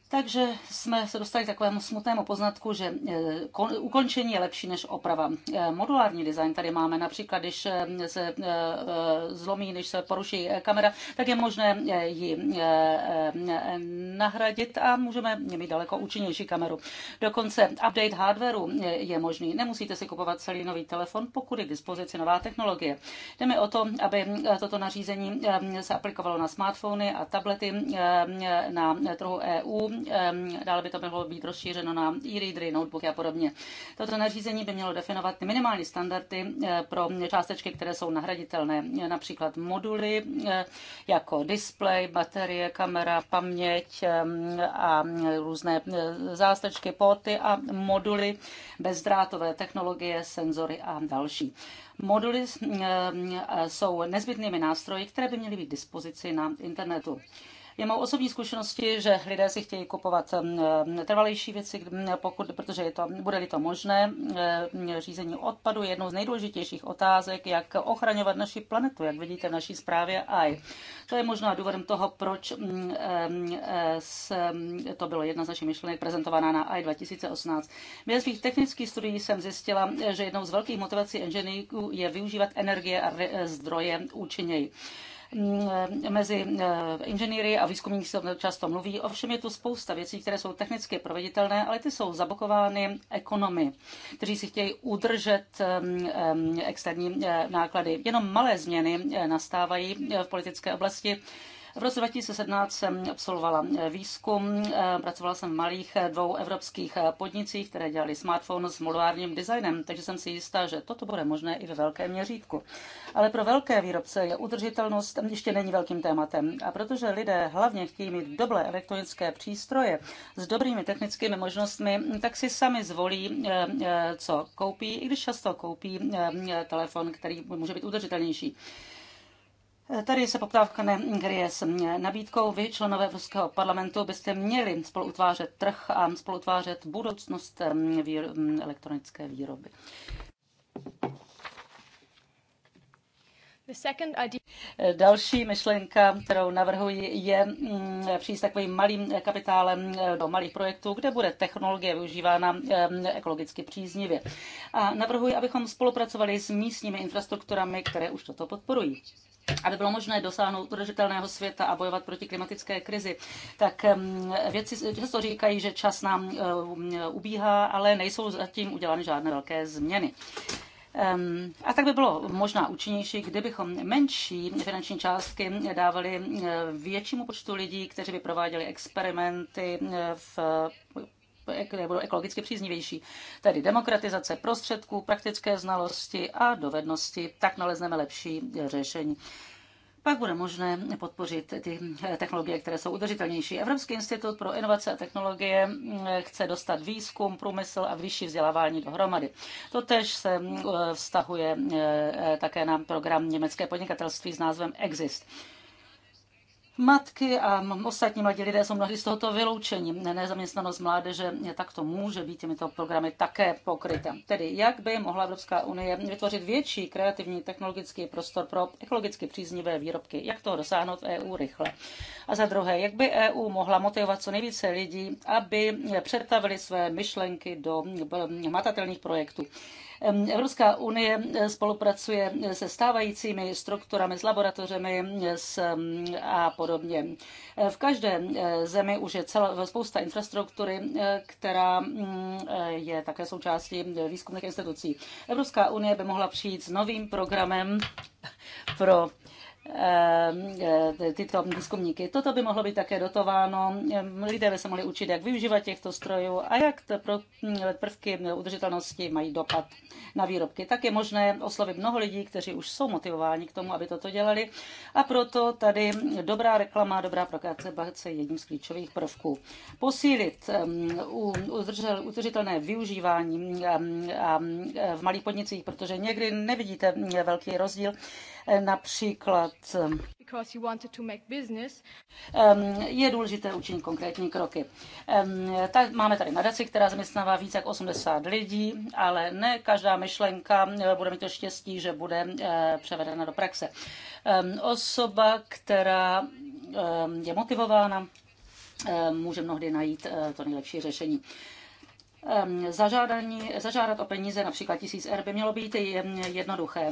Takže jsme se dostali k takovému smutnému poznatku, že eh, ukončení je lepší než oprava. Eh, modulární design tady máme například, když eh, se zlomí, když se poruší kamera, tak je možné ji nahradit a můžeme mít daleko účinnější kameru. Dokonce update hardwareu je možný. Nemusíte si kupovat celý nový telefon, pokud je k dispozici nová technologie. Jde mi o to, aby toto nařízení se aplikovalo na smartfony a tablety na trhu EU Ehm, dále by to mohlo být rozšířeno na e-readery, notebooky a podobně. Toto nařízení by mělo definovat minimální standardy eh, pro částečky, které jsou nahraditelné, například moduly eh, jako display, baterie, kamera, paměť ehm, a různé eh, zástečky, poty a moduly bezdrátové technologie, senzory a další. Moduly ehm, jsou nezbytnými nástroji, které by měly být k dispozici na internetu. Já mám osobní zkušenosti, že lidé si chtějí kupovat eh, trvalejší věci, pokud, protože je to, bude-li to možné. Eh, řízení odpadu je jednou z nejdůležitějších otázek, jak ochraňovat naši planetu, jak vidíte v naší zprávě AI. To je možná důvodem toho, proč mm, eh, mm, mm, to bylo jedna z našich myšlenek prezentovaná na AI 2018. Během svých technických studií jsem zjistila, že jednou z velkých motivací inženýrů je využívat energie a zdroje účinněji. Eh, mezi eh, inženýry a výzkumníky se často mluví. Ovšem je tu spousta věcí, které jsou technicky proveditelné, ale ty jsou zabokovány ekonomy, kteří si chtějí udržet eh, externí náklady. Jenom malé změny nastávají v politické oblasti. V roce 2017 jsem absolvovala výzkum, eh, pracovala jsem v malých eh, dvou evropských eh, podnicích, které dělali smartphone s modulárním designem, takže jsem si jistá, že toto bude možné i ve velkém měřítku. Ale pro velké výrobce je udržitelnost ještě není velkým tématem. A protože lidé hlavně chtějí mít dobré elektronické přístroje s dobrými technickými možnostmi, tak si sami zvolí, co koupí, i když často koupí telefon, který může být udržitelnější. Eh, tady se poptávka nekryje s eh, nabídkou. Vy, členové Evropského parlamentu, byste měli spolutvářet trh a spolutvářet budoucnost eh, mm, elektronické výroby. Eh, další myšlenka, kterou navrhuji, je mm, přijít s takovým malým eh, kapitálem eh, do malých projektů, kde bude technologie využívána ekologicky příznivě. A navrhuji, abychom spolupracovali s místními infrastrukturami, které už toto podporují aby bylo možné dosáhnout udržitelného světa a bojovat proti klimatické krizi, tak mm, věci často říkají, že čas nám ubíhá, ale nejsou zatím udělány žádné velké změny. A tak by bylo možná účinnější, kdybychom menší finanční částky dávali eh, většímu počtu lidí, kteří by prováděli experimenty eh, v budou ekologicky příznivější. Tedy demokratizace prostředků, praktické znalosti a dovednosti, tak nalezneme lepší řešení. Pak bude možné podpořit ty eh, technologie, které jsou udržitelnější. Evropský institut pro inovace a technologie eh, chce dostat výzkum, průmysl a vyšší vzdělávání dohromady. To tež se eh, vztahuje také na program Německé podnikatelství s názvem Exist. Matky a ostatní mladí lidé jsou mnohdy z tohoto vyloučení. Nezaměstnanost mládeže tak to může být těmito programy také pokryta. Tedy jak by mohla Evropská unie vytvořit větší kreativní technologický prostor pro ekologicky příznivé výrobky? Jak toho dosáhnout v EU rychle? A za druhé, jak by EU mohla motivovat co nejvíce lidí, aby přetavili své myšlenky do matatelných projektů? Evropská unie eh, spolupracuje eh, se stávajícími strukturami, s laboratořemi eh, s, mm, a podobně. V každé zemi už je celá, spousta infrastruktury, která mm, je také součástí výzkumných institucí. Evropská unie by mohla přijít s novým programem pro Ehm, e, tyto výzkumníky. Toto by mohlo být také dotováno. Ehm, lidé by se mohli učit, jak využívat těchto strojů a jak pro prvky udržitelnosti mají dopad na výrobky. Tak je možné oslovit mnoho lidí, kteří už jsou motivováni k tomu, aby toto dělali. A proto tady dobrá reklama, dobrá propagace je jedním z klíčových prvků. Posílit ehm, udržitelné využívání v malých podnicích, protože někdy nevidíte velký rozdíl Například je důležité učinit konkrétní kroky. Máme tady nadaci, která zaměstnává více jak 80 lidí, ale ne každá myšlenka eh, bude mít to štěstí, že bude eh, převedena do praxe. Osoba, která je motivována, eh, může mnohdy najít to nejlepší řešení. Zažádání, zažádat o peníze, například 1000 R, er, by mělo být jednoduché.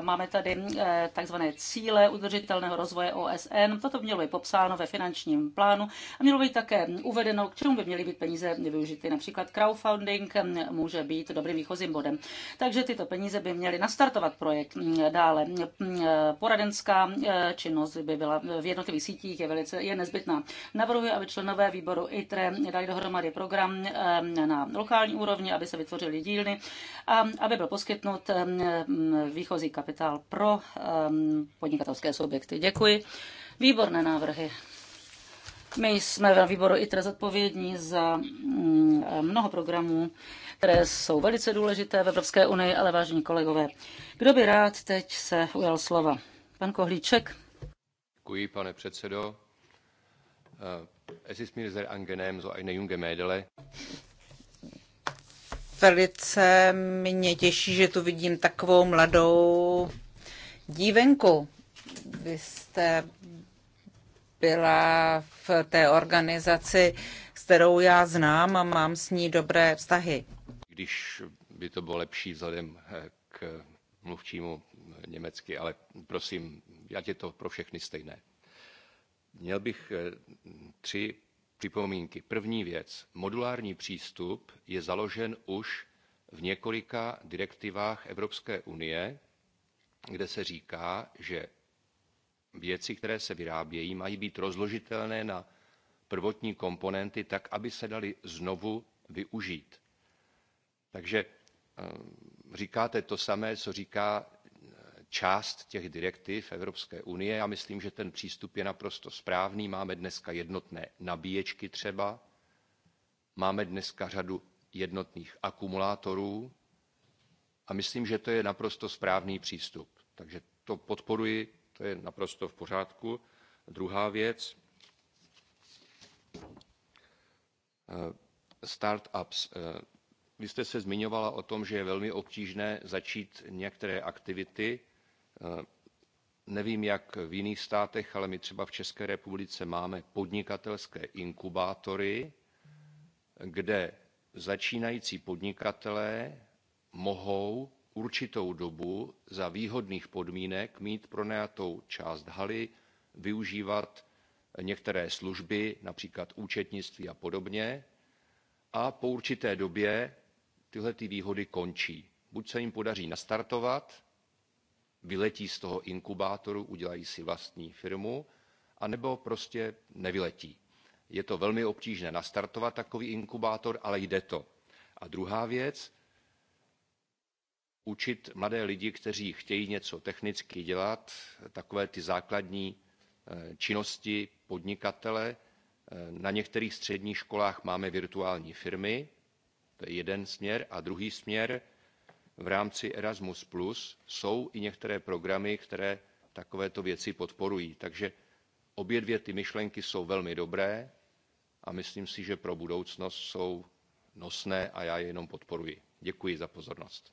Máme tady eh, takzvané cíle udržitelného rozvoje OSN. Toto mělo být popsáno ve finančním plánu a mělo být také uvedeno, k čemu by měly být peníze využity. Například crowdfunding může být dobrým výchozím bodem. Takže tyto peníze by měly nastartovat projekt dále. Poradenská eh, činnost by byla v jednotlivých sítích je, velice, je nezbytná. Navrhuji, aby členové výboru ITRE dali dohromady program, Eh, na lokální úrovni, aby se vytvořily dílny a aby byl poskytnut eh, mm, výchozí kapitál pro eh, podnikatelské subjekty. Děkuji. Výborné návrhy. My jsme ve výboru ITRE zodpovědní za mm, mnoho programů, které jsou velice důležité v Evropské unii, ale vážení kolegové, kdo by rád teď se ujal slova? Pan Kohlíček. Děkuji, pane předsedo. Es ist mir sehr angenehm, so eine junge Mädele. Velice mě těší, že tu vidím takovou mladou dívenku. Vy jste byla v té organizaci, s kterou já znám a mám s ní dobré vztahy. Když by to bylo lepší vzhledem eh, k mluvčímu německy, ale prosím, já je to pro všechny stejné. Měl bych eh, tři připomínky. První věc. Modulární přístup je založen už v několika direktivách Evropské unie, kde se říká, že věci, které se vyrábějí, mají být rozložitelné na prvotní komponenty tak, aby se daly znovu využít. Takže eh, říkáte to samé, co říká část těch direktiv Evropské unie. Já myslím, že ten přístup je naprosto správný. Máme dneska jednotné nabíječky třeba, máme dneska řadu jednotných akumulátorů a myslím, že to je naprosto správný přístup. Takže to podporuji, to je naprosto v pořádku. Druhá věc. Eh, startups. Eh, vy jste se zmiňovala o tom, že je velmi obtížné začít některé aktivity. Eh, nevím, jak v jiných státech, ale my třeba v České republice máme podnikatelské inkubátory, kde začínající podnikatelé mohou určitou dobu za výhodných podmínek mít pronajatou část haly, využívat některé služby, například účetnictví a podobně, a po určité době tyhle ty výhody končí. Buď se jim podaří nastartovat, vyletí z toho inkubátoru, udělají si vlastní firmu, anebo prostě nevyletí. Je to velmi obtížné nastartovat takový inkubátor, ale jde to. A druhá věc, učit mladé lidi, kteří chtějí něco technicky dělat, takové ty základní eh, činnosti podnikatele. Eh, na některých středních školách máme virtuální firmy, to je jeden směr. A druhý směr, v rámci Erasmus+, jsou i některé programy, které takovéto věci podporují. Takže obě dvě ty myšlenky jsou velmi dobré a myslím si, že pro budoucnost jsou nosné a já je jenom podporuji. Děkuji za pozornost.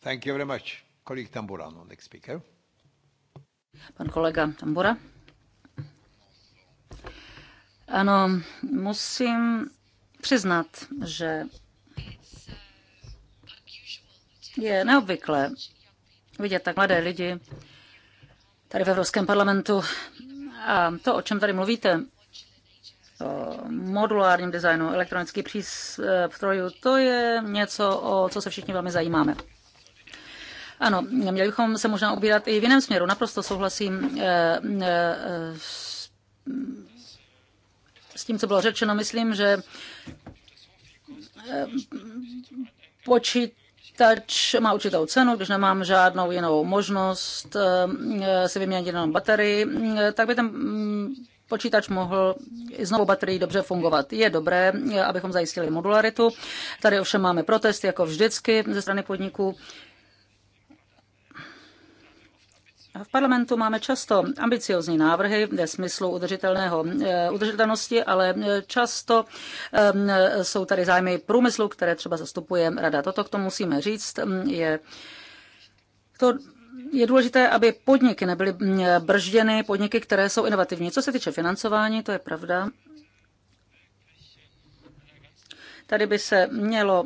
Thank you very much. Colleague Tamburano, next speaker. Pan kolega Tambura. Ano, musím přiznat, že je neobvyklé vidět tak mladé lidi tady v Evropském parlamentu. A to, o čem tady mluvíte, o modulárním designu, elektronický přístrojů, to je něco, o co se všichni velmi zajímáme. Ano, měli bychom se možná ubírat i v jiném směru. Naprosto souhlasím eh, eh, s s tím, co bylo řečeno, myslím, že počít eh, počítač má určitou cenu, když nemám žádnou jinou možnost eh, eh, si vyměnit jenom baterii, tak by ten mm, počítač mohl i znovu baterií dobře fungovat. Je dobré, abychom zajistili modularitu. Tady ovšem máme protest, jako vždycky, ze strany podniků. V parlamentu máme často ambiciozní návrhy ve smyslu udržitelného, eh, udržitelnosti, ale eh, často eh, jsou tady zájmy průmyslu, které třeba zastupuje rada. Toto k tomu musíme říct. Mm, je to je důležité, aby podniky nebyly mm, bržděny, podniky, které jsou inovativní. Co se týče financování, to je pravda. Tady by se mělo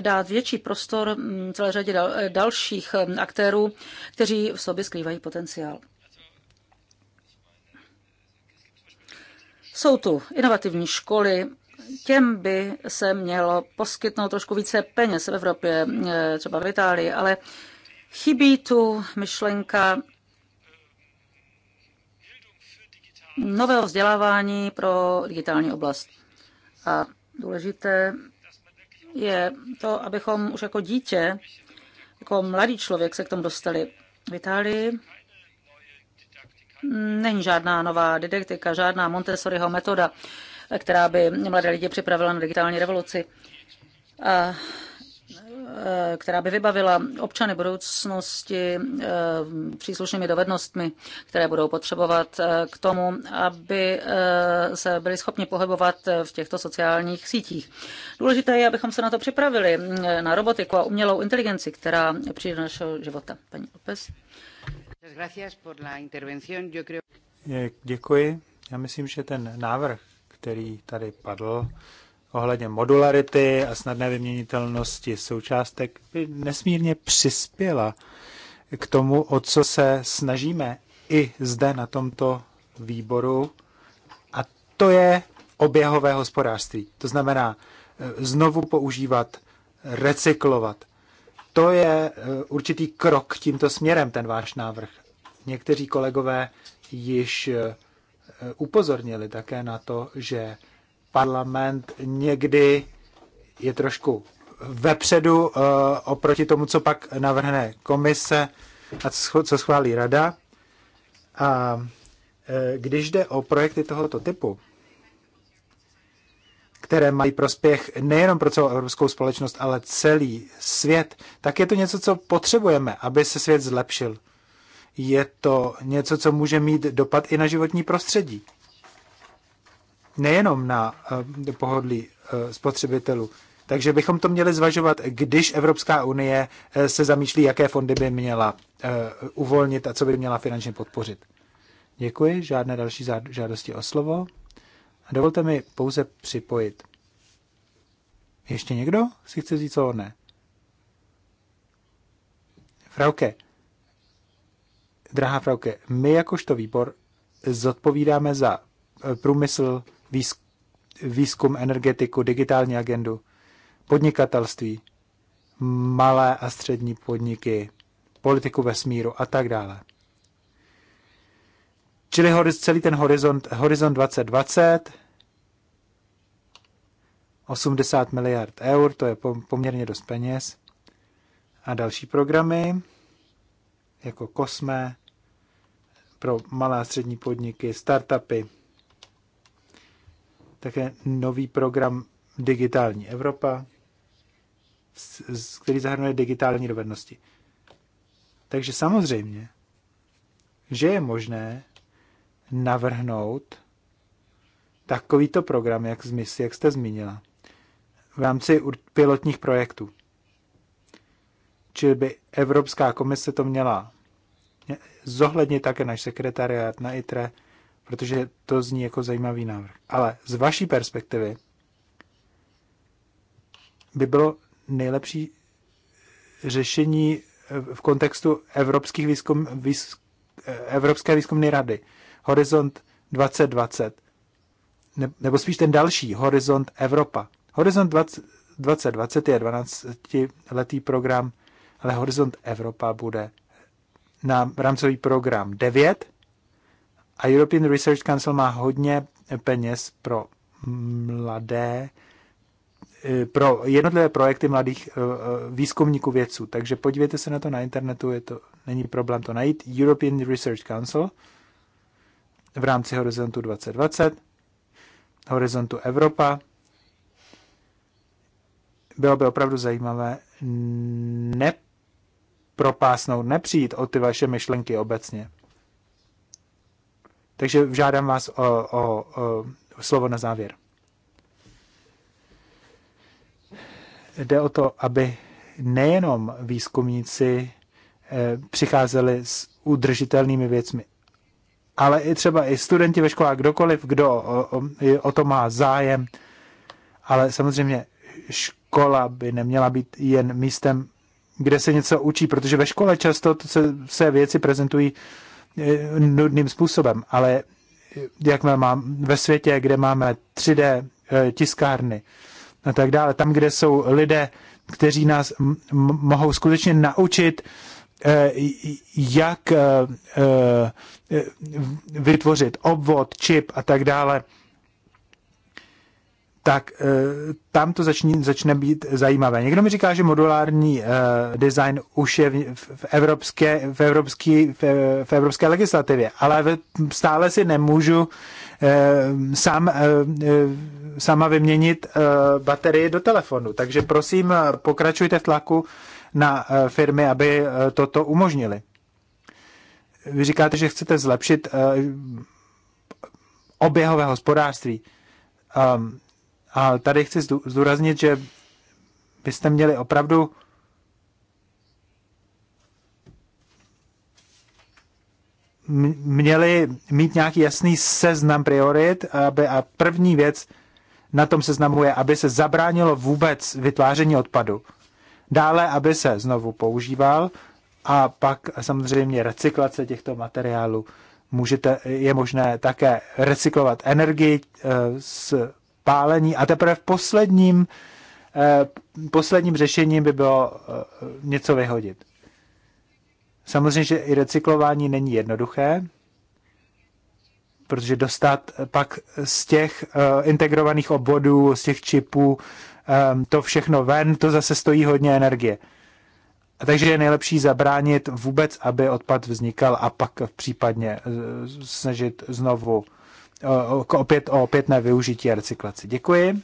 dát větší prostor mm, celé řadě dalších mm, aktérů, kteří v sobě skrývají potenciál. Jsou tu inovativní školy, těm by se mělo poskytnout trošku více peněz v Evropě, mm, třeba v Itálii, ale chybí tu myšlenka nového vzdělávání pro digitální oblast. A důležité je to, abychom už jako dítě, jako mladý člověk se k tomu dostali. V Itálii není žádná nová didaktika, žádná Montessoriho metoda, která by mladé lidi připravila na digitální revoluci. A Eh, která by vybavila občany budoucnosti eh, příslušnými dovednostmi, které budou potřebovat eh, k tomu, aby se byli schopni pohybovat v těchto sociálních sítích. Důležité je, abychom se na to připravili, na robotiku a umělou inteligenci, která přijde do našeho života. Paní Lopez. Děkuji. Já myslím, že ten návrh, který tady padl, ohledně modularity a snadné vyměnitelnosti součástek by nesmírně přispěla k tomu, o co se snažíme i zde na tomto výboru. A to je oběhové hospodářství. To znamená e, znovu používat, recyklovat. To je e, určitý krok tímto směrem, ten váš návrh. Někteří kolegové již e, upozornili také na to, že parlament někdy je trošku vepředu eh, oproti tomu, co pak navrhne komise a co schválí rada. A eh, když jde o projekty tohoto typu, které mají prospěch nejenom pro celou evropskou společnost, ale celý svět, tak je to něco, co potřebujeme, aby se svět zlepšil. Je to něco, co může mít dopad i na životní prostředí nejenom na eh, pohodlí eh, spotřebitelů. Takže bychom to měli zvažovat, když Evropská unie eh, se zamýšlí, jaké fondy by měla uvolnit a co by měla finančně podpořit. Děkuji, žádné další žádosti o slovo. A dovolte mi pouze připojit. Ještě někdo si chce říct slovo? Ne. Frauke, drahá Frauke, my jakožto výbor zodpovídáme za průmysl, výzkum, energetiku, digitální agendu, podnikatelství, malé a střední podniky, politiku vesmíru a tak dále. Čili celý ten horizont, horizont 2020, 80 miliard eur, to je poměrně dost peněz. A další programy, jako Kosme, pro malé a střední podniky, startupy, také nový program Digitální Evropa, který zahrnuje digitální dovednosti. Takže samozřejmě, že je možné navrhnout takovýto program, jak, jak jste zmínila, v rámci pilotních projektů. Čili by Evropská komise to měla zohlednit také náš sekretariát na ITRE, protože to zní jako zajímavý návrh. Ale z vaší perspektivy by bylo nejlepší řešení v kontextu evropských výzkum, výzkum, Evropské výzkumné rady, Horizont 2020, nebo spíš ten další, Horizont Evropa. Horizont 20, 2020 je 12-letý program, ale Horizont Evropa bude na rámcový program 9 a European Research Council má hodně peněz pro mladé, eh, pro jednotlivé projekty mladých eh, eh, výzkumníků vědců. Takže podívejte se na to na internetu, je to, není problém to najít. European Research Council v rámci Horizontu 2020, Horizontu Evropa. Bylo by opravdu zajímavé nepropásnout, nepřijít o ty vaše myšlenky obecně. Takže žádám vás o, o, o slovo na závěr. Jde o to, aby nejenom výzkumníci eh, přicházeli s udržitelnými věcmi, ale i třeba i studenti ve školách, kdokoliv, kdo o, o, o to má zájem. Ale samozřejmě škola by neměla být jen místem, kde se něco učí, protože ve škole často se, se věci prezentují Eh, nudným způsobem, ale eh, jak mám ve světě, kde máme 3D eh, tiskárny a tak dále, tam, kde jsou lidé, kteří nás mohou skutečně naučit, jak vytvořit obvod, čip a tak dále, tak eh, tam to začne, začne být zajímavé. Někdo mi říká, že modulární eh, design už je v, v, evropské, v, evropský, v, v evropské legislativě, ale stále si nemůžu eh, sám, sama vyměnit baterii do telefonu. Takže prosím, pokračujte v tlaku na firmy, aby toto umožnili. Vy říkáte, že chcete zlepšit oběhové hospodářství. Ehm, a tady chci zdůraznit, že byste měli opravdu měli mít nějaký jasný seznam priorit aby, a první věc na tom seznamu je, aby se zabránilo vůbec vytváření odpadu. Dále, aby se znovu používal a pak samozřejmě recyklace těchto materiálů. Můžete, je možné také recyklovat energii z eh, pálení. A teprve v posledním, eh, posledním řešením by bylo eh, něco vyhodit. Samozřejmě, že i recyklování není jednoduché, protože dostat pak z těch eh, integrovaných obvodů, z těch čipů, to všechno ven, to zase stojí hodně energie. Takže je nejlepší zabránit vůbec, aby odpad vznikal a pak případně snažit znovu Eh, opět o opětné využití a recyklaci. Děkuji.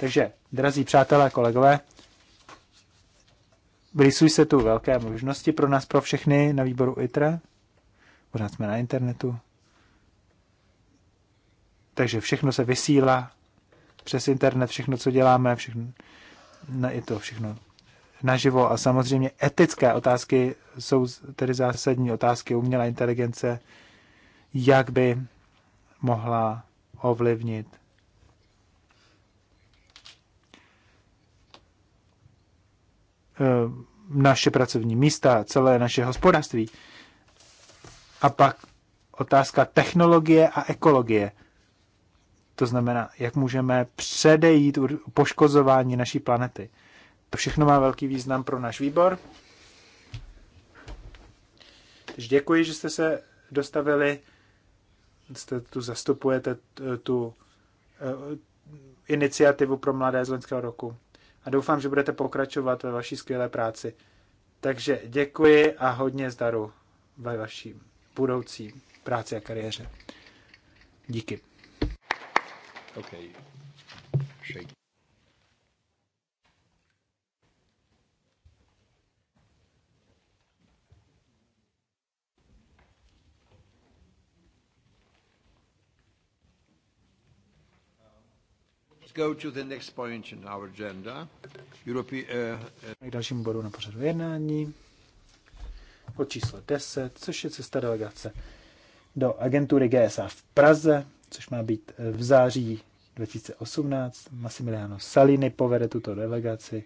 Takže, drazí přátelé a kolegové, Vrysují se tu velké možnosti pro nás, pro všechny na výboru Itre. Pořád jsme na internetu. Takže všechno se vysílá přes internet, všechno, co děláme, všechno, na, no, i to všechno naživo. A samozřejmě etické otázky jsou tedy zásadní otázky umělé inteligence, jak by mohla ovlivnit eh, naše pracovní místa, celé naše hospodářství. A pak otázka technologie a ekologie. To znamená, jak můžeme předejít poškozování naší planety. To všechno má velký význam pro náš výbor. Takže děkuji, že jste se dostavili jste tu zastupujete tu eh, iniciativu pro mladé z loňského roku. A doufám, že budete pokračovat ve vaší skvělé práci. Takže děkuji a hodně zdaru ve vaší budoucí práci a kariéře. Díky. Okay. Shake. go to the next point in our agenda. Europe, uh, K dalšímu bodu na pořadu jednání. Po číslo 10, což je cesta delegace do agentury GSA v Praze, což má být eh, v září 2018. Massimiliano Salini povede tuto delegaci,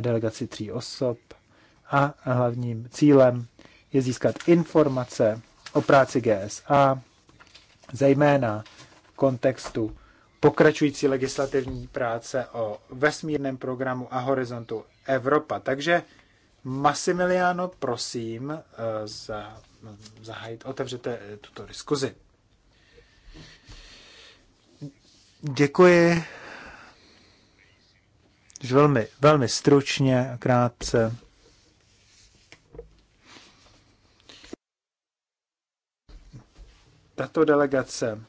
delegaci tří osob a hlavním cílem je získat informace o práci GSA, zejména v kontextu pokračující legislativní práce o vesmírném programu a horizontu Evropa. Takže Massimiliano, prosím, eh, za, zahajit, otevřete eh, tuto diskuzi. Děkuji. Velmi, velmi stručně a krátce. Tato delegace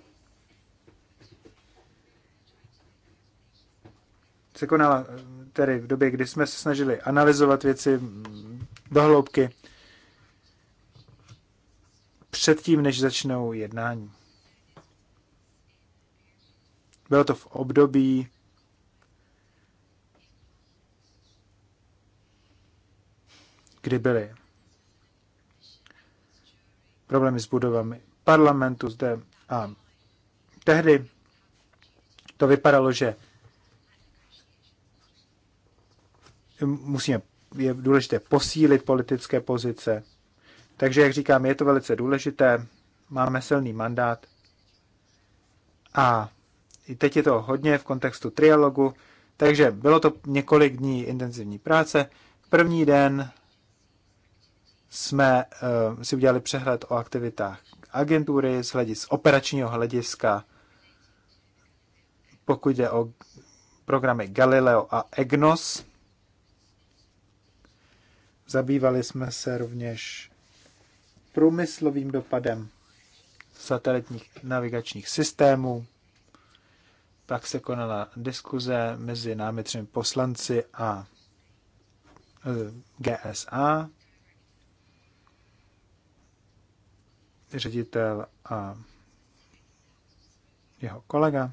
se konala eh, tedy v době, kdy jsme se snažili analyzovat věci do hloubky předtím, než začnou jednání. Bylo to v období kdy byly problémy s budovami parlamentu zde a tehdy to vypadalo, že musíme, je důležité posílit politické pozice. Takže, jak říkám, je to velice důležité, máme silný mandát a teď je to hodně v kontextu trialogu, takže bylo to několik dní intenzivní práce. První den jsme uh, si udělali přehled o aktivitách agentury z, hledis, z operačního hlediska, pokud jde o programy Galileo a EGNOS. Zabývali jsme se rovněž průmyslovým dopadem satelitních navigačních systémů. Pak se konala diskuze mezi námi třemi poslanci a e, GSA, ředitel a jeho kolega.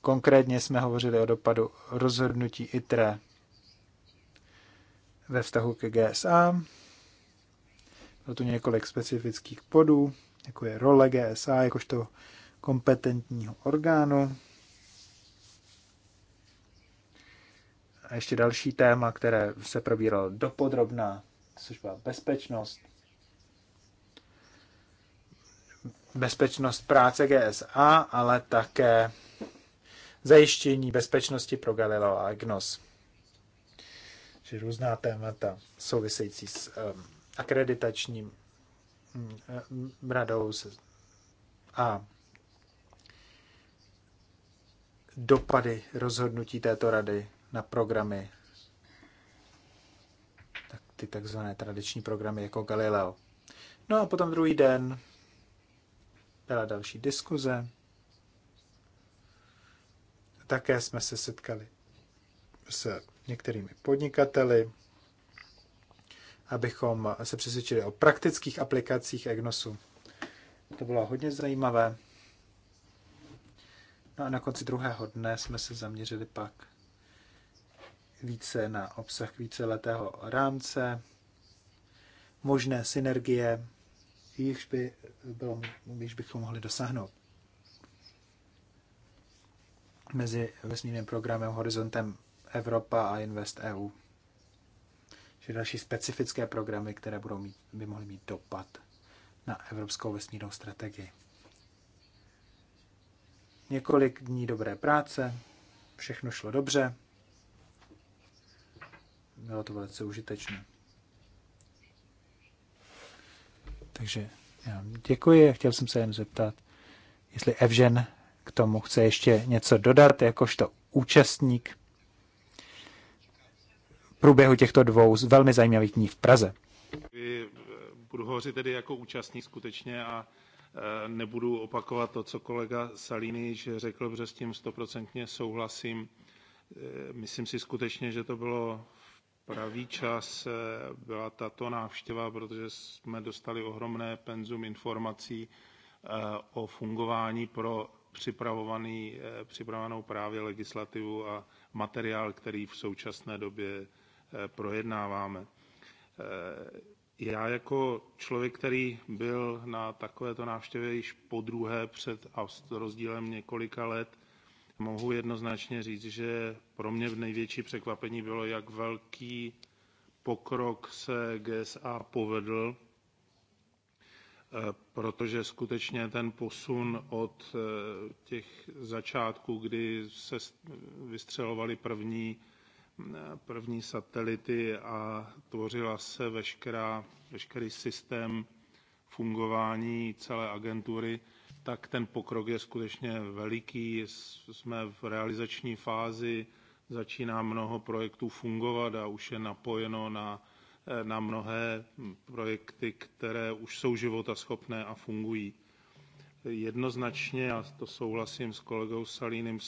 Konkrétně jsme hovořili o dopadu rozhodnutí ITRE ve vztahu ke GSA. Bylo tu několik specifických bodů, jako je role GSA jakožto kompetentního orgánu. A ještě další téma, které se probíralo dopodrobná, což byla bezpečnost. Bezpečnost práce GSA, ale také zajištění bezpečnosti pro Galileo a Agnos že různá témata související s um, akreditačním um, radou se, a dopady rozhodnutí této rady na programy, tak ty takzvané tradiční programy jako Galileo. No a potom druhý den byla další diskuze. Také jsme se setkali se některými podnikateli, abychom se přesvědčili o praktických aplikacích EGNOSu. To bylo hodně zajímavé. No a na konci druhého dne jsme se zaměřili pak více na obsah víceletého rámce, možné synergie, jichž, by bylo, jichž bychom mohli dosáhnout mezi vesmírným programem Horizontem Evropa a Invest EU. Že další specifické programy, které budou mít, by mohly mít dopad na evropskou vesmírnou strategii. Několik dní dobré práce, všechno šlo dobře, bylo to velice užitečné. Takže já děkuji a chtěl jsem se jen zeptat, jestli Evžen k tomu chce ještě něco dodat, jakožto účastník průběhu těchto dvou velmi zajímavých dní v Praze. Eh, budu hovořit tedy jako účastník skutečně a eh, nebudu opakovat to, co kolega Salini že řekl, protože s tím stoprocentně souhlasím. Eh, myslím si skutečně, že to bylo v pravý čas, byla tato návštěva, protože jsme dostali ohromné penzum informací o fungování pro připravovaný, připravenou právě legislativu a materiál, který v současné době Eh, projednáváme. Eh, já jako člověk, který byl na takovéto návštěvě již po druhé před a s rozdílem několika let, mohu jednoznačně říct, že pro mě v největší překvapení bylo, jak velký pokrok se GSA povedl, eh, protože skutečně ten posun od těch začátků, kdy se vystřelovali první první satelity a tvořila se veškerá, veškerý systém fungování celé agentury, tak ten pokrok je skutečně veliký. Jsme v realizační fázi, začíná mnoho projektů fungovat a už je napojeno na, na mnohé projekty, které už jsou životaschopné a fungují. Jednoznačně, a to souhlasím s kolegou Salínem,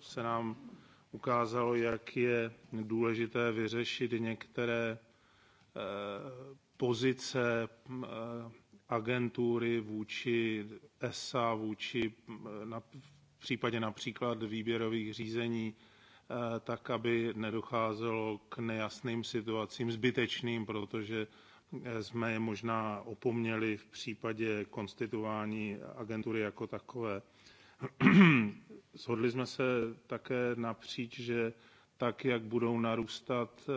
se nám ukázalo, jak je důležité vyřešit některé eh, pozice eh, agentury vůči ESA, vůči v případě například výběrových řízení, eh, tak aby nedocházelo k nejasným situacím, zbytečným, protože jsme je možná opomněli v případě konstituování agentury jako takové. Shodli jsme se také napříč, že tak, jak budou narůstat eh,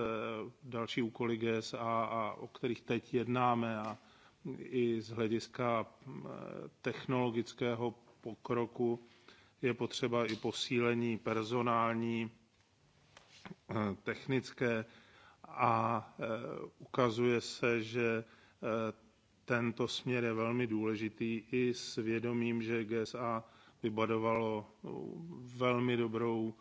další úkoly GSA, a o kterých teď jednáme, a i z hlediska eh, technologického pokroku je potřeba i posílení personální, eh, technické a ukazuje se, že tento směr je velmi důležitý i s vědomím, že GSA vybudovalo no, velmi dobrou,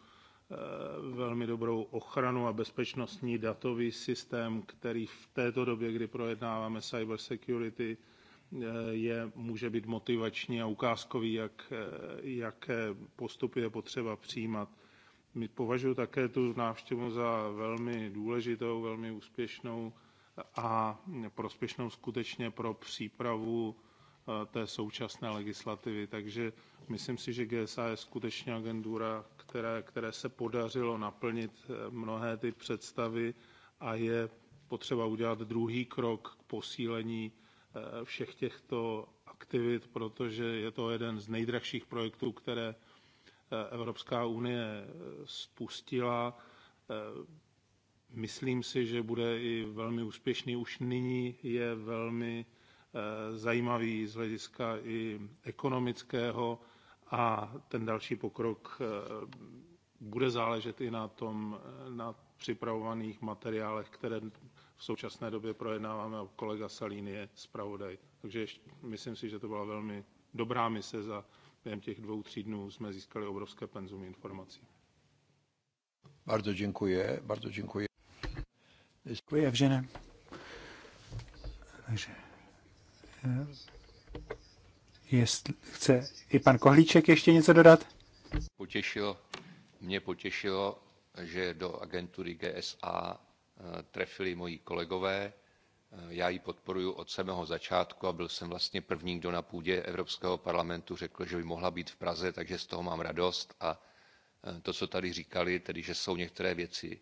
eh, velmi dobrou ochranu a bezpečnostní datový systém, který v této době, kdy projednáváme cyber security, eh, je, může být motivační a ukázkový, jak, eh, jaké postupy je potřeba přijímat. My považuji také tu návštěvu za velmi důležitou, velmi úspěšnou a prospěšnou skutečně pro přípravu Eh, té současné legislativy. Takže myslím si, že GSA je skutečně agentura, které, které se podařilo naplnit eh, mnohé ty představy a je potřeba udělat druhý krok k posílení eh, všech těchto aktivit, protože je to jeden z nejdražších projektů, které Evropská unie spustila. Myslím si, že bude i velmi úspěšný. Už nyní je velmi Eh, zajímavý z hlediska i ekonomického a ten další pokrok eh, bude záležet i na tom, eh, na připravovaných materiálech, které v současné době projednáváme a kolega Salín je zpravodaj. Takže ještě, myslím si, že to byla velmi dobrá mise za během těch dvou, tří dnů jsme získali obrovské penzum informací. Bardzo dziękuję, bardzo dziękuję. Dziękuję, Evžene. Takže Jestli chce i pan Kohlíček ještě něco dodat? Potěšilo, mě potěšilo, že do agentury GSA eh, trefili moji kolegové. Eh, já ji podporuji od samého začátku a byl jsem vlastně první, kdo na půdě Evropského parlamentu řekl, že by mohla být v Praze, takže z toho mám radost a eh, to, co tady říkali, tedy že jsou některé věci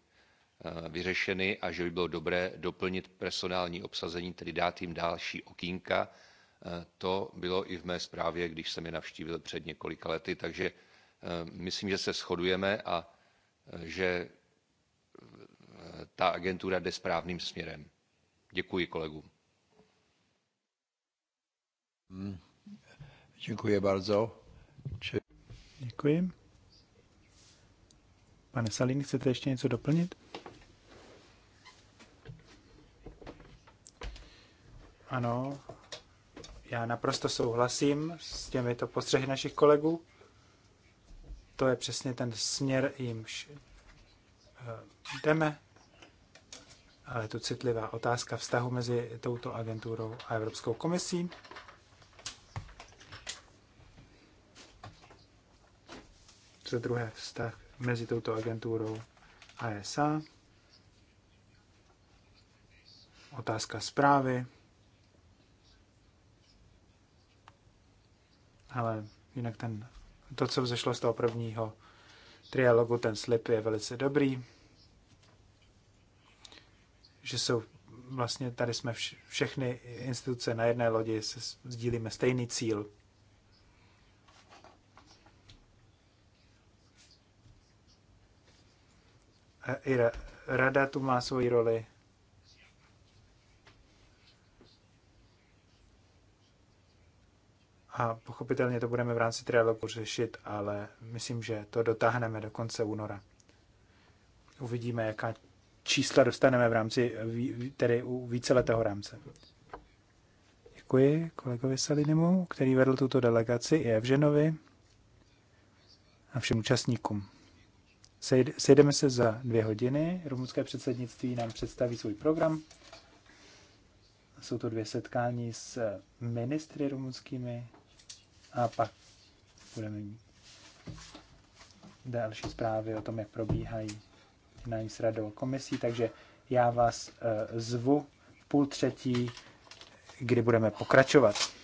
Eh, vyřešeny a že by bylo dobré doplnit personální obsazení, tedy dát jim další okýnka. Eh, to bylo i v mé zprávě, když jsem je navštívil před několika lety, takže eh, myslím, že se shodujeme a že ta agentura jde správným směrem. Děkuji kolegům. Hmm. Děkuji bardzo. Či... Děkuji. Pane Salín, chcete ještě něco doplnit? Ano, já naprosto souhlasím s těmito postřehy našich kolegů. To je přesně ten směr, jimž eh, jdeme. Ale tu citlivá otázka vztahu mezi touto agenturou a Evropskou komisí. Za druhé vztah mezi touto agenturou a ESA. Otázka zprávy ale jinak ten, to, co vzešlo z toho prvního trialogu, ten slip je velice dobrý, že jsou vlastně tady jsme vš, všechny instituce na jedné lodi, se sdílíme stejný cíl. I rada tu má svoji roli. A pochopitelně to budeme v rámci trialogu řešit, ale myslím, že to dotáhneme do konce února. Uvidíme, jaká čísla dostaneme v rámci, tedy u víceletého rámce. Děkuji kolegovi Salinimu, který vedl tuto delegaci, i Evženovi a všem účastníkům. Sejdeme se za dvě hodiny. Rumunské předsednictví nám představí svůj program. Jsou to dvě setkání s ministry rumunskými a pak budeme mít další zprávy o tom, jak probíhají jednání s radou komisí, takže já vás eh, zvu půl třetí, kdy budeme pokračovat.